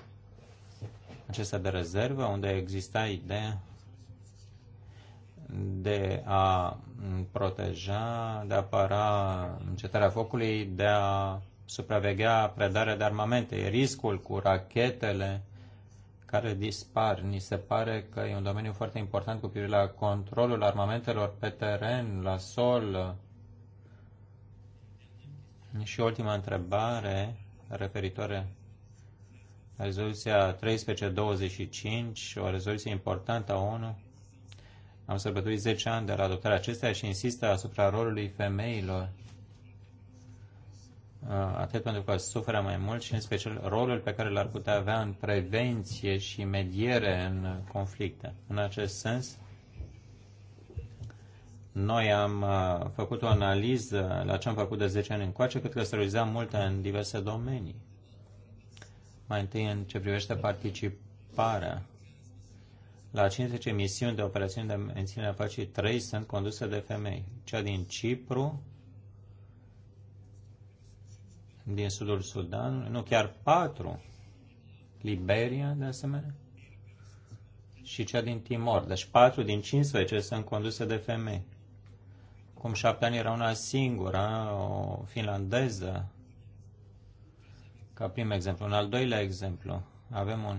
acesta de rezervă, unde exista ideea de a proteja, de a apăra încetarea focului, de a supraveghea predarea de armamente, riscul cu rachetele care dispar. Ni se pare că e un domeniu foarte important cu privire la controlul armamentelor pe teren, la sol, și ultima întrebare referitoare la rezoluția 1325, o rezoluție importantă a ONU. Am sărbătorit 10 ani de la adoptarea acesteia și insistă asupra rolului femeilor uh, atât pentru că suferă mai mult și în special rolul pe care l-ar putea avea în prevenție și mediere în conflicte. În acest sens, noi am uh, făcut o analiză la ce am făcut de 10 ani încoace, cred că se realizează multe în diverse domenii. Mai întâi în ce privește participarea. La 50 misiuni de operațiuni de menținere a pacii, 3 sunt conduse de femei. Cea din Cipru, din sudul Sudanului, nu chiar 4, Liberia de asemenea, și cea din Timor. Deci 4 din 15 sunt conduse de femei. Acum șapte ani era una singură, o finlandeză, ca prim exemplu. Un al doilea exemplu, avem un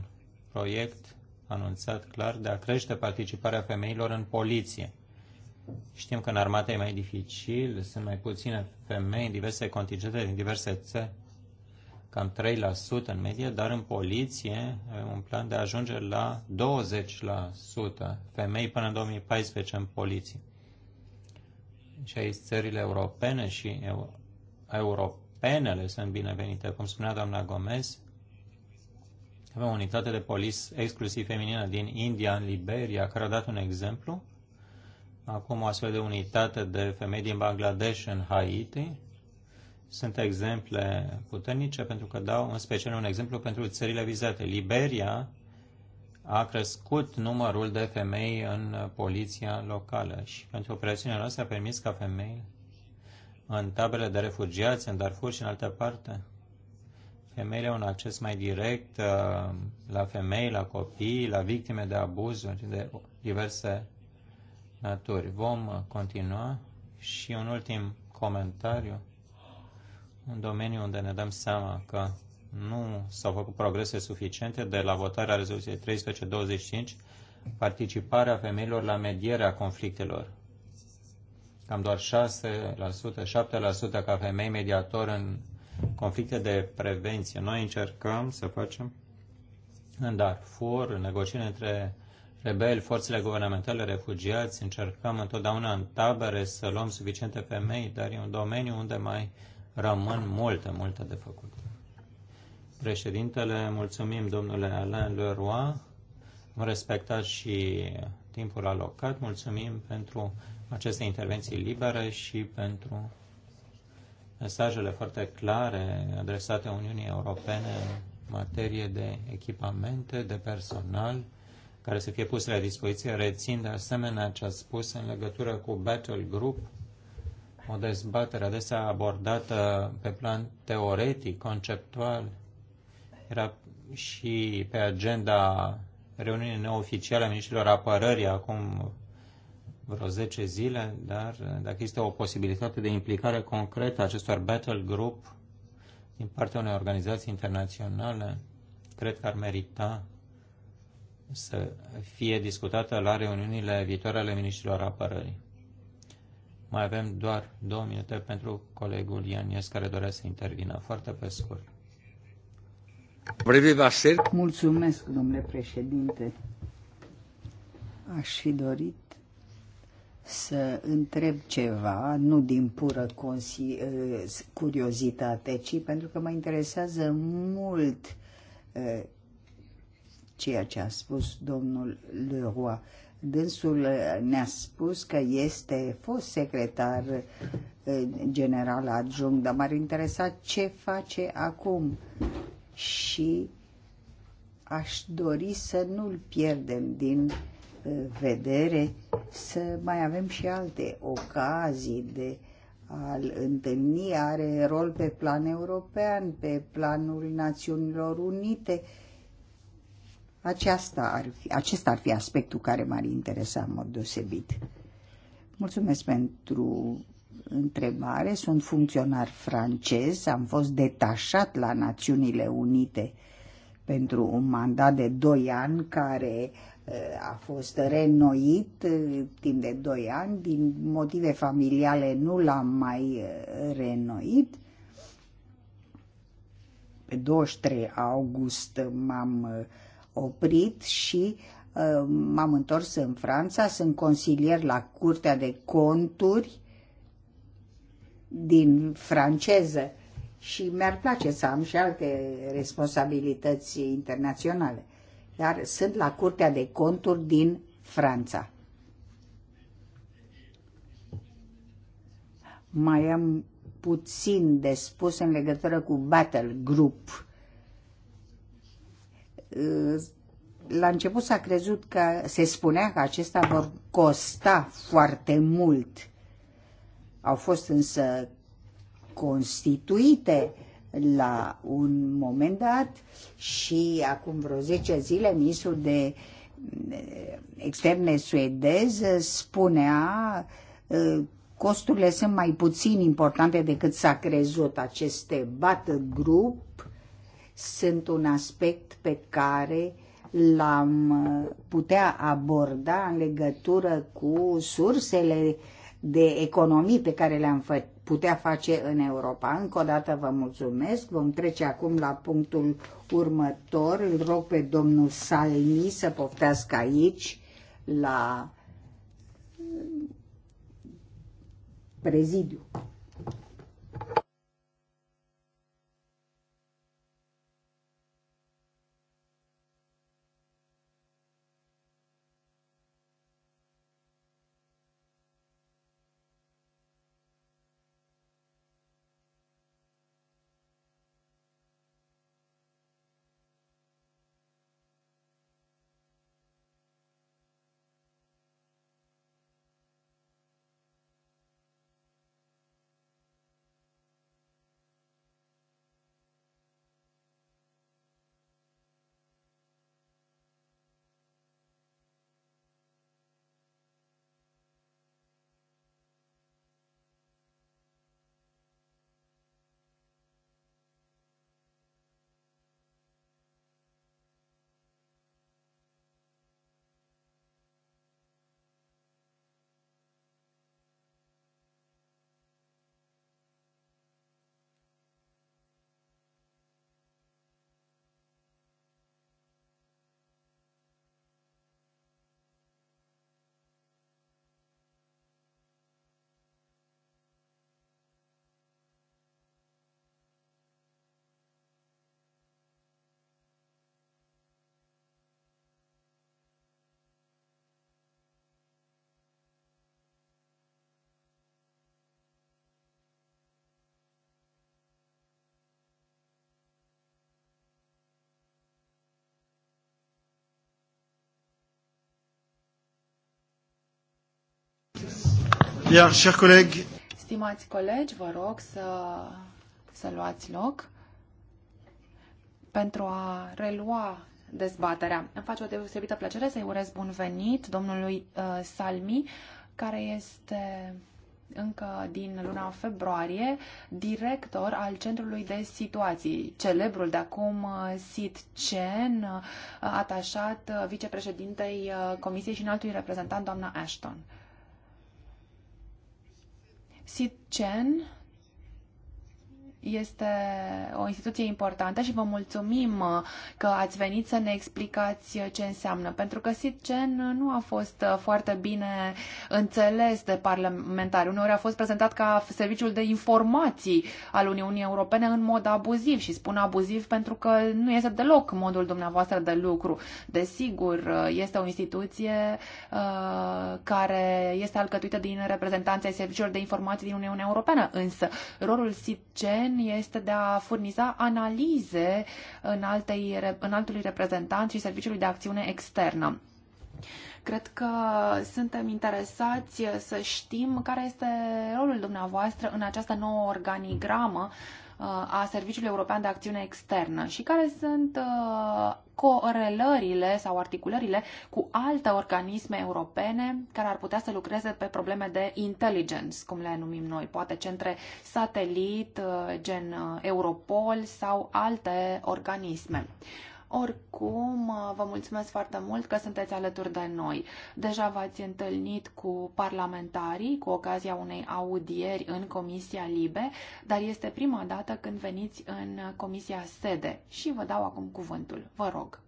proiect anunțat clar de a crește participarea femeilor în poliție. Știm că în armată e mai dificil, sunt mai puține femei în diverse contingente din diverse țări, cam 3% în medie, dar în poliție avem un plan de a ajunge la 20% femei până în 2014 în poliție și aici țările europene și europenele sunt binevenite. Cum spunea doamna Gomez, avem unitate de polis exclusiv feminină din India, în Liberia, care a dat un exemplu. Acum o astfel de unitate de femei din Bangladesh în Haiti. Sunt exemple puternice pentru că dau în special un exemplu pentru țările vizate. Liberia a crescut numărul de femei în poliția locală și pentru operațiunea noastră a permis ca femei în tabele de refugiați, în Darfur și în altă parte, femeile au un acces mai direct uh, la femei, la copii, la victime de abuzuri de diverse naturi. Vom continua și un ultim comentariu, un domeniu unde ne dăm seama că nu s-au făcut progrese suficiente de la votarea rezoluției 1325, participarea femeilor la medierea conflictelor. Cam doar 6%, 7% ca femei mediator în conflicte de prevenție. Noi încercăm să facem în Darfur, în negocieri între rebeli, forțele guvernamentale, refugiați, încercăm întotdeauna în tabere să luăm suficiente femei, dar e un domeniu unde mai rămân multe, multe de făcut. Președintele, mulțumim domnule Alain Leroy, am respectat și timpul alocat, mulțumim pentru aceste intervenții libere și pentru mesajele foarte clare adresate Uniunii Europene în materie de echipamente, de personal, care să fie pus la dispoziție. Rețin de asemenea ce a spus în legătură cu Battle Group, o dezbatere adesea abordată pe plan teoretic, conceptual, era și pe agenda reuniunii neoficiale a ministrilor apărării acum vreo 10 zile, dar dacă este o posibilitate de implicare concretă a acestor battle group din partea unei organizații internaționale, cred că ar merita să fie discutată la reuniunile viitoare ale ministrilor apărării. Mai avem doar două minute pentru colegul Ianies care dorea să intervină foarte pe scurt. Mulțumesc, domnule președinte. Aș fi dorit să întreb ceva, nu din pură eh, curiozitate, ci pentru că mă interesează mult eh, ceea ce a spus domnul Leroy. Dânsul eh, ne-a spus că este fost secretar general adjunct, dar m-ar interesa ce face acum și aș dori să nu-l pierdem din uh, vedere, să mai avem și alte ocazii de al întâlni are rol pe plan european, pe planul Națiunilor Unite. Aceasta ar fi, acesta ar fi aspectul care m-ar interesa în mod deosebit. Mulțumesc pentru întrebare. Sunt funcționar francez, am fost detașat la Națiunile Unite pentru un mandat de 2 ani care uh, a fost reînnoit uh, timp de 2 ani. Din motive familiale nu l-am mai uh, reînnoit. Pe 23 august m-am oprit și m-am întors în Franța, sunt consilier la Curtea de Conturi din franceză și mi-ar place să am și alte responsabilități internaționale, dar sunt la Curtea de Conturi din Franța. Mai am puțin de spus în legătură cu Battle Group. La început s-a crezut că se spunea că acesta vor costa foarte mult – au fost însă constituite la un moment dat și acum vreo 10 zile ministrul de eh, externe suedez spunea eh, costurile sunt mai puțin importante decât s-a crezut. Aceste bat grup sunt un aspect pe care l-am eh, putea aborda în legătură cu sursele uh, de economii pe care le-am putea face în Europa. Încă o dată vă mulțumesc. Vom trece acum la punctul următor. Îl rog pe domnul Salmi să poftească aici la prezidiu. Bien, chers colegi, Stimați colegi, vă rog să, să luați loc pentru a relua dezbaterea. Îmi face o deosebită plăcere să-i urez bun venit domnului uh, Salmi, care este încă din luna februarie, director al Centrului de Situații, celebrul de acum uh, Sit Chen, uh, atașat uh, vicepreședintei Comisiei și înaltui reprezentant, doamna Ashton. Sitchen este o instituție importantă și vă mulțumim uh, că ați venit să ne explicați uh, ce înseamnă, pentru că SITGEN uh, nu a fost foarte bine înțeles de parlamentari. Uneori a fost prezentat ca serviciul de informații al Uniunii Europene în mod abuziv și spun abuziv pentru că nu este deloc modul dumneavoastră de lucru. Desigur, este o instituție uh, care este alcătuită din reprezentanții serviciilor de informații din Uniunea Europeană, însă rolul SITGEN europeni este de a furniza analize în, altei, în altului reprezentant și Serviciului de Acțiune Externă. Cred că suntem interesați să știm care este rolul dumneavoastră în această nouă organigramă Uh, a Serviciului European de Acțiune Externă și care sunt uh, corelările sau articulările cu alte organisme europene care ar putea să lucreze pe probleme de intelligence, cum le numim noi, poate centre satelit, uh, gen Europol sau alte organisme. Oricum, vă mulțumesc foarte mult că sunteți alături de noi. Deja v-ați întâlnit cu parlamentarii cu ocazia unei audieri în Comisia Libe, dar este prima dată când veniți în Comisia Sede și vă dau acum cuvântul. Vă rog.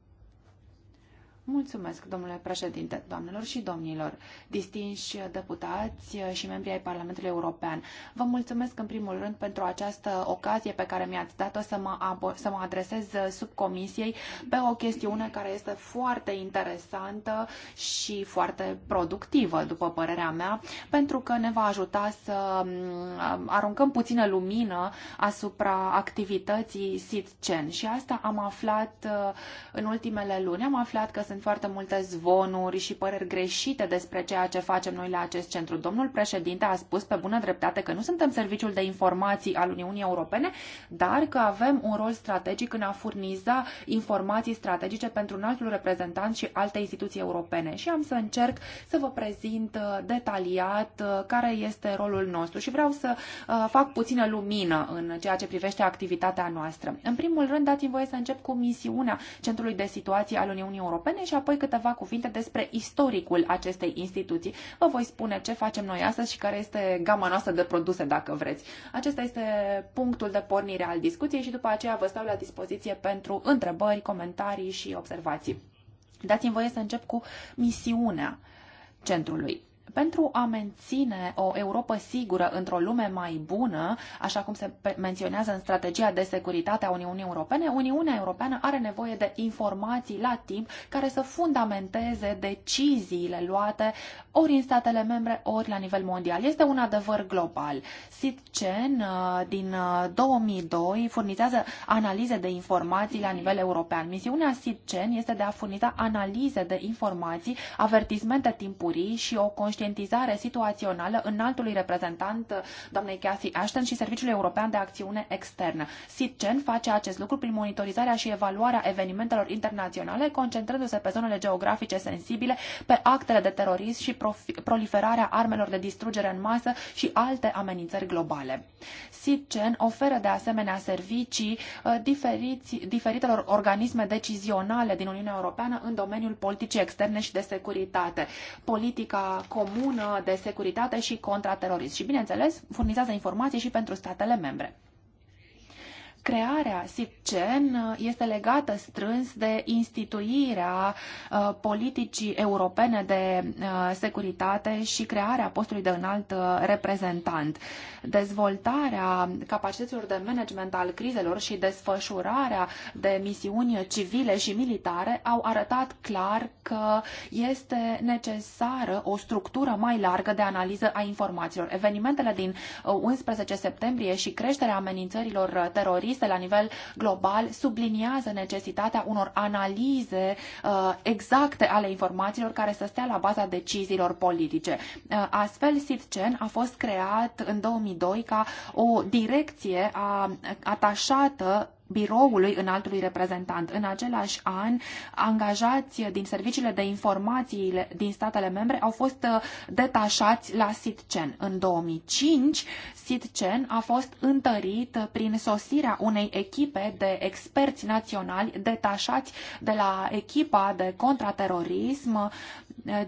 Mulțumesc, domnule președinte, doamnelor și domnilor, distinși deputați și membrii ai Parlamentului European. Vă mulțumesc în primul rând pentru această ocazie pe care mi-ați dat-o să mă, să mă adresez subcomisiei pe o chestiune care este foarte interesantă și foarte productivă, după părerea mea, pentru că ne va ajuta să mm, aruncăm puțină lumină asupra activității SITCEN. Și asta am aflat uh, în ultimele luni. Am aflat că sunt foarte multe zvonuri și păreri greșite despre ceea ce facem noi la acest centru. Domnul președinte a spus pe bună dreptate că nu suntem serviciul de informații al Uniunii Europene, dar că avem un rol strategic în a furniza informații strategice pentru înaltul reprezentant și alte instituții europene. Și am să încerc să vă prezint uh, detaliat uh, care este rolul nostru și vreau să uh, fac puțină lumină în ceea ce privește activitatea noastră. În primul rând, dați-mi voie să încep cu misiunea Centrului de Situații al Uniunii Europene Europene și apoi câteva cuvinte despre istoricul acestei instituții. Vă voi spune ce facem noi astăzi și care este gama noastră de produse, dacă vreți. Acesta este punctul de pornire al discuției și după aceea vă stau la dispoziție pentru întrebări, comentarii și observații. Dați-mi voie să încep cu misiunea centrului pentru a menține o Europa sigură într-o lume mai bună, așa cum se menționează în strategia de securitate a Uniunii Europene, Uniunea Europeană are nevoie de informații la timp care să fundamenteze deciziile luate ori în statele membre, ori la nivel mondial. Este un adevăr global. SITCEN uh, din 2002 uh, furnizează analize de informații la nivel european. Misiunea SITCEN este de a furniza analize de informații, avertismente timpurii și o conștientizare situațională înaltului reprezentant uh, doamnei Cathy Ashton și Serviciul European de Acțiune Externă. SITCEN face acest lucru prin monitorizarea și evaluarea evenimentelor internaționale, concentrându-se pe zonele geografice sensibile, pe actele de terorism și proliferarea armelor de distrugere în masă și alte amenințări globale. SITCEN oferă de asemenea servicii uh, diferiți, diferitelor organisme decizionale din Uniunea Europeană în domeniul politicii externe și de securitate. Politica comună de securitate și contraterorism și, bineînțeles, furnizează informații și pentru statele membre. Crearea SIPCEN uh, este legată strâns de instituirea uh, politicii europene de uh, securitate și crearea postului de înalt reprezentant. Dezvoltarea capacităților de management al crizelor și desfășurarea de misiuni civile și militare au arătat clar că este necesară o structură mai largă de analiză a informațiilor. Evenimentele din 11 septembrie și creșterea amenințărilor teroriste reviste la nivel global subliniază necesitatea unor analize uh, exacte ale informațiilor care să stea la baza deciziilor politice. Uh, astfel, SITCEN a fost creat în 2002 ca o direcție a, atașată biroului înaltului reprezentant. În același an, angajați din serviciile de informații din statele membre au fost uh, detașați la SITCEN. În 2005, SITCEN a fost întărit prin sosirea unei echipe de experți naționali detașați de la echipa de contraterorism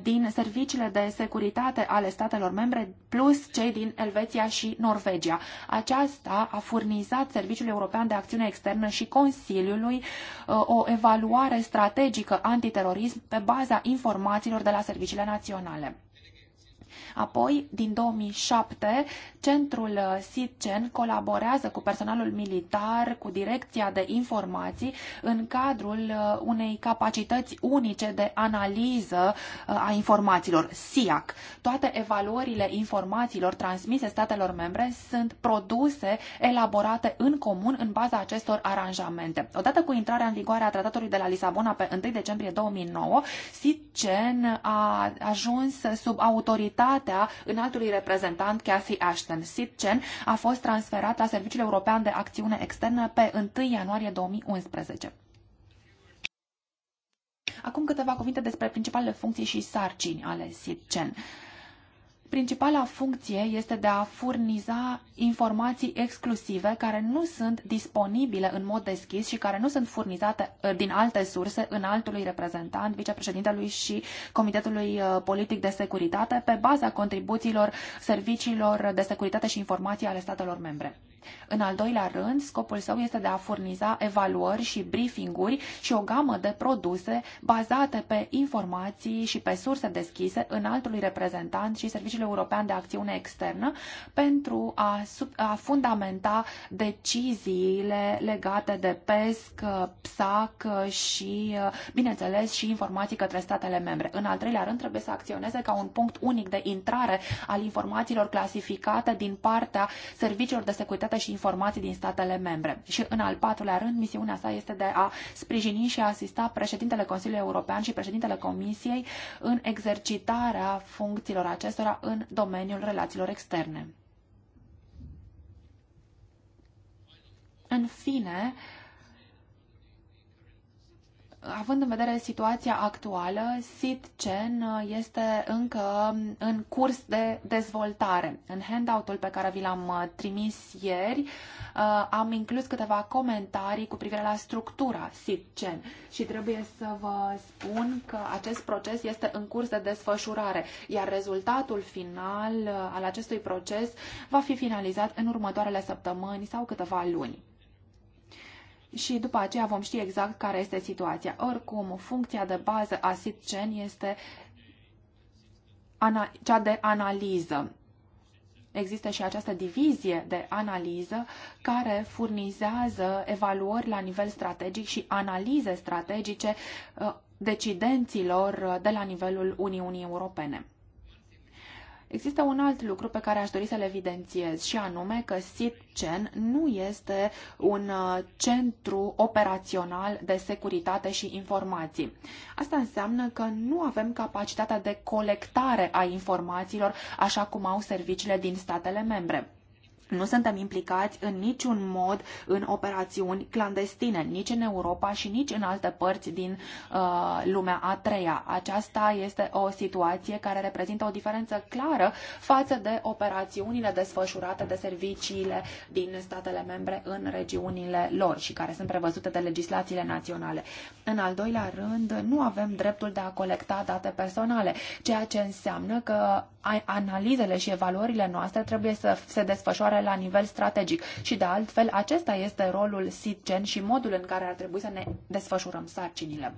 din serviciile de securitate ale statelor membre, plus cei din Elveția și Norvegia. Aceasta a furnizat Serviciul European de Acțiune Externă și Consiliului uh, o evaluare strategică antiterorism pe baza informațiilor de la serviciile naționale. Apoi, din 2007, Centrul uh, SITCEN colaborează cu personalul militar, cu direcția de informații, în cadrul uh, unei capacități unice de analiză uh, a informațiilor, SIAC. Toate evaluările informațiilor transmise statelor membre sunt produse, elaborate în comun în baza acestor aranjamente. Odată cu intrarea în vigoare a Tratatului de la Lisabona pe 1 decembrie 2009, SITCEN a ajuns sub autoritatea înaltului reprezentant Cathy Ashton. Citizen Sitcen a fost transferat la Serviciul European de Acțiune Externă pe 1 ianuarie 2011. Acum câteva cuvinte despre principalele funcții și sarcini ale SITCEN. Principala funcție este de a furniza informații exclusive care nu sunt disponibile în mod deschis și care nu sunt furnizate uh, din alte surse în altului reprezentant, vicepreședintelui și Comitetului uh, Politic de Securitate pe baza contribuțiilor serviciilor de securitate și informații ale statelor membre. În al doilea rând, scopul său este de a furniza evaluări și briefinguri și o gamă de produse bazate pe informații și pe surse deschise în altului reprezentant și Serviciul European de Acțiune Externă pentru a, sub, a fundamenta deciziile legate de PESC, PSAC și, bineînțeles, și informații către statele membre. În al treilea rând, trebuie să acționeze ca un punct unic de intrare al informațiilor clasificate din partea serviciilor de securitate date și informații din statele membre. Și în al patrulea rând, misiunea sa este de a sprijini și a asista președintele Consiliului European și președintele Comisiei în exercitarea funcțiilor acestora în domeniul relațiilor externe. În fine, având în vedere situația actuală, SitGen uh, este încă în curs de dezvoltare. În handout-ul pe care vi l-am uh, trimis ieri, uh, am inclus câteva comentarii cu privire la structura SitGen și trebuie să vă spun că acest proces este în curs de desfășurare, iar rezultatul final al acestui proces va fi finalizat în următoarele săptămâni sau câteva luni și după aceea vom ști exact care este situația. Oricum, funcția de bază a SITGEN este cea de analiză. Există și această divizie de analiză care furnizează evaluări la nivel strategic și analize strategice uh, decidenților uh, de la nivelul Uniunii Europene. Există un alt lucru pe care aș dori să-l evidențiez și anume că SITCEN nu este un uh, centru operațional de securitate și informații. Asta înseamnă că nu avem capacitatea de colectare a informațiilor așa cum au serviciile din statele membre. Nu suntem implicați în niciun mod în operațiuni clandestine, nici în Europa și nici în alte părți din uh, lumea a treia. Aceasta este o situație care reprezintă o diferență clară față de operațiunile desfășurate de serviciile din statele membre în regiunile lor și care sunt prevăzute de legislațiile naționale. În al doilea rând, nu avem dreptul de a colecta date personale, ceea ce înseamnă că analizele și evaluările noastre trebuie să se desfășoare la nivel strategic și de altfel acesta este rolul SITGEN și modul în care ar trebui să ne desfășurăm sarcinile.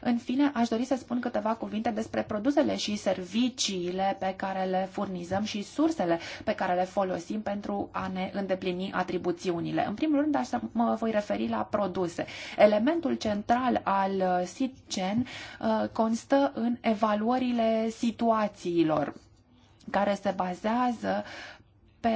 În fine, aș dori să spun câteva cuvinte despre produsele și serviciile pe care le furnizăm și sursele pe care le folosim pentru a ne îndeplini atribuțiunile. În primul rând, aș să mă voi referi la produse. Elementul central al SITGEN uh, constă în evaluările situațiilor care se bazează pe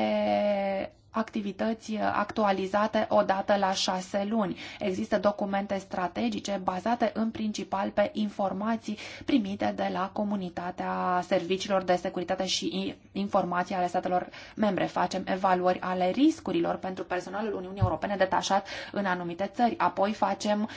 activități actualizate o dată la șase luni. Există documente strategice bazate în principal pe informații primite de la comunitatea serviciilor de securitate și informații ale statelor membre. Facem evaluări ale riscurilor pentru personalul Uniunii Europene detașat în anumite țări. Apoi facem uh,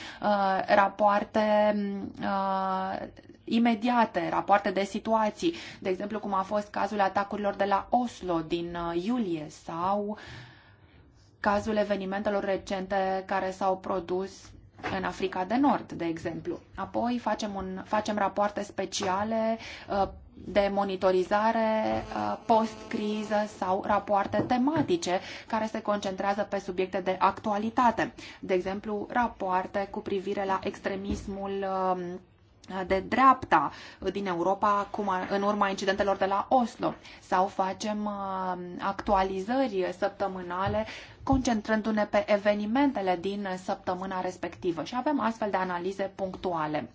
rapoarte mm, uh, imediate, rapoarte de situații, de exemplu cum a fost cazul atacurilor de la Oslo din uh, iulie sau cazul evenimentelor recente care s-au produs în Africa de Nord, de exemplu. Apoi facem, un, facem rapoarte speciale uh, de monitorizare uh, post-criză sau rapoarte tematice care se concentrează pe subiecte de actualitate. De exemplu, rapoarte cu privire la extremismul um, de dreapta din Europa, cum în urma incidentelor de la Oslo, sau facem uh, actualizări săptămânale concentrându-ne pe evenimentele din săptămâna respectivă și avem astfel de analize punctuale.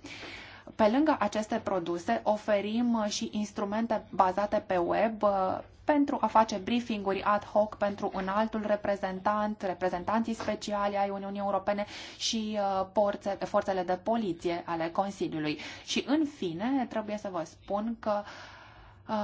Pe lângă aceste produse, oferim și instrumente bazate pe web uh, pentru a face briefinguri ad hoc pentru un altul reprezentant, reprezentanții speciali ai Uniunii Europene și porțe, uh, forțele de poliție ale Consiliului. Și în fine, trebuie să vă spun că uh,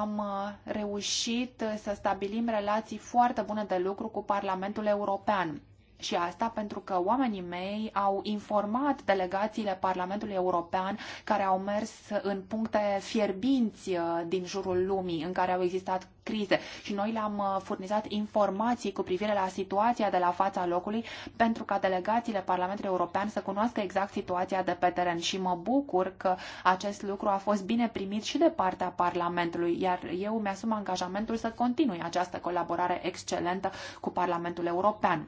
am uh, reușit să stabilim relații foarte bune de lucru cu Parlamentul European. Și asta pentru că oamenii mei au informat delegațiile Parlamentului European care au mers în puncte fierbinți uh, din jurul lumii în care au existat crize și noi le-am uh, furnizat informații cu privire la situația de la fața locului pentru ca delegațiile Parlamentului European să cunoască exact situația de pe teren și mă bucur că acest lucru a fost bine primit și de partea Parlamentului, iar eu mi-asum angajamentul să continui această colaborare excelentă cu Parlamentul European.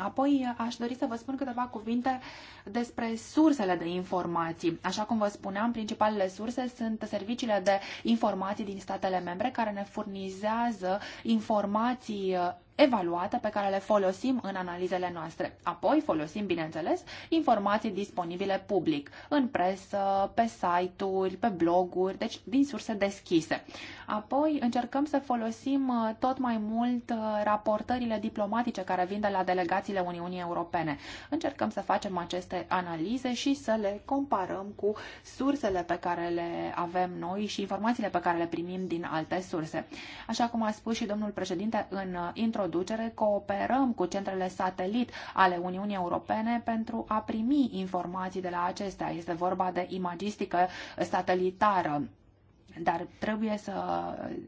Apoi aș dori să vă spun câteva cuvinte despre sursele de informații. Așa cum vă spuneam, principalele surse sunt serviciile de informații din statele membre care ne furnizează informații evaluate pe care le folosim în analizele noastre. Apoi folosim, bineînțeles, informații disponibile public, în presă, pe site-uri, pe bloguri, deci din surse deschise. Apoi încercăm să folosim uh, tot mai mult uh, raportările diplomatice care vin de la delegațiile Uniunii Europene. Încercăm să facem aceste analize și să le comparăm cu sursele pe care le avem noi și informațiile pe care le primim din alte surse. Așa cum a spus și domnul președinte în uh, introducere, producere, cooperăm cu centrele satelit ale Uniunii Europene pentru a primi informații de la acestea. Este vorba de imagistică satelitară dar trebuie să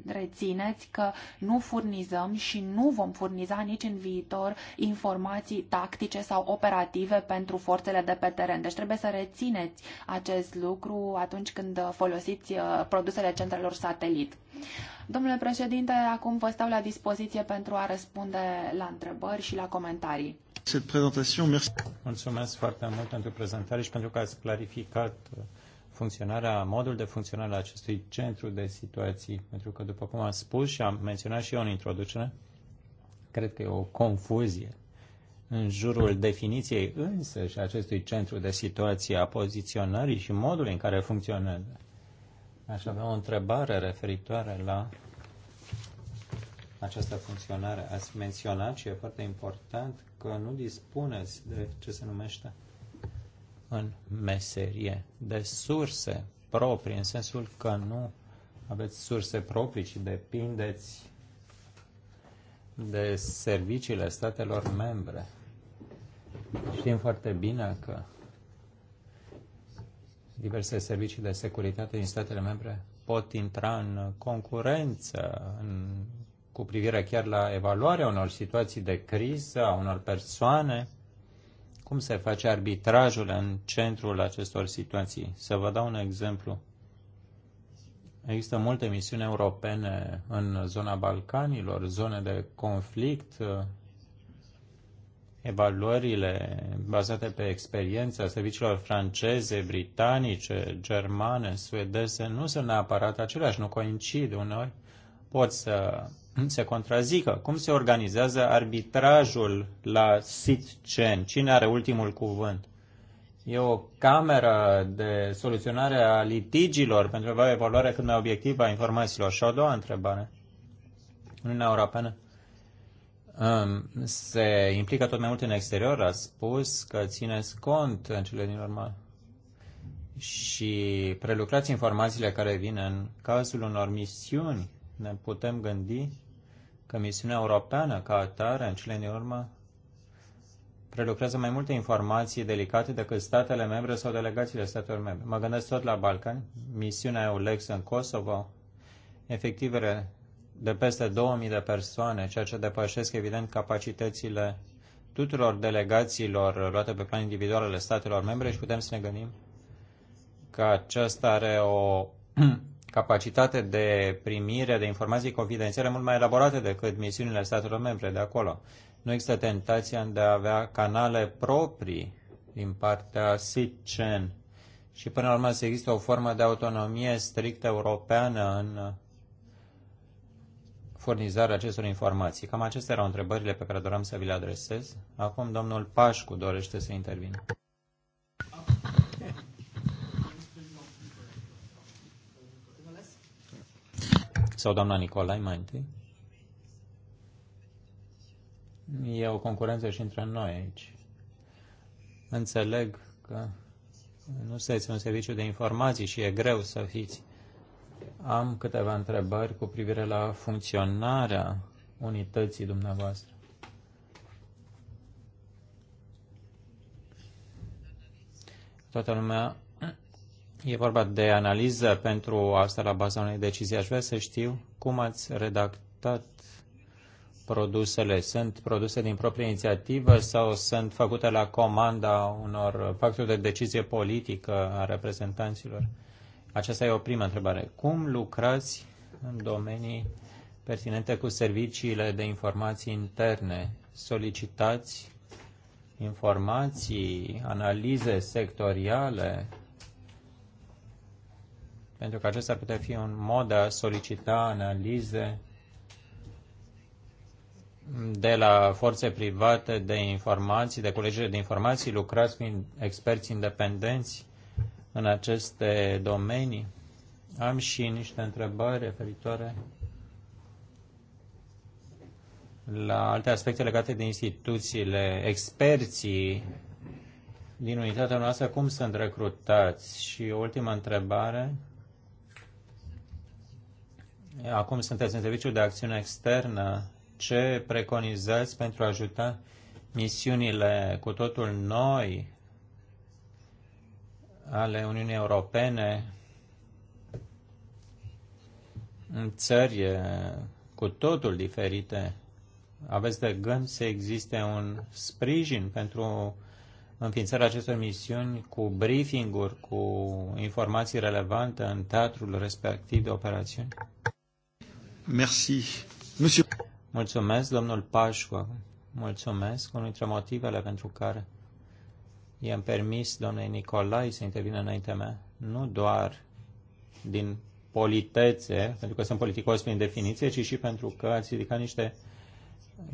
rețineți că nu furnizăm și nu vom furniza nici în viitor informații tactice sau operative pentru forțele de pe teren. Deci trebuie să rețineți acest lucru atunci când folosiți uh, produsele centrelor satelit. Domnule președinte, acum vă stau la dispoziție pentru a răspunde la întrebări și la comentarii. Mulțumesc foarte mult pentru prezentare și pentru că ați clarificat uh, funcționarea, modul de funcționare a acestui centru de situații, pentru că, după cum am spus și am menționat și eu în introducere, cred că e o confuzie în jurul definiției însă și acestui centru de situații a poziționării și modului în care funcționează. Aș avea o întrebare referitoare la această funcționare. Ați menționat și e foarte important că nu dispuneți de ce se numește în meserie, de surse proprii, în sensul că nu aveți surse proprii, ci depindeți de serviciile statelor membre. Știm foarte bine că diverse servicii de securitate din statele membre pot intra în concurență în, cu privire chiar la evaluarea unor situații de criză, a unor persoane cum se face arbitrajul în centrul acestor situații? Să vă dau un exemplu. Există multe misiuni europene în zona Balcanilor, zone de conflict, evaluările bazate pe experiența serviciilor franceze, britanice, germane, suedeze nu sunt neapărat aceleași, nu coincid uneori. Poți să Hm? se contrazică. Cum se organizează arbitrajul la SITCEN? Cine are ultimul cuvânt? E o cameră de soluționare a litigilor pentru a avea evaluare cât mai obiectivă a informațiilor. Și o doua întrebare. Uniunea Europeană um, se implică tot mai mult în exterior. A spus că țineți cont în cele din urmă și prelucrați informațiile care vin în cazul unor misiuni ne putem gândi că misiunea europeană ca atare, în cele din urmă, prelucrează mai multe informații delicate decât statele membre sau delegațiile statelor membre. Mă gândesc tot la Balcani, misiunea EULEX în Kosovo, efectivele de peste 2000 de persoane, ceea ce depășesc evident capacitățile tuturor delegațiilor luate pe plan individual ale statelor membre și putem să ne gândim că aceasta are o capacitate de primire de informații confidențiale mult mai elaborate decât misiunile statelor membre de acolo. Nu există tentația de a avea canale proprii din partea SITCEN și până la urmă să există o formă de autonomie strict europeană în furnizarea acestor informații. Cam acestea erau întrebările pe care doream să vi le adresez. Acum domnul Pașcu dorește să intervină. sau doamna Nicolai mai întâi. E o concurență și între noi aici. Înțeleg că nu sunteți un serviciu de informații și e greu să fiți. Am câteva întrebări cu privire la funcționarea unității dumneavoastră. Toată lumea E vorba de analiză pentru asta la baza unei decizii. Aș vrea să știu cum ați redactat produsele. Sunt produse din proprie inițiativă sau sunt făcute la comanda unor factori de decizie politică a reprezentanților? Aceasta e o primă întrebare. Cum lucrați în domenii pertinente cu serviciile de informații interne? Solicitați informații, analize sectoriale pentru că acesta ar putea fi un mod de a solicita analize de la forțe private de informații, de colegiile de informații, lucrați prin experți independenți în aceste domenii. Am și niște întrebări referitoare la alte aspecte legate de instituțiile, experții din unitatea noastră, cum sunt recrutați? Și ultima întrebare, Acum sunteți în serviciul de acțiune externă. Ce preconizați pentru a ajuta misiunile cu totul noi ale Uniunii Europene în țări cu totul diferite? Aveți de gând să existe un sprijin pentru înființarea acestor misiuni cu briefing-uri, cu informații relevante în teatrul respectiv de operațiuni? Merci. Monsieur... Mulțumesc, domnul Pașcu. Mulțumesc. Unul dintre motivele pentru care i-am permis domnului Nicolai să intervină înaintea mea, nu doar din politețe, pentru că sunt politicos prin definiție, ci și pentru că ați ridicat niște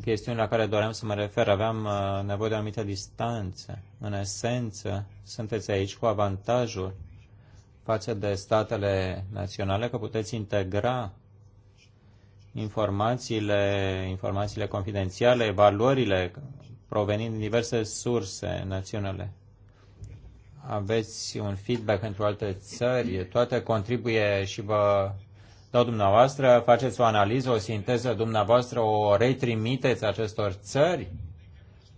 chestiuni la care doream să mă refer. Aveam uh, nevoie de o anumită distanță. În esență, sunteți aici cu avantajul față de statele naționale că puteți integra informațiile, informațiile confidențiale, valorile provenind din diverse surse naționale. Aveți un feedback pentru alte țări, toate contribuie și vă dau dumneavoastră, faceți o analiză, o sinteză dumneavoastră, o retrimiteți acestor țări?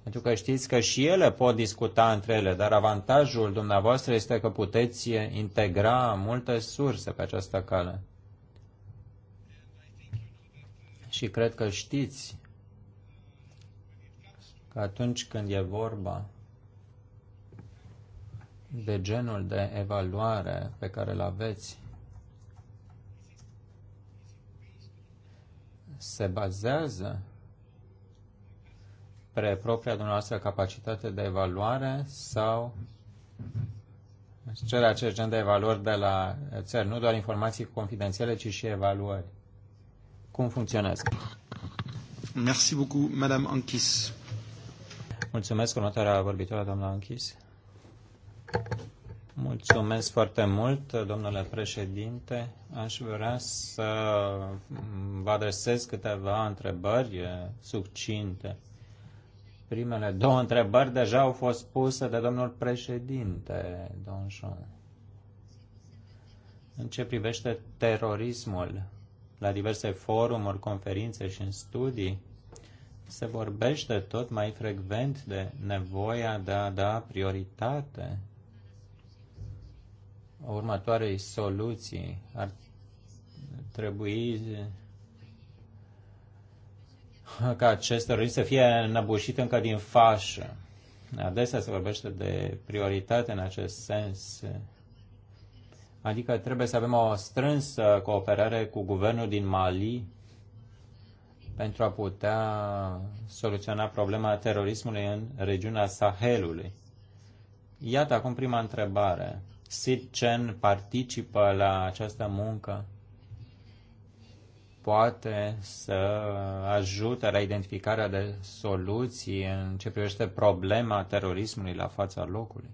Pentru că știți că și ele pot discuta între ele, dar avantajul dumneavoastră este că puteți integra multe surse pe această cale. Și cred că știți că atunci când e vorba de genul de evaluare pe care îl aveți, se bazează pe propria dumneavoastră capacitate de evaluare sau cere acest gen de evaluări de la țări, nu doar informații confidențiale, ci și evaluări cum funcționează. Merci beaucoup, Madame Anchis. Mulțumesc, următoarea vorbitoare, doamna Anchis. Mulțumesc foarte mult, domnule președinte. Aș vrea să vă adresez câteva întrebări succinte. Primele două întrebări deja au fost puse de domnul președinte, Jean. În ce privește terorismul, la diverse forumuri, conferințe și în studii, se vorbește tot mai frecvent de nevoia de a da prioritate următoarei soluții. Ar trebui ca acest rând să fie înăbușit încă din fașă. Adesea se vorbește de prioritate în acest sens Adică trebuie să avem o strânsă cooperare cu guvernul din Mali pentru a putea soluționa problema terorismului în regiunea Sahelului. Iată acum prima întrebare. Chen participă la această muncă? Poate să ajute la identificarea de soluții în ce privește problema terorismului la fața locului?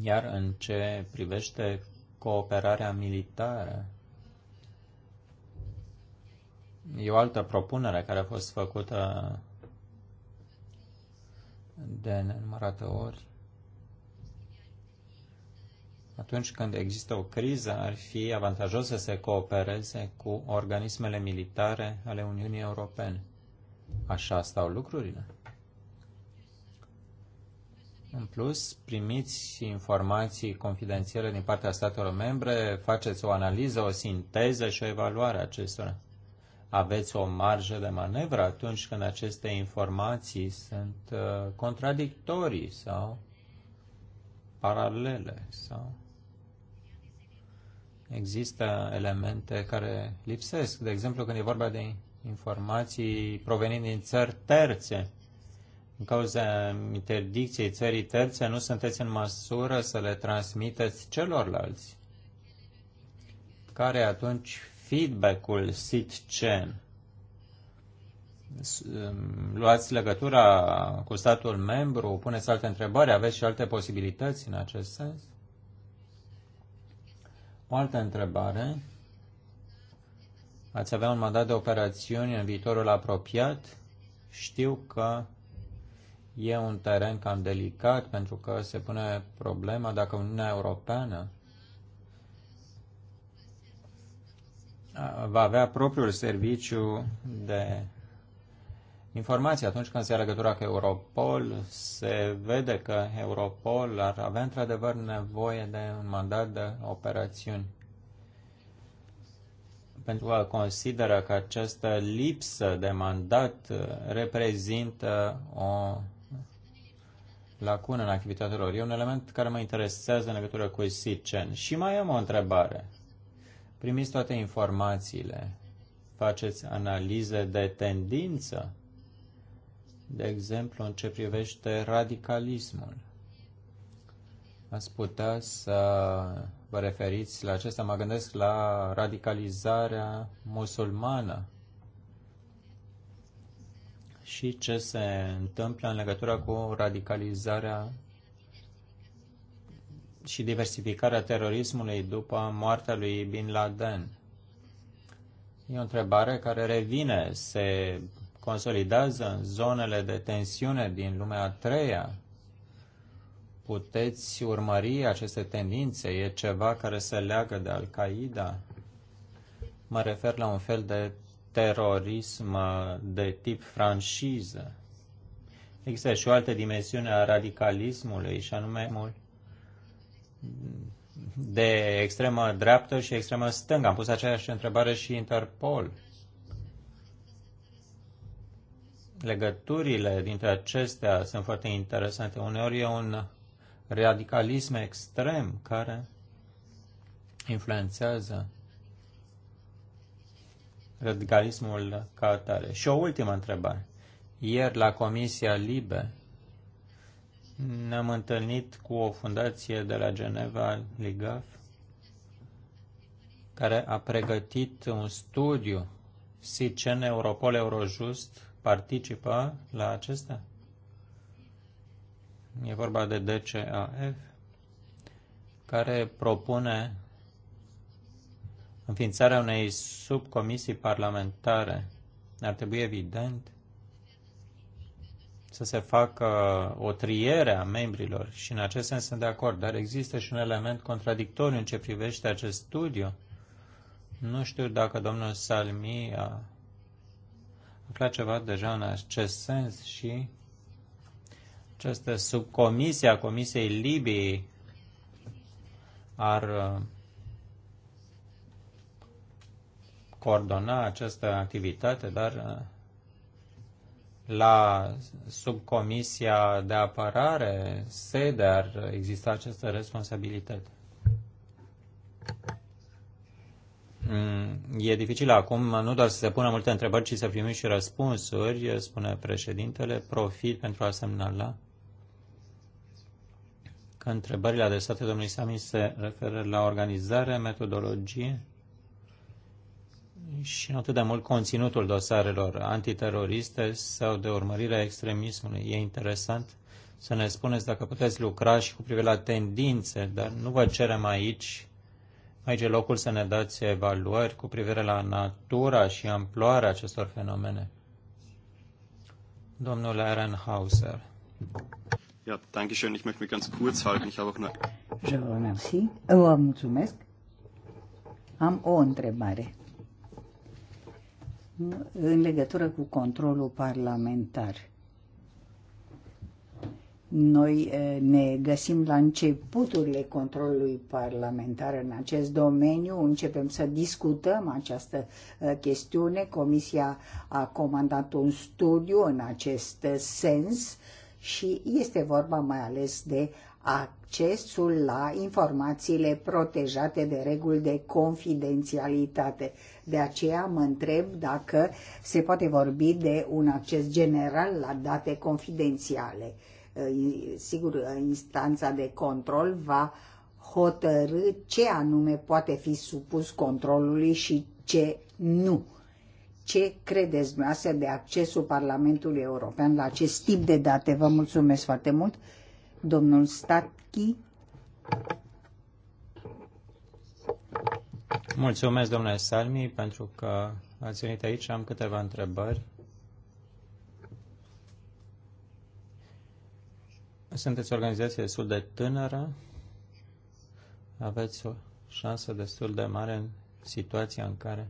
Iar în ce privește cooperarea militară, e o altă propunere care a fost făcută de nenumărate ori. Atunci când există o criză, ar fi avantajos să se coopereze cu organismele militare ale Uniunii Europene. Așa stau lucrurile. În plus, primiți informații confidențiale din partea statelor membre, faceți o analiză, o sinteză și o evaluare a acestora. Aveți o marjă de manevră atunci când aceste informații sunt uh, contradictorii sau paralele sau există elemente care lipsesc. De exemplu, când e vorba de informații provenind din țări terțe, în cauza interdicției țării terțe, nu sunteți în măsură să le transmiteți celorlalți, care atunci feedback-ul Chen? Luați legătura cu statul membru, puneți alte întrebări, aveți și alte posibilități în acest sens? O altă întrebare. Ați avea un mandat de operațiuni în viitorul apropiat? Știu că E un teren cam delicat pentru că se pune problema dacă Uniunea Europeană va avea propriul serviciu de informații atunci când se ia legătura cu Europol, se vede că Europol ar avea într-adevăr nevoie de un mandat de operațiuni. Pentru că consideră că această lipsă de mandat reprezintă o lacune în activitatea lor. E un element care mă interesează în legătură cu SITCEN. Și mai am o întrebare. Primiți toate informațiile, faceți analize de tendință, de exemplu în ce privește radicalismul. Ați putea să vă referiți la acesta, mă gândesc la radicalizarea musulmană și ce se întâmplă în legătură cu radicalizarea și diversificarea terorismului după moartea lui Bin Laden. E o întrebare care revine, se consolidează în zonele de tensiune din lumea a treia. Puteți urmări aceste tendințe? E ceva care se leagă de Al-Qaeda? Mă refer la un fel de terorism uh, de tip franciză. Există și o altă dimensiune a radicalismului, și anume de extremă dreaptă și extremă stângă. Am pus aceeași întrebare și Interpol. Legăturile dintre acestea sunt foarte interesante. Uneori e un radicalism extrem care influențează radicalismul ca atare. Și o ultimă întrebare. Ieri la Comisia Libe ne-am întâlnit cu o fundație de la Geneva, LIGAF, care a pregătit un studiu SICEN Europol Eurojust participă la acesta? E vorba de DCAF, care propune Înființarea unei subcomisii parlamentare ar trebui evident să se facă o triere a membrilor și în acest sens sunt de acord, dar există și un element contradictoriu în ce privește acest studiu. Nu știu dacă domnul Salmi a aflat ceva deja în acest sens și această subcomisie a Comisiei Libiei ar uh, coordona această activitate, dar la subcomisia de apărare, sede, ar exista această responsabilitate. Mm, e dificil acum nu doar să se pună multe întrebări, ci să primim și răspunsuri, spune președintele. Profit pentru a semnala că întrebările adresate domnului Sami se referă la organizare, metodologie, și nu atât de mult conținutul dosarelor antiteroriste sau de urmărirea extremismului. E interesant să ne spuneți dacă puteți lucra și cu privire la tendințe, dar nu vă cerem aici, aici e locul să ne dați evaluări cu privire la natura și amploarea acestor fenomene. Domnul Ehrenhauser. Ja, danke schön. Ich möchte mich ganz kurz halten. Ich habe auch nur... Je vous remercie. Vă mulțumesc. Am o întrebare în legătură cu controlul parlamentar. Noi eh, ne găsim la începuturile controlului parlamentar în acest domeniu, începem să discutăm această eh, chestiune. Comisia a comandat un studiu în acest sens și este vorba mai ales de accesul la informațiile protejate de reguli de confidențialitate. De aceea mă întreb dacă se poate vorbi de un acces general la date confidențiale. Sigur, instanța de control va hotărâ ce anume poate fi supus controlului și ce nu. Ce credeți dumneavoastră de accesul Parlamentului European la acest tip de date? Vă mulțumesc foarte mult! domnul Statki. Mulțumesc, domnule Salmi, pentru că ați venit aici. Am câteva întrebări. Sunteți o organizație destul de tânără, aveți o șansă destul de mare în situația în care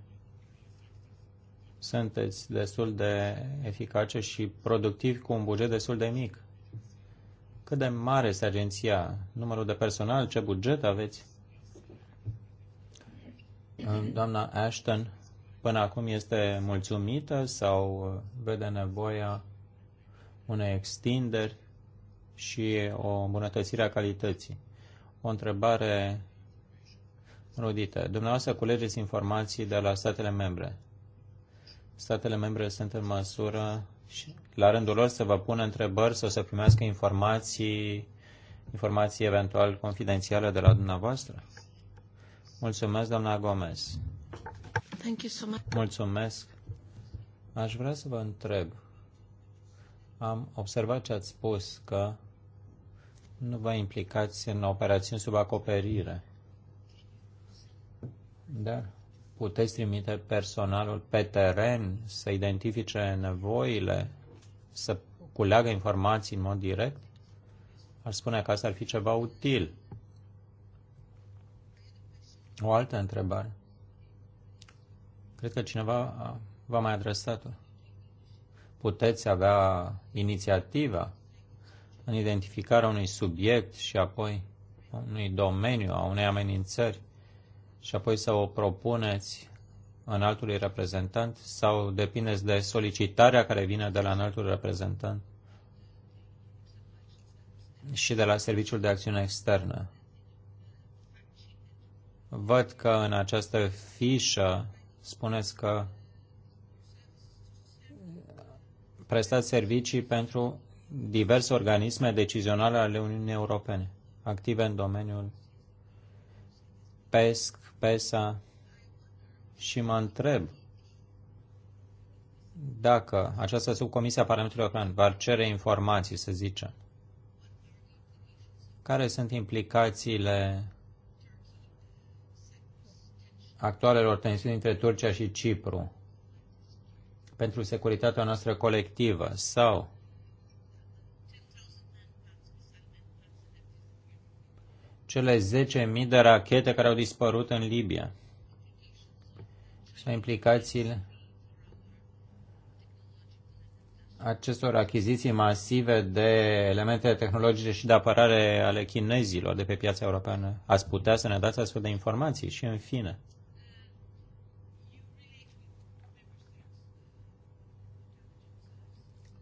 sunteți destul de eficace și productivi cu un buget destul de mic. Cât de mare este agenția? Numărul de personal? Ce buget aveți? Doamna Ashton până acum este mulțumită sau vede nevoia unei extinderi și o îmbunătățire a calității? O întrebare rudită. Dumneavoastră culegeți informații de la statele membre. Statele membre sunt în măsură la rândul lor să vă pună întrebări sau să primească informații, informații eventual confidențiale de la dumneavoastră? Mulțumesc, doamna Gomez. Thank you so much. Mulțumesc. Aș vrea să vă întreb. Am observat ce ați spus că nu vă implicați în operațiuni sub acoperire. Da. puteți trimite personalul pe teren să identifice nevoile să culeagă informații în mod direct, ar spune că asta ar fi ceva util. O altă întrebare. Cred că cineva v-a mai adresat-o. Puteți avea inițiativa în identificarea unui subiect și apoi unui domeniu, a unei amenințări și apoi să o propuneți înaltului reprezentant sau depindeți de solicitarea care vine de la înaltul reprezentant și de la Serviciul de Acțiune Externă? Văd că în această fișă spuneți că prestați servicii pentru diverse organisme decizionale ale Uniunii Europene, active în domeniul PESC, PESA, și mă întreb dacă această subcomisie a Parlamentului European va cere informații, să zicem, care sunt implicațiile actualelor tensiuni între Turcia și Cipru pentru securitatea noastră colectivă sau cele 10.000 de rachete care au dispărut în Libia la implicațiile acestor achiziții masive de elemente tehnologice și de apărare ale chinezilor de pe piața europeană. Ați putea să ne dați astfel de informații și în fine.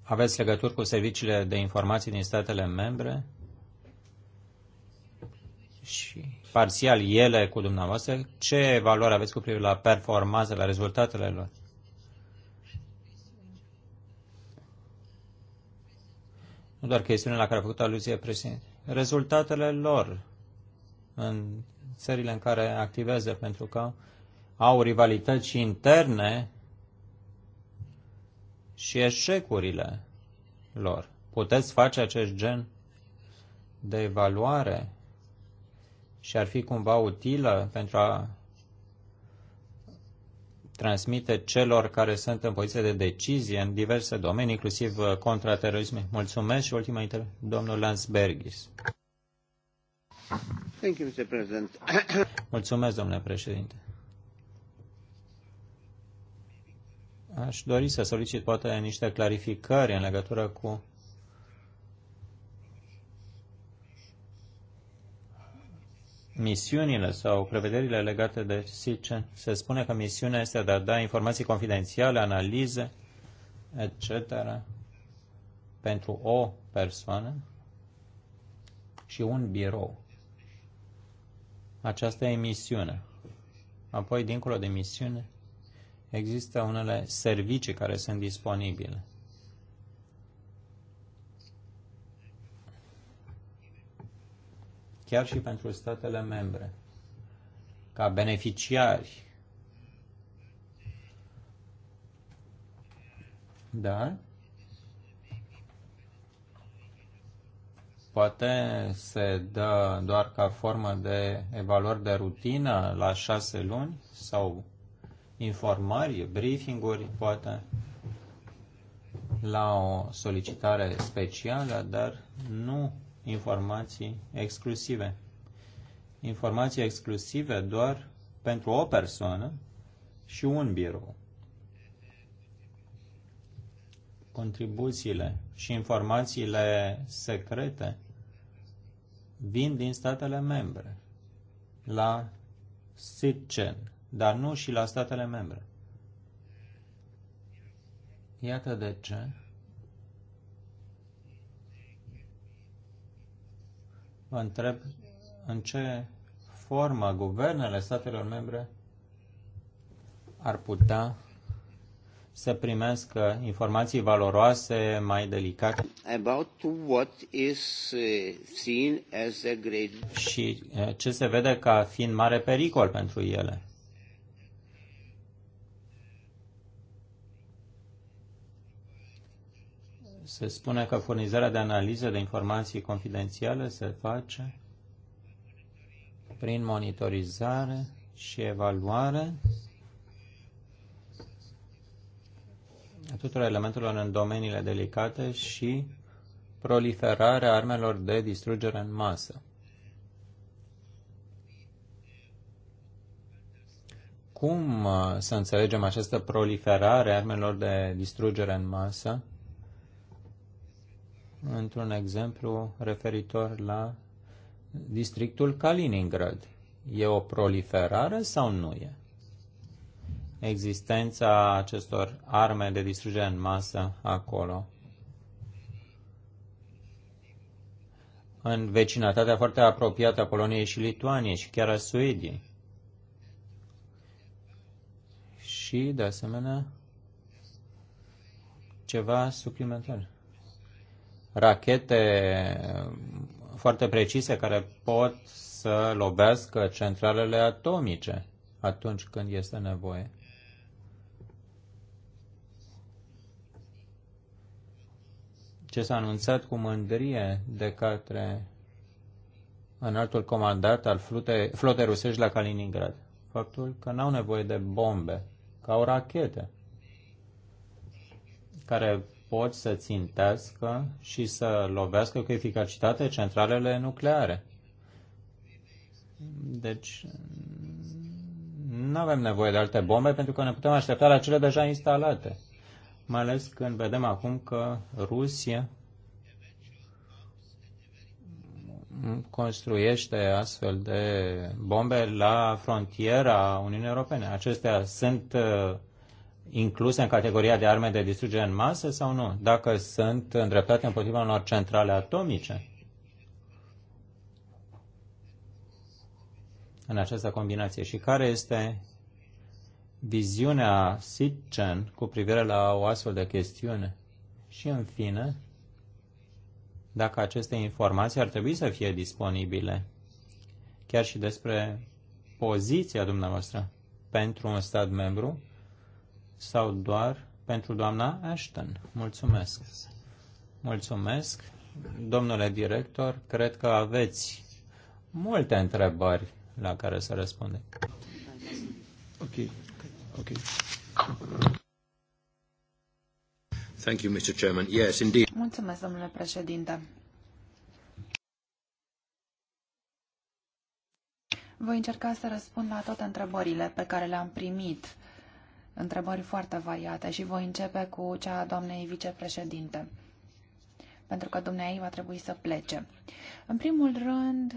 Aveți legături cu serviciile de informații din statele membre? Și parțial ele cu dumneavoastră, ce valoare aveți cu privire la performanță, la rezultatele lor? Nu doar chestiunea la care a făcut aluzie președinte. Rezultatele lor în țările în care activează, pentru că au rivalități interne și eșecurile lor. Puteți face acest gen de evaluare și ar fi cumva utilă pentru a transmite celor care sunt în poziție de decizie în diverse domenii, inclusiv uh, contra terorisme. Mulțumesc și ultima inter. domnul Lansbergis. Thank you, Mr. President. Mulțumesc, domnule președinte. Aș dori să solicit poate niște clarificări în legătură cu misiunile sau prevederile legate de SICE. Se spune că misiunea este de a da informații confidențiale, analize, etc. pentru o persoană și un birou. Aceasta e misiune. Apoi, dincolo de misiune, există unele servicii care sunt disponibile. chiar și pentru statele membre, ca beneficiari. da? poate se dă doar ca formă de evaluări de rutină la șase luni sau informări, briefinguri, poate la o solicitare specială, dar nu informații exclusive. Informații exclusive doar pentru o persoană și un birou. Contribuțiile și informațiile secrete vin din statele membre la SITCEN, dar nu și la statele membre. Iată de ce întreb în ce formă guvernele statelor membre ar putea să primească informații valoroase mai delicate about what is uh, seen as a great... și uh, ce se vede ca fiind mare pericol pentru ele. se spune că furnizarea de analiză de informații confidențiale se face prin monitorizare și evaluare a tuturor elementelor în domeniile delicate și proliferarea armelor de distrugere în masă. Cum uh, să înțelegem această proliferare armelor de distrugere în masă? într-un exemplu referitor la districtul Kaliningrad. E o proliferare sau nu e? Existența acestor arme de distrugere în masă acolo. În vecinătatea foarte apropiată a Poloniei și Lituaniei și chiar a Suediei. Și, de asemenea, ceva suplimentar rachete uh, foarte precise care pot să lovească centralele atomice atunci când este nevoie. Ce s-a anunțat cu mândrie de către înaltul comandat al flotei flote rusești la Kaliningrad. Faptul că n-au nevoie de bombe, că au rachete care pot să țintească și să lovească cu eficacitate centralele nucleare. Deci, nu avem nevoie de alte bombe pentru că ne putem aștepta la cele deja instalate. Mai ales când vedem acum că Rusia construiește astfel de bombe la frontiera Uniunii Europene. Acestea sunt uh, incluse în categoria de arme de distrugere în masă sau nu? Dacă sunt îndreptate împotriva unor centrale atomice? În această combinație. Și care este viziunea Sitchen cu privire la o astfel de chestiune? Și în fine, dacă aceste informații ar trebui să fie disponibile, chiar și despre poziția dumneavoastră pentru un stat membru sau doar pentru doamna Ashton? Mulțumesc. Mulțumesc. Domnule director, cred că aveți multe întrebări la care să răspunde. Ok. Ok. Thank you, Mr. Chairman. Yes, indeed. Mulțumesc, domnule președinte. Voi încerca să răspund la toate întrebările pe care le-am primit întrebări foarte variate și voi începe cu cea a doamnei vicepreședinte, pentru că dumneai va trebui să plece. În primul rând,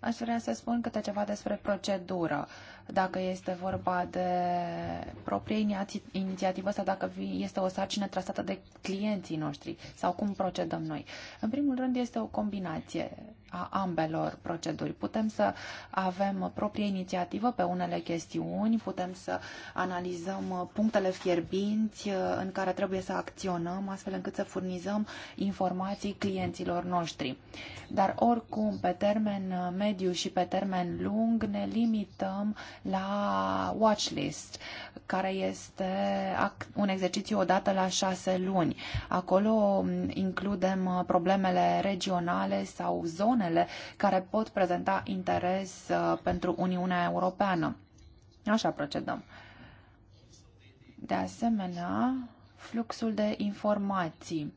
aș vrea să spun câte ceva despre procedură dacă este vorba de proprie inițiativă sau dacă este o sarcină trasată de clienții noștri sau cum procedăm noi. În primul rând este o combinație a ambelor proceduri. Putem să avem proprie inițiativă pe unele chestiuni, putem să analizăm punctele fierbinți uh, în care trebuie să acționăm, astfel încât să furnizăm informații clienților noștri. Dar oricum, pe termen uh, mediu și pe termen lung, ne limităm la watchlist, care este un exercițiu odată la șase luni. Acolo um, includem uh, problemele regionale sau zonele care pot prezenta interes uh, pentru Uniunea Europeană. Așa procedăm. De asemenea, fluxul de informații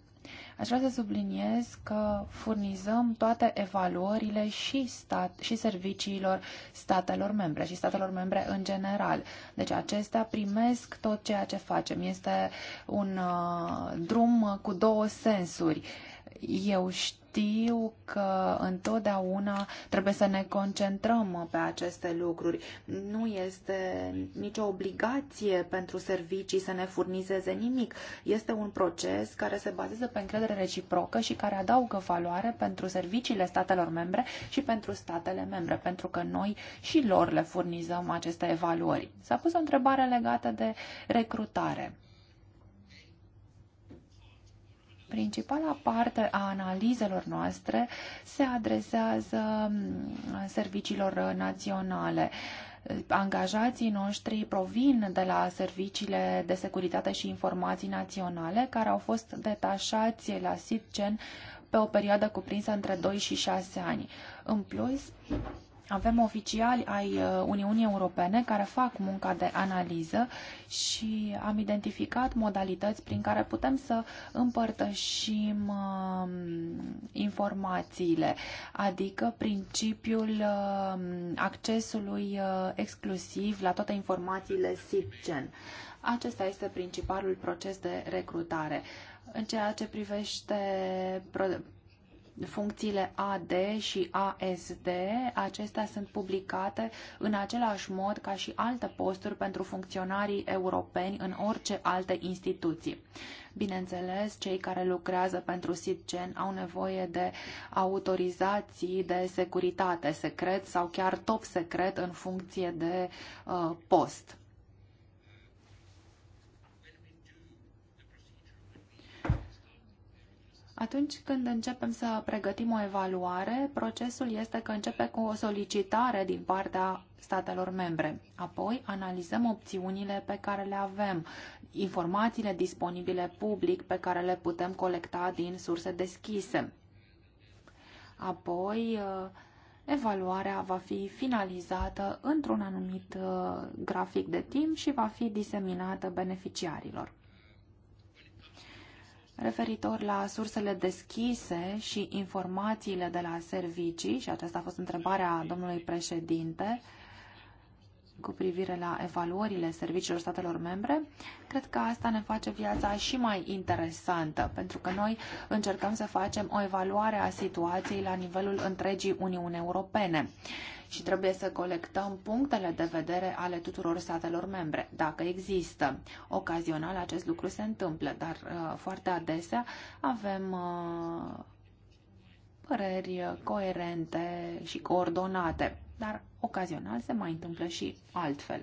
Aș vrea să subliniez că furnizăm toate evaluările și, stat, și serviciilor statelor membre și statelor membre în general. Deci acestea primesc tot ceea ce facem. Este un uh, drum cu două sensuri. Uh, eu știu că întotdeauna trebuie să ne concentrăm pe aceste lucruri. Nu este nicio obligație pentru servicii să ne furnizeze nimic. Este un proces care se bazează pe încredere reciprocă și care adaugă valoare pentru serviciile statelor membre și pentru statele membre, pentru că noi și lor le furnizăm aceste evaluări. S-a pus o întrebare legată de recrutare. Principala parte a analizelor noastre se adresează mm, serviciilor naționale angajații noștri provin de la serviciile de securitate și informații naționale care au fost detașați la SITCEN pe o perioadă cuprinsă între 2 și 6 ani. În plus, avem oficiali ai uh, Uniunii Europene care fac munca de analiză și am identificat modalități prin care putem să împărtășim um, informațiile, adică principiul um, accesului uh, exclusiv la toate informațiile SIPGEN. Acesta este principalul proces de recrutare. În ceea ce privește funcțiile AD și ASD, acestea sunt publicate în același mod ca și alte posturi pentru funcționarii europeni în orice alte instituții. Bineînțeles, cei care lucrează pentru SIDGEN au nevoie de autorizații de securitate, secret sau chiar top secret în funcție de uh, post. Atunci când începem să pregătim o evaluare, procesul este că începe cu o solicitare din partea statelor membre. Apoi analizăm opțiunile pe care le avem, informațiile disponibile public pe care le putem colecta din surse deschise. Apoi, uh, evaluarea va fi finalizată într-un anumit uh, grafic de timp și va fi diseminată beneficiarilor referitor la sursele deschise și informațiile de la servicii, și aceasta a fost întrebarea domnului președinte, cu privire la evaluările serviciilor statelor membre, cred că asta ne face viața și mai interesantă, pentru că noi încercăm să facem o evaluare a situației la nivelul întregii Uniuni Europene și trebuie să colectăm punctele de vedere ale tuturor statelor membre, dacă există. Ocazional acest lucru se întâmplă, dar uh, foarte adesea avem uh, păreri coerente și coordonate, dar ocazional se mai întâmplă și altfel.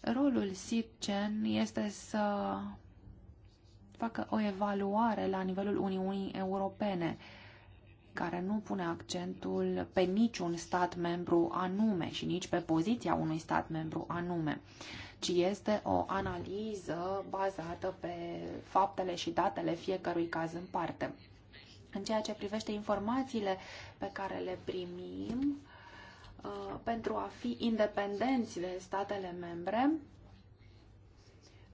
Rolul SIPCEN este să facă o evaluare la nivelul Uniunii Europene care nu pune accentul pe niciun stat membru anume și nici pe poziția unui stat membru anume, ci este o analiză bazată pe faptele și datele fiecărui caz în parte. În ceea ce privește informațiile pe care le primim, uh, pentru a fi independenți de statele membre,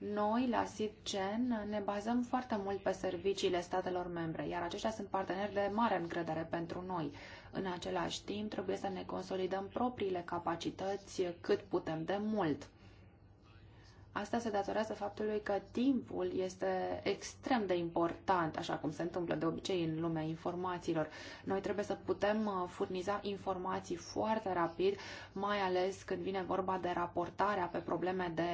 noi, la SIPCEN, ne bazăm foarte mult pe serviciile statelor membre, iar aceștia sunt parteneri de mare încredere pentru noi. În același timp, trebuie să ne consolidăm propriile capacități cât putem de mult. Asta se datorează faptului că timpul este extrem de important, așa cum se întâmplă de obicei în lumea informațiilor. Noi trebuie să putem uh, furniza informații foarte rapid, mai ales când vine vorba de raportarea pe probleme de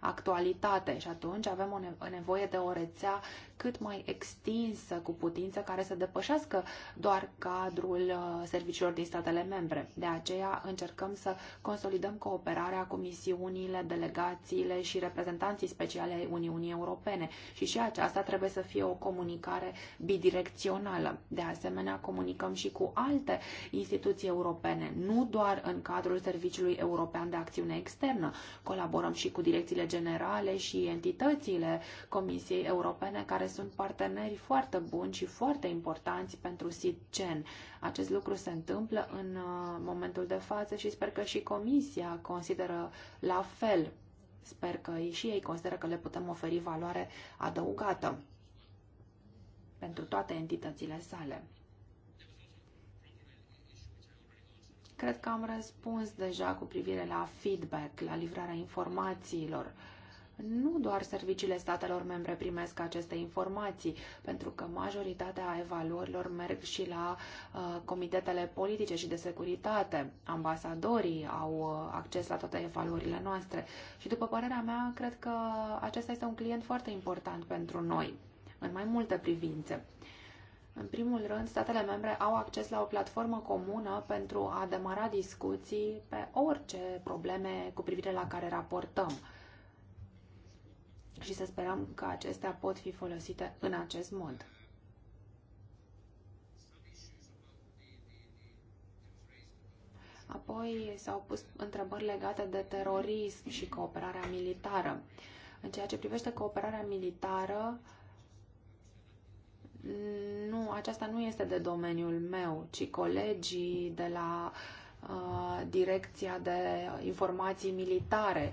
actualitate și atunci avem o nevoie de o rețea cât mai extinsă cu putință care să depășească doar cadrul uh, serviciilor din statele membre. De aceea încercăm să consolidăm cooperarea cu misiunile, delegațiile și reprezentanții speciale ai Uniunii Europene și și aceasta trebuie să fie o comunicare bidirecțională. De asemenea, comunicăm și cu alte instituții europene, nu doar în cadrul Serviciului European de Acțiune Externă. Colaborăm și cu direcțiile generale și entitățile Comisiei Europene care sunt parteneri foarte buni și foarte importanți pentru SIDCEN. Acest lucru se întâmplă în uh, momentul de față și sper că și Comisia consideră la fel. Sper că și ei consideră că le putem oferi valoare adăugată pentru toate entitățile sale. Cred că am răspuns deja cu privire la feedback, la livrarea informațiilor nu doar serviciile statelor membre primesc aceste informații, pentru că majoritatea evaluărilor merg și la uh, comitetele politice și de securitate. Ambasadorii au uh, acces la toate evaluările noastre și, după părerea mea, cred că acesta este un client foarte important pentru noi, în mai multe privințe. În primul rând, statele membre au acces la o platformă comună pentru a demara discuții pe orice probleme cu privire la care raportăm și să sperăm că acestea pot fi folosite în acest mod. Apoi s-au pus întrebări legate de terorism și cooperarea militară. În ceea ce privește cooperarea militară, nu, aceasta nu este de domeniul meu, ci colegii de la uh, Direcția de Informații Militare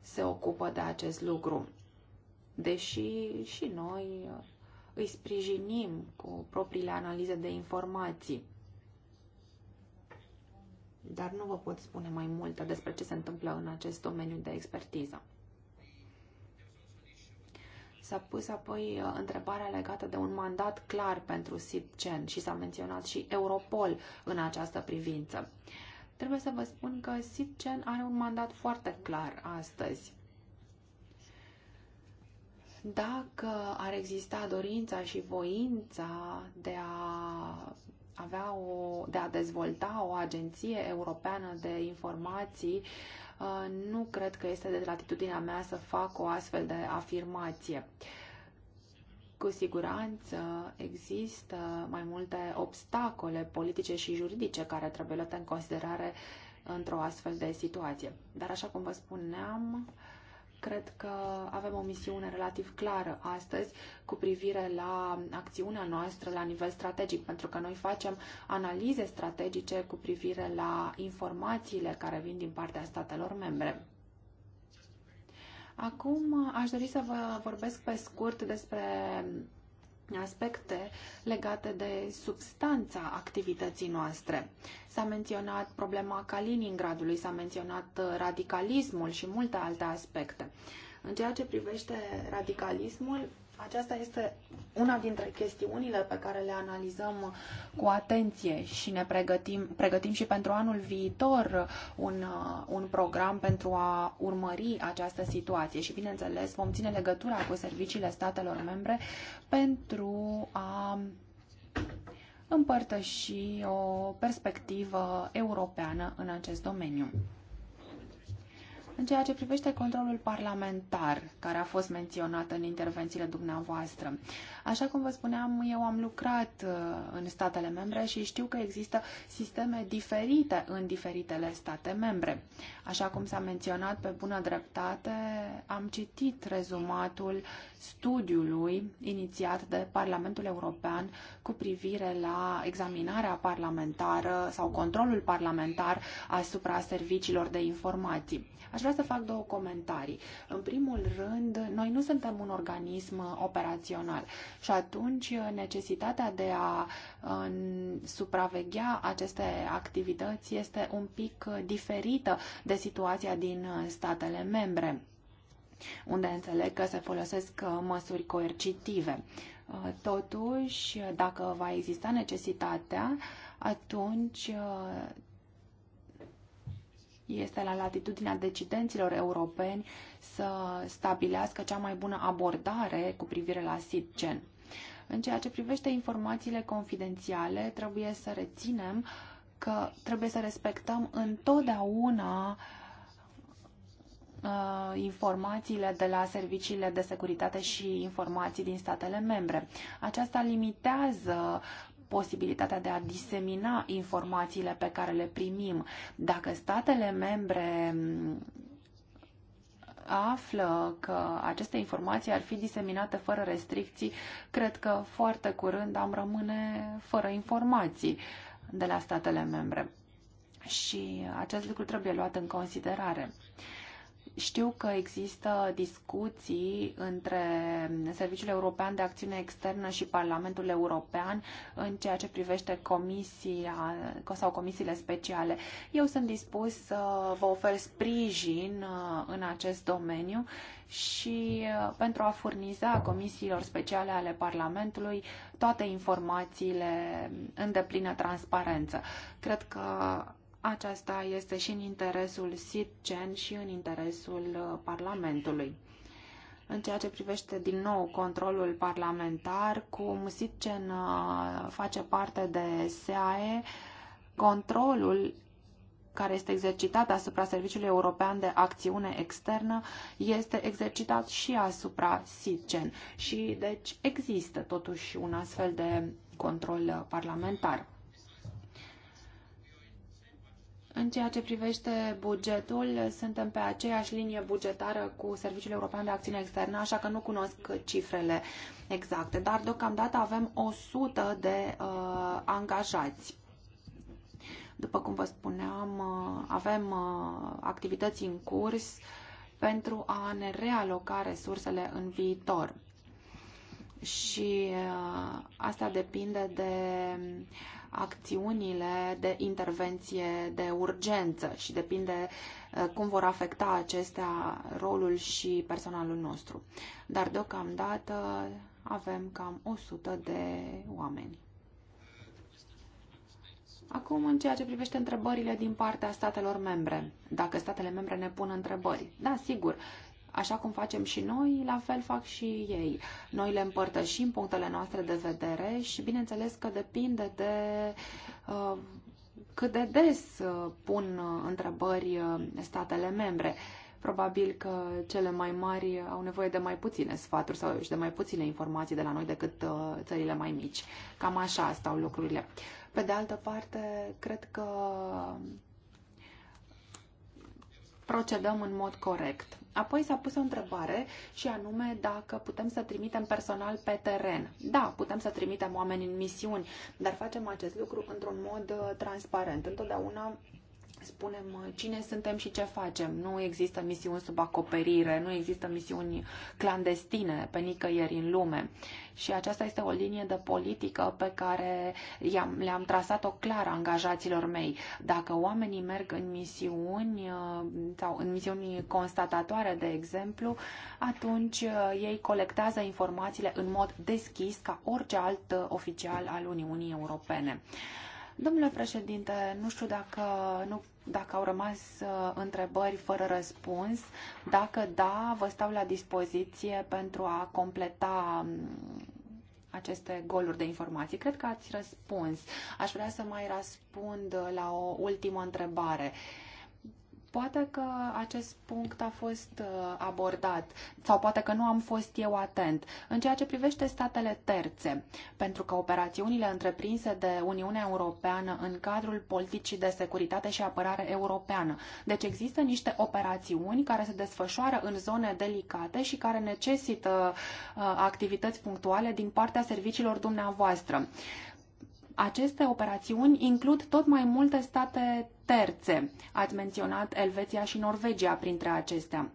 se ocupă de acest lucru deși și noi uh, îi sprijinim cu propriile analize de informații. Dar nu vă pot spune mai multe despre ce se întâmplă în acest domeniu de expertiză. S-a pus apoi uh, întrebarea legată de un mandat clar pentru SIPCEN și s-a menționat și Europol în această privință. Trebuie să vă spun că SIPCEN are un mandat foarte clar astăzi dacă ar exista dorința și voința de a avea o, de a dezvolta o agenție europeană de informații, uh, nu cred că este de latitudinea mea să fac o astfel de afirmație. Cu siguranță există mai multe obstacole politice și juridice care trebuie luate în considerare într-o astfel de situație. Dar așa cum vă spuneam, uh, cred că avem o misiune relativ clară astăzi cu privire la acțiunea noastră la nivel strategic, pentru că noi facem analize strategice cu privire la informațiile care vin din partea statelor membre. Acum aș dori să vă vorbesc pe scurt despre aspecte legate de substanța activității noastre. S-a menționat problema Kaliningradului, s-a menționat uh, radicalismul și multe alte aspecte. În ceea ce privește radicalismul, aceasta este una dintre chestiunile pe care le analizăm cu atenție și ne pregătim, pregătim și pentru anul viitor un, un program pentru a urmări această situație și, bineînțeles, vom ține legătura cu serviciile statelor membre pentru a împărtăși o perspectivă europeană în acest domeniu. În ceea ce privește controlul parlamentar, care a fost menționat în intervențiile dumneavoastră, așa cum vă spuneam, eu am lucrat uh, în statele membre și știu că există sisteme diferite în diferitele state membre. Așa cum s-a menționat pe bună dreptate, am citit rezumatul studiului inițiat de Parlamentul European cu privire la examinarea parlamentară sau controlul parlamentar asupra serviciilor de informații. Aș vrea să fac două comentarii. În primul rând, noi nu suntem un organism operațional și atunci necesitatea de a supraveghea aceste activități este un pic diferită de situația din statele membre unde înțeleg că se folosesc măsuri coercitive. Totuși, dacă va exista necesitatea, atunci este la latitudinea decidenților europeni să stabilească cea mai bună abordare cu privire la SIDGEN. În ceea ce privește informațiile confidențiale, trebuie să reținem că trebuie să respectăm întotdeauna uh, informațiile de la serviciile de securitate și informații din statele membre. Aceasta limitează posibilitatea de a disemina informațiile pe care le primim. Dacă statele membre mm, află că aceste informații ar fi diseminate fără restricții, cred că foarte curând am rămâne fără informații de la statele membre. Și acest lucru trebuie luat în considerare. Știu că există discuții între Serviciul European de Acțiune Externă și Parlamentul European în ceea ce privește comisia sau comisiile speciale. Eu sunt dispus să vă ofer sprijin uh, în acest domeniu și uh, pentru a furniza comisiilor speciale ale Parlamentului toate informațiile în deplină transparență. Cred că aceasta este și în interesul SITGEN și în interesul uh, Parlamentului. În ceea ce privește din nou controlul parlamentar, cum SITGEN uh, face parte de SAE, controlul care este exercitat asupra Serviciului European de Acțiune Externă este exercitat și asupra SITGEN și deci există totuși un astfel de control uh, parlamentar. În ceea ce privește bugetul, suntem pe aceeași linie bugetară cu Serviciul European de Acțiune Externă, așa că nu cunosc cifrele exacte, dar deocamdată avem 100 de uh, angajați. După cum vă spuneam, uh, avem uh, activități în curs pentru a ne realoca resursele în viitor. Și uh, asta depinde de uh, acțiunile de intervenție de urgență și depinde uh, cum vor afecta acestea rolul și personalul nostru. Dar deocamdată avem cam 100 de oameni. Acum, în ceea ce privește întrebările din partea statelor membre, dacă statele membre ne pun întrebări. Da, sigur, Așa cum facem și noi, la fel fac și ei. Noi le împărtășim punctele noastre de vedere și bineînțeles că depinde de uh, cât de des uh, pun uh, întrebări statele membre. Probabil că cele mai mari au nevoie de mai puține sfaturi sau și de mai puține informații de la noi decât țările mai mici. Cam așa stau lucrurile. Pe de altă parte, cred că procedăm în mod corect. Apoi s-a pus o întrebare și anume dacă putem să trimitem personal pe teren. Da, putem să trimitem oameni în misiuni, dar facem acest lucru într-un mod uh, transparent. Întotdeauna spunem uh, cine suntem și ce facem. Nu există misiuni sub acoperire, nu există misiuni clandestine pe nicăieri în lume. Și aceasta este o linie de politică pe care le-am trasat-o clar angajaților mei. Dacă oamenii merg în misiuni uh, sau în misiuni constatatoare, de exemplu, atunci uh, ei colectează informațiile în mod deschis ca orice alt oficial al Uniunii Europene. Domnule președinte, nu știu dacă nu dacă au rămas uh, întrebări fără răspuns. Dacă da, vă stau la dispoziție pentru a completa um, aceste goluri de informații. Cred că ați răspuns. Aș vrea să mai răspund la o ultimă întrebare. Uh, Poate că acest punct a fost uh, abordat sau poate că nu am fost eu atent. În ceea ce privește statele terțe, pentru că operațiunile întreprinse de Uniunea Europeană în cadrul politicii de securitate și apărare europeană. Deci există niște operațiuni care se desfășoară în zone delicate și care necesită uh, activități punctuale din partea serviciilor dumneavoastră. Aceste operațiuni includ tot mai multe state terțe. Ați menționat Elveția și Norvegia printre acestea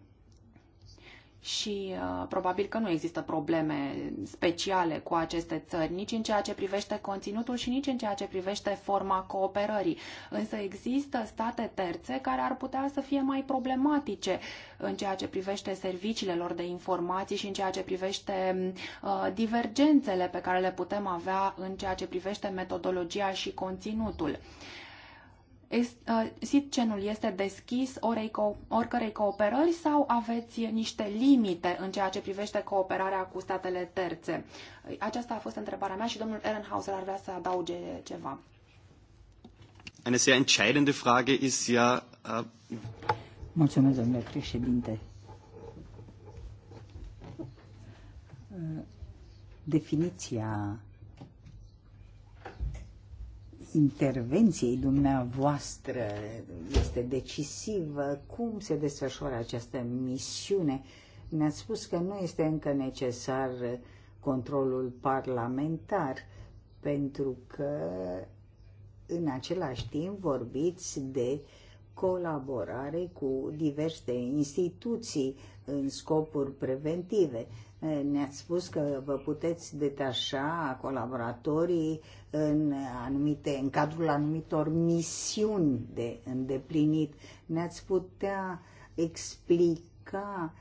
și uh, probabil că nu există probleme speciale cu aceste țări, nici în ceea ce privește conținutul și nici în ceea ce privește forma cooperării. Însă există state terțe care ar putea să fie mai problematice în ceea ce privește serviciile lor de informații și în ceea ce privește uh, divergențele pe care le putem avea în ceea ce privește metodologia și conținutul. Uh, Uh, SITCEN-ul este deschis orei oricărei cooperări sau aveți niște limite în ceea ce privește cooperarea cu statele terțe? Aceasta a fost întrebarea mea și domnul Ehrenhauser ar vrea să adauge ceva. Eine sehr entscheidende Frage ist ja... Äh, Mulțumesc, domnule președinte. Äh, definiția intervenției dumneavoastră este decisivă. Cum se desfășoară această misiune? Ne-ați spus că nu este încă necesar controlul parlamentar, pentru că în același timp vorbiți de uh, colaborare cu diverse instituții în scopuri preventive. Ne-ați spus că vă puteți detașa colaboratorii în, anumite, în cadrul anumitor misiuni de îndeplinit. Ne-ați putea explica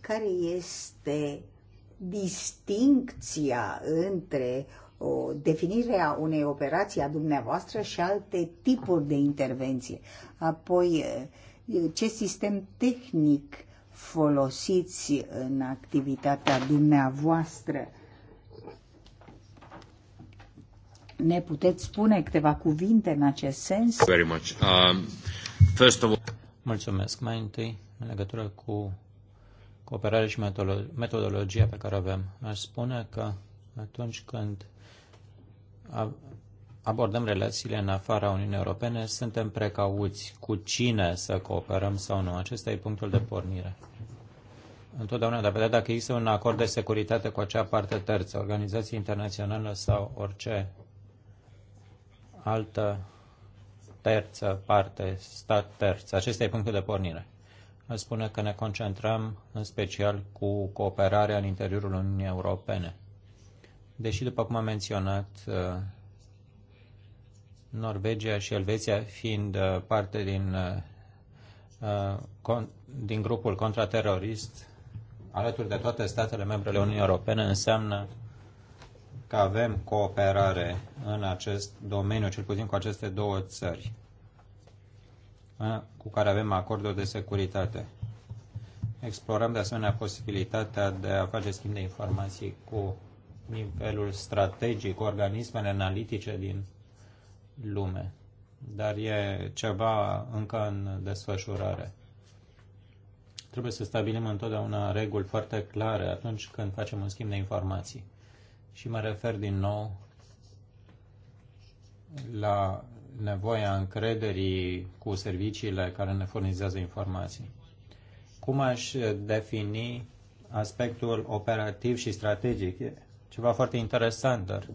care este distincția între o definire a unei operații a dumneavoastră și alte tipuri de intervenție. Apoi, eh, ce sistem tehnic folosiți în activitatea dumneavoastră? Ne puteți spune câteva cuvinte în acest sens? Very much. Um, first of all... Mulțumesc. Mai întâi, în legătură cu cooperarea și metodologia pe care o avem, aș spune că atunci când abordăm relațiile în afara Uniunii Europene, suntem precauți cu cine să cooperăm sau nu. Acesta e punctul de pornire. Întotdeauna dar vedea dacă există un acord de securitate cu acea parte terță, organizație internațională sau orice altă terță parte, stat terț. Acesta e punctul de pornire. Îmi spune că ne concentrăm în special cu cooperarea în interiorul Uniunii Europene deși, după cum am menționat, uh, Norvegia și Elveția fiind uh, parte din, uh, din grupul contraterorist, alături de toate statele membre ale Uniunii Europene, înseamnă că avem cooperare în acest domeniu, cel puțin cu aceste două țări cu care avem acorduri de securitate. Explorăm de asemenea posibilitatea de a face schimb de informații cu nivelul strategic, organismele analitice din lume. Dar e ceva încă în desfășurare. Trebuie să stabilim întotdeauna reguli foarte clare atunci când facem un schimb de informații. Și mă refer din nou la nevoia încrederii cu serviciile care ne furnizează informații. Cum aș defini aspectul operativ și strategic? ceva foarte interesant, dar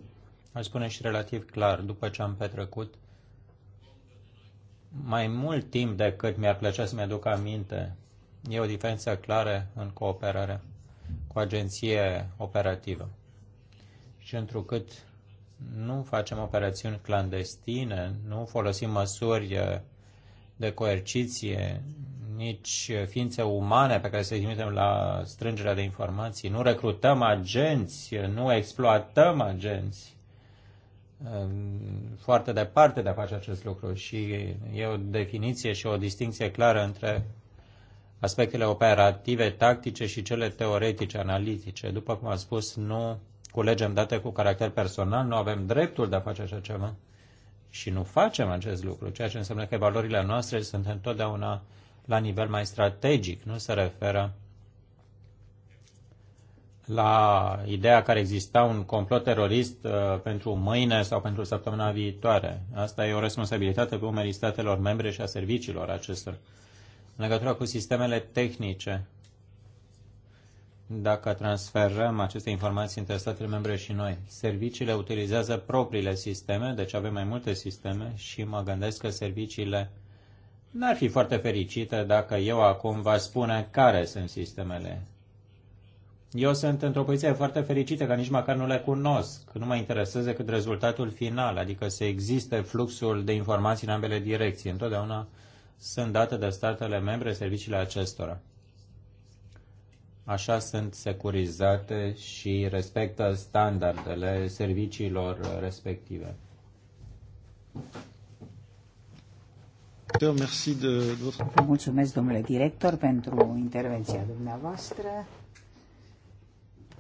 aș spune și relativ clar, după ce am petrecut mai mult timp decât mi-ar plăcea să-mi aduc aminte, e o diferență clară în cooperare cu agenție operativă. Și întrucât nu facem operațiuni clandestine, nu folosim măsuri de coerciție, nici ființe umane pe care să-i trimitem la strângerea de informații, nu recrutăm agenți, nu exploatăm agenți. Foarte departe de a face acest lucru și e o definiție și o distinție clară între aspectele operative, tactice și cele teoretice, analitice. După cum am spus, nu culegem date cu caracter personal, nu avem dreptul de a face așa ceva și nu facem acest lucru, ceea ce înseamnă că valorile noastre sunt întotdeauna la nivel mai strategic, nu se referă la ideea care exista un complot terorist uh, pentru mâine sau pentru săptămâna viitoare. Asta e o responsabilitate pe umerii statelor membre și a serviciilor acestor. În legătură cu sistemele tehnice, dacă transferăm aceste informații între statele membre și noi, serviciile utilizează propriile sisteme, deci avem mai multe sisteme și mă gândesc că serviciile n-ar fi foarte fericită dacă eu acum vă spune care sunt sistemele. Eu sunt într-o poziție foarte fericită că nici măcar nu le cunosc, nu mă interesează decât rezultatul final, adică să existe fluxul de informații în ambele direcții. Întotdeauna sunt date de statele membre serviciile acestora. Așa sunt securizate și respectă standardele serviciilor respective. Vă mulțumesc, domnule director, pentru intervenția dumneavoastră.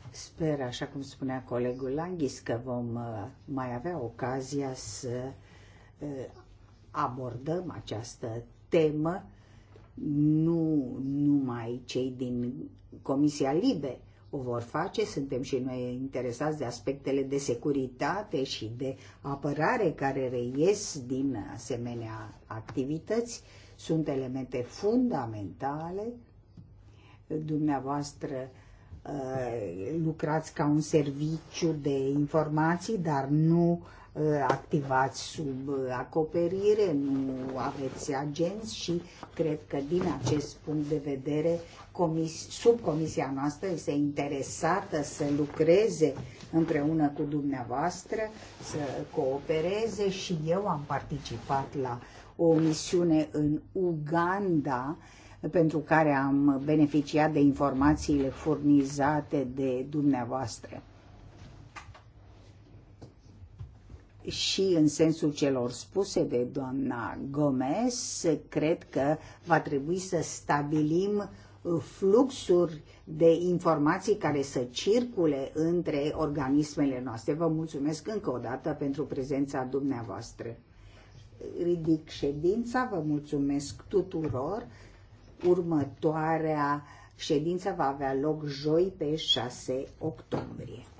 Sper, așa cum spunea colegul Langhis, că vom uh, mai avea ocazia să uh, abordăm această temă, nu numai cei din Comisia Libe, o vor face, suntem și noi interesați de aspectele de securitate și de apărare care reies din asemenea activități, sunt elemente fundamentale. Dumneavoastră uh, lucrați ca un serviciu de informații, dar nu uh, Uh, activați sub uh, acoperire, nu aveți agenți și cred că din acest punct de vedere comis, comisia noastră este interesată să lucreze împreună cu dumneavoastră, să coopereze și eu am participat la o misiune în Uganda pentru care am beneficiat de informațiile furnizate de dumneavoastră. și în sensul celor spuse de doamna Gomez, cred că va trebui să stabilim uh, fluxuri de informații care să circule între organismele noastre. Vă mulțumesc încă o dată pentru prezența dumneavoastră. Ridic ședința, vă mulțumesc tuturor. Următoarea ședință va avea loc joi pe 6 octombrie.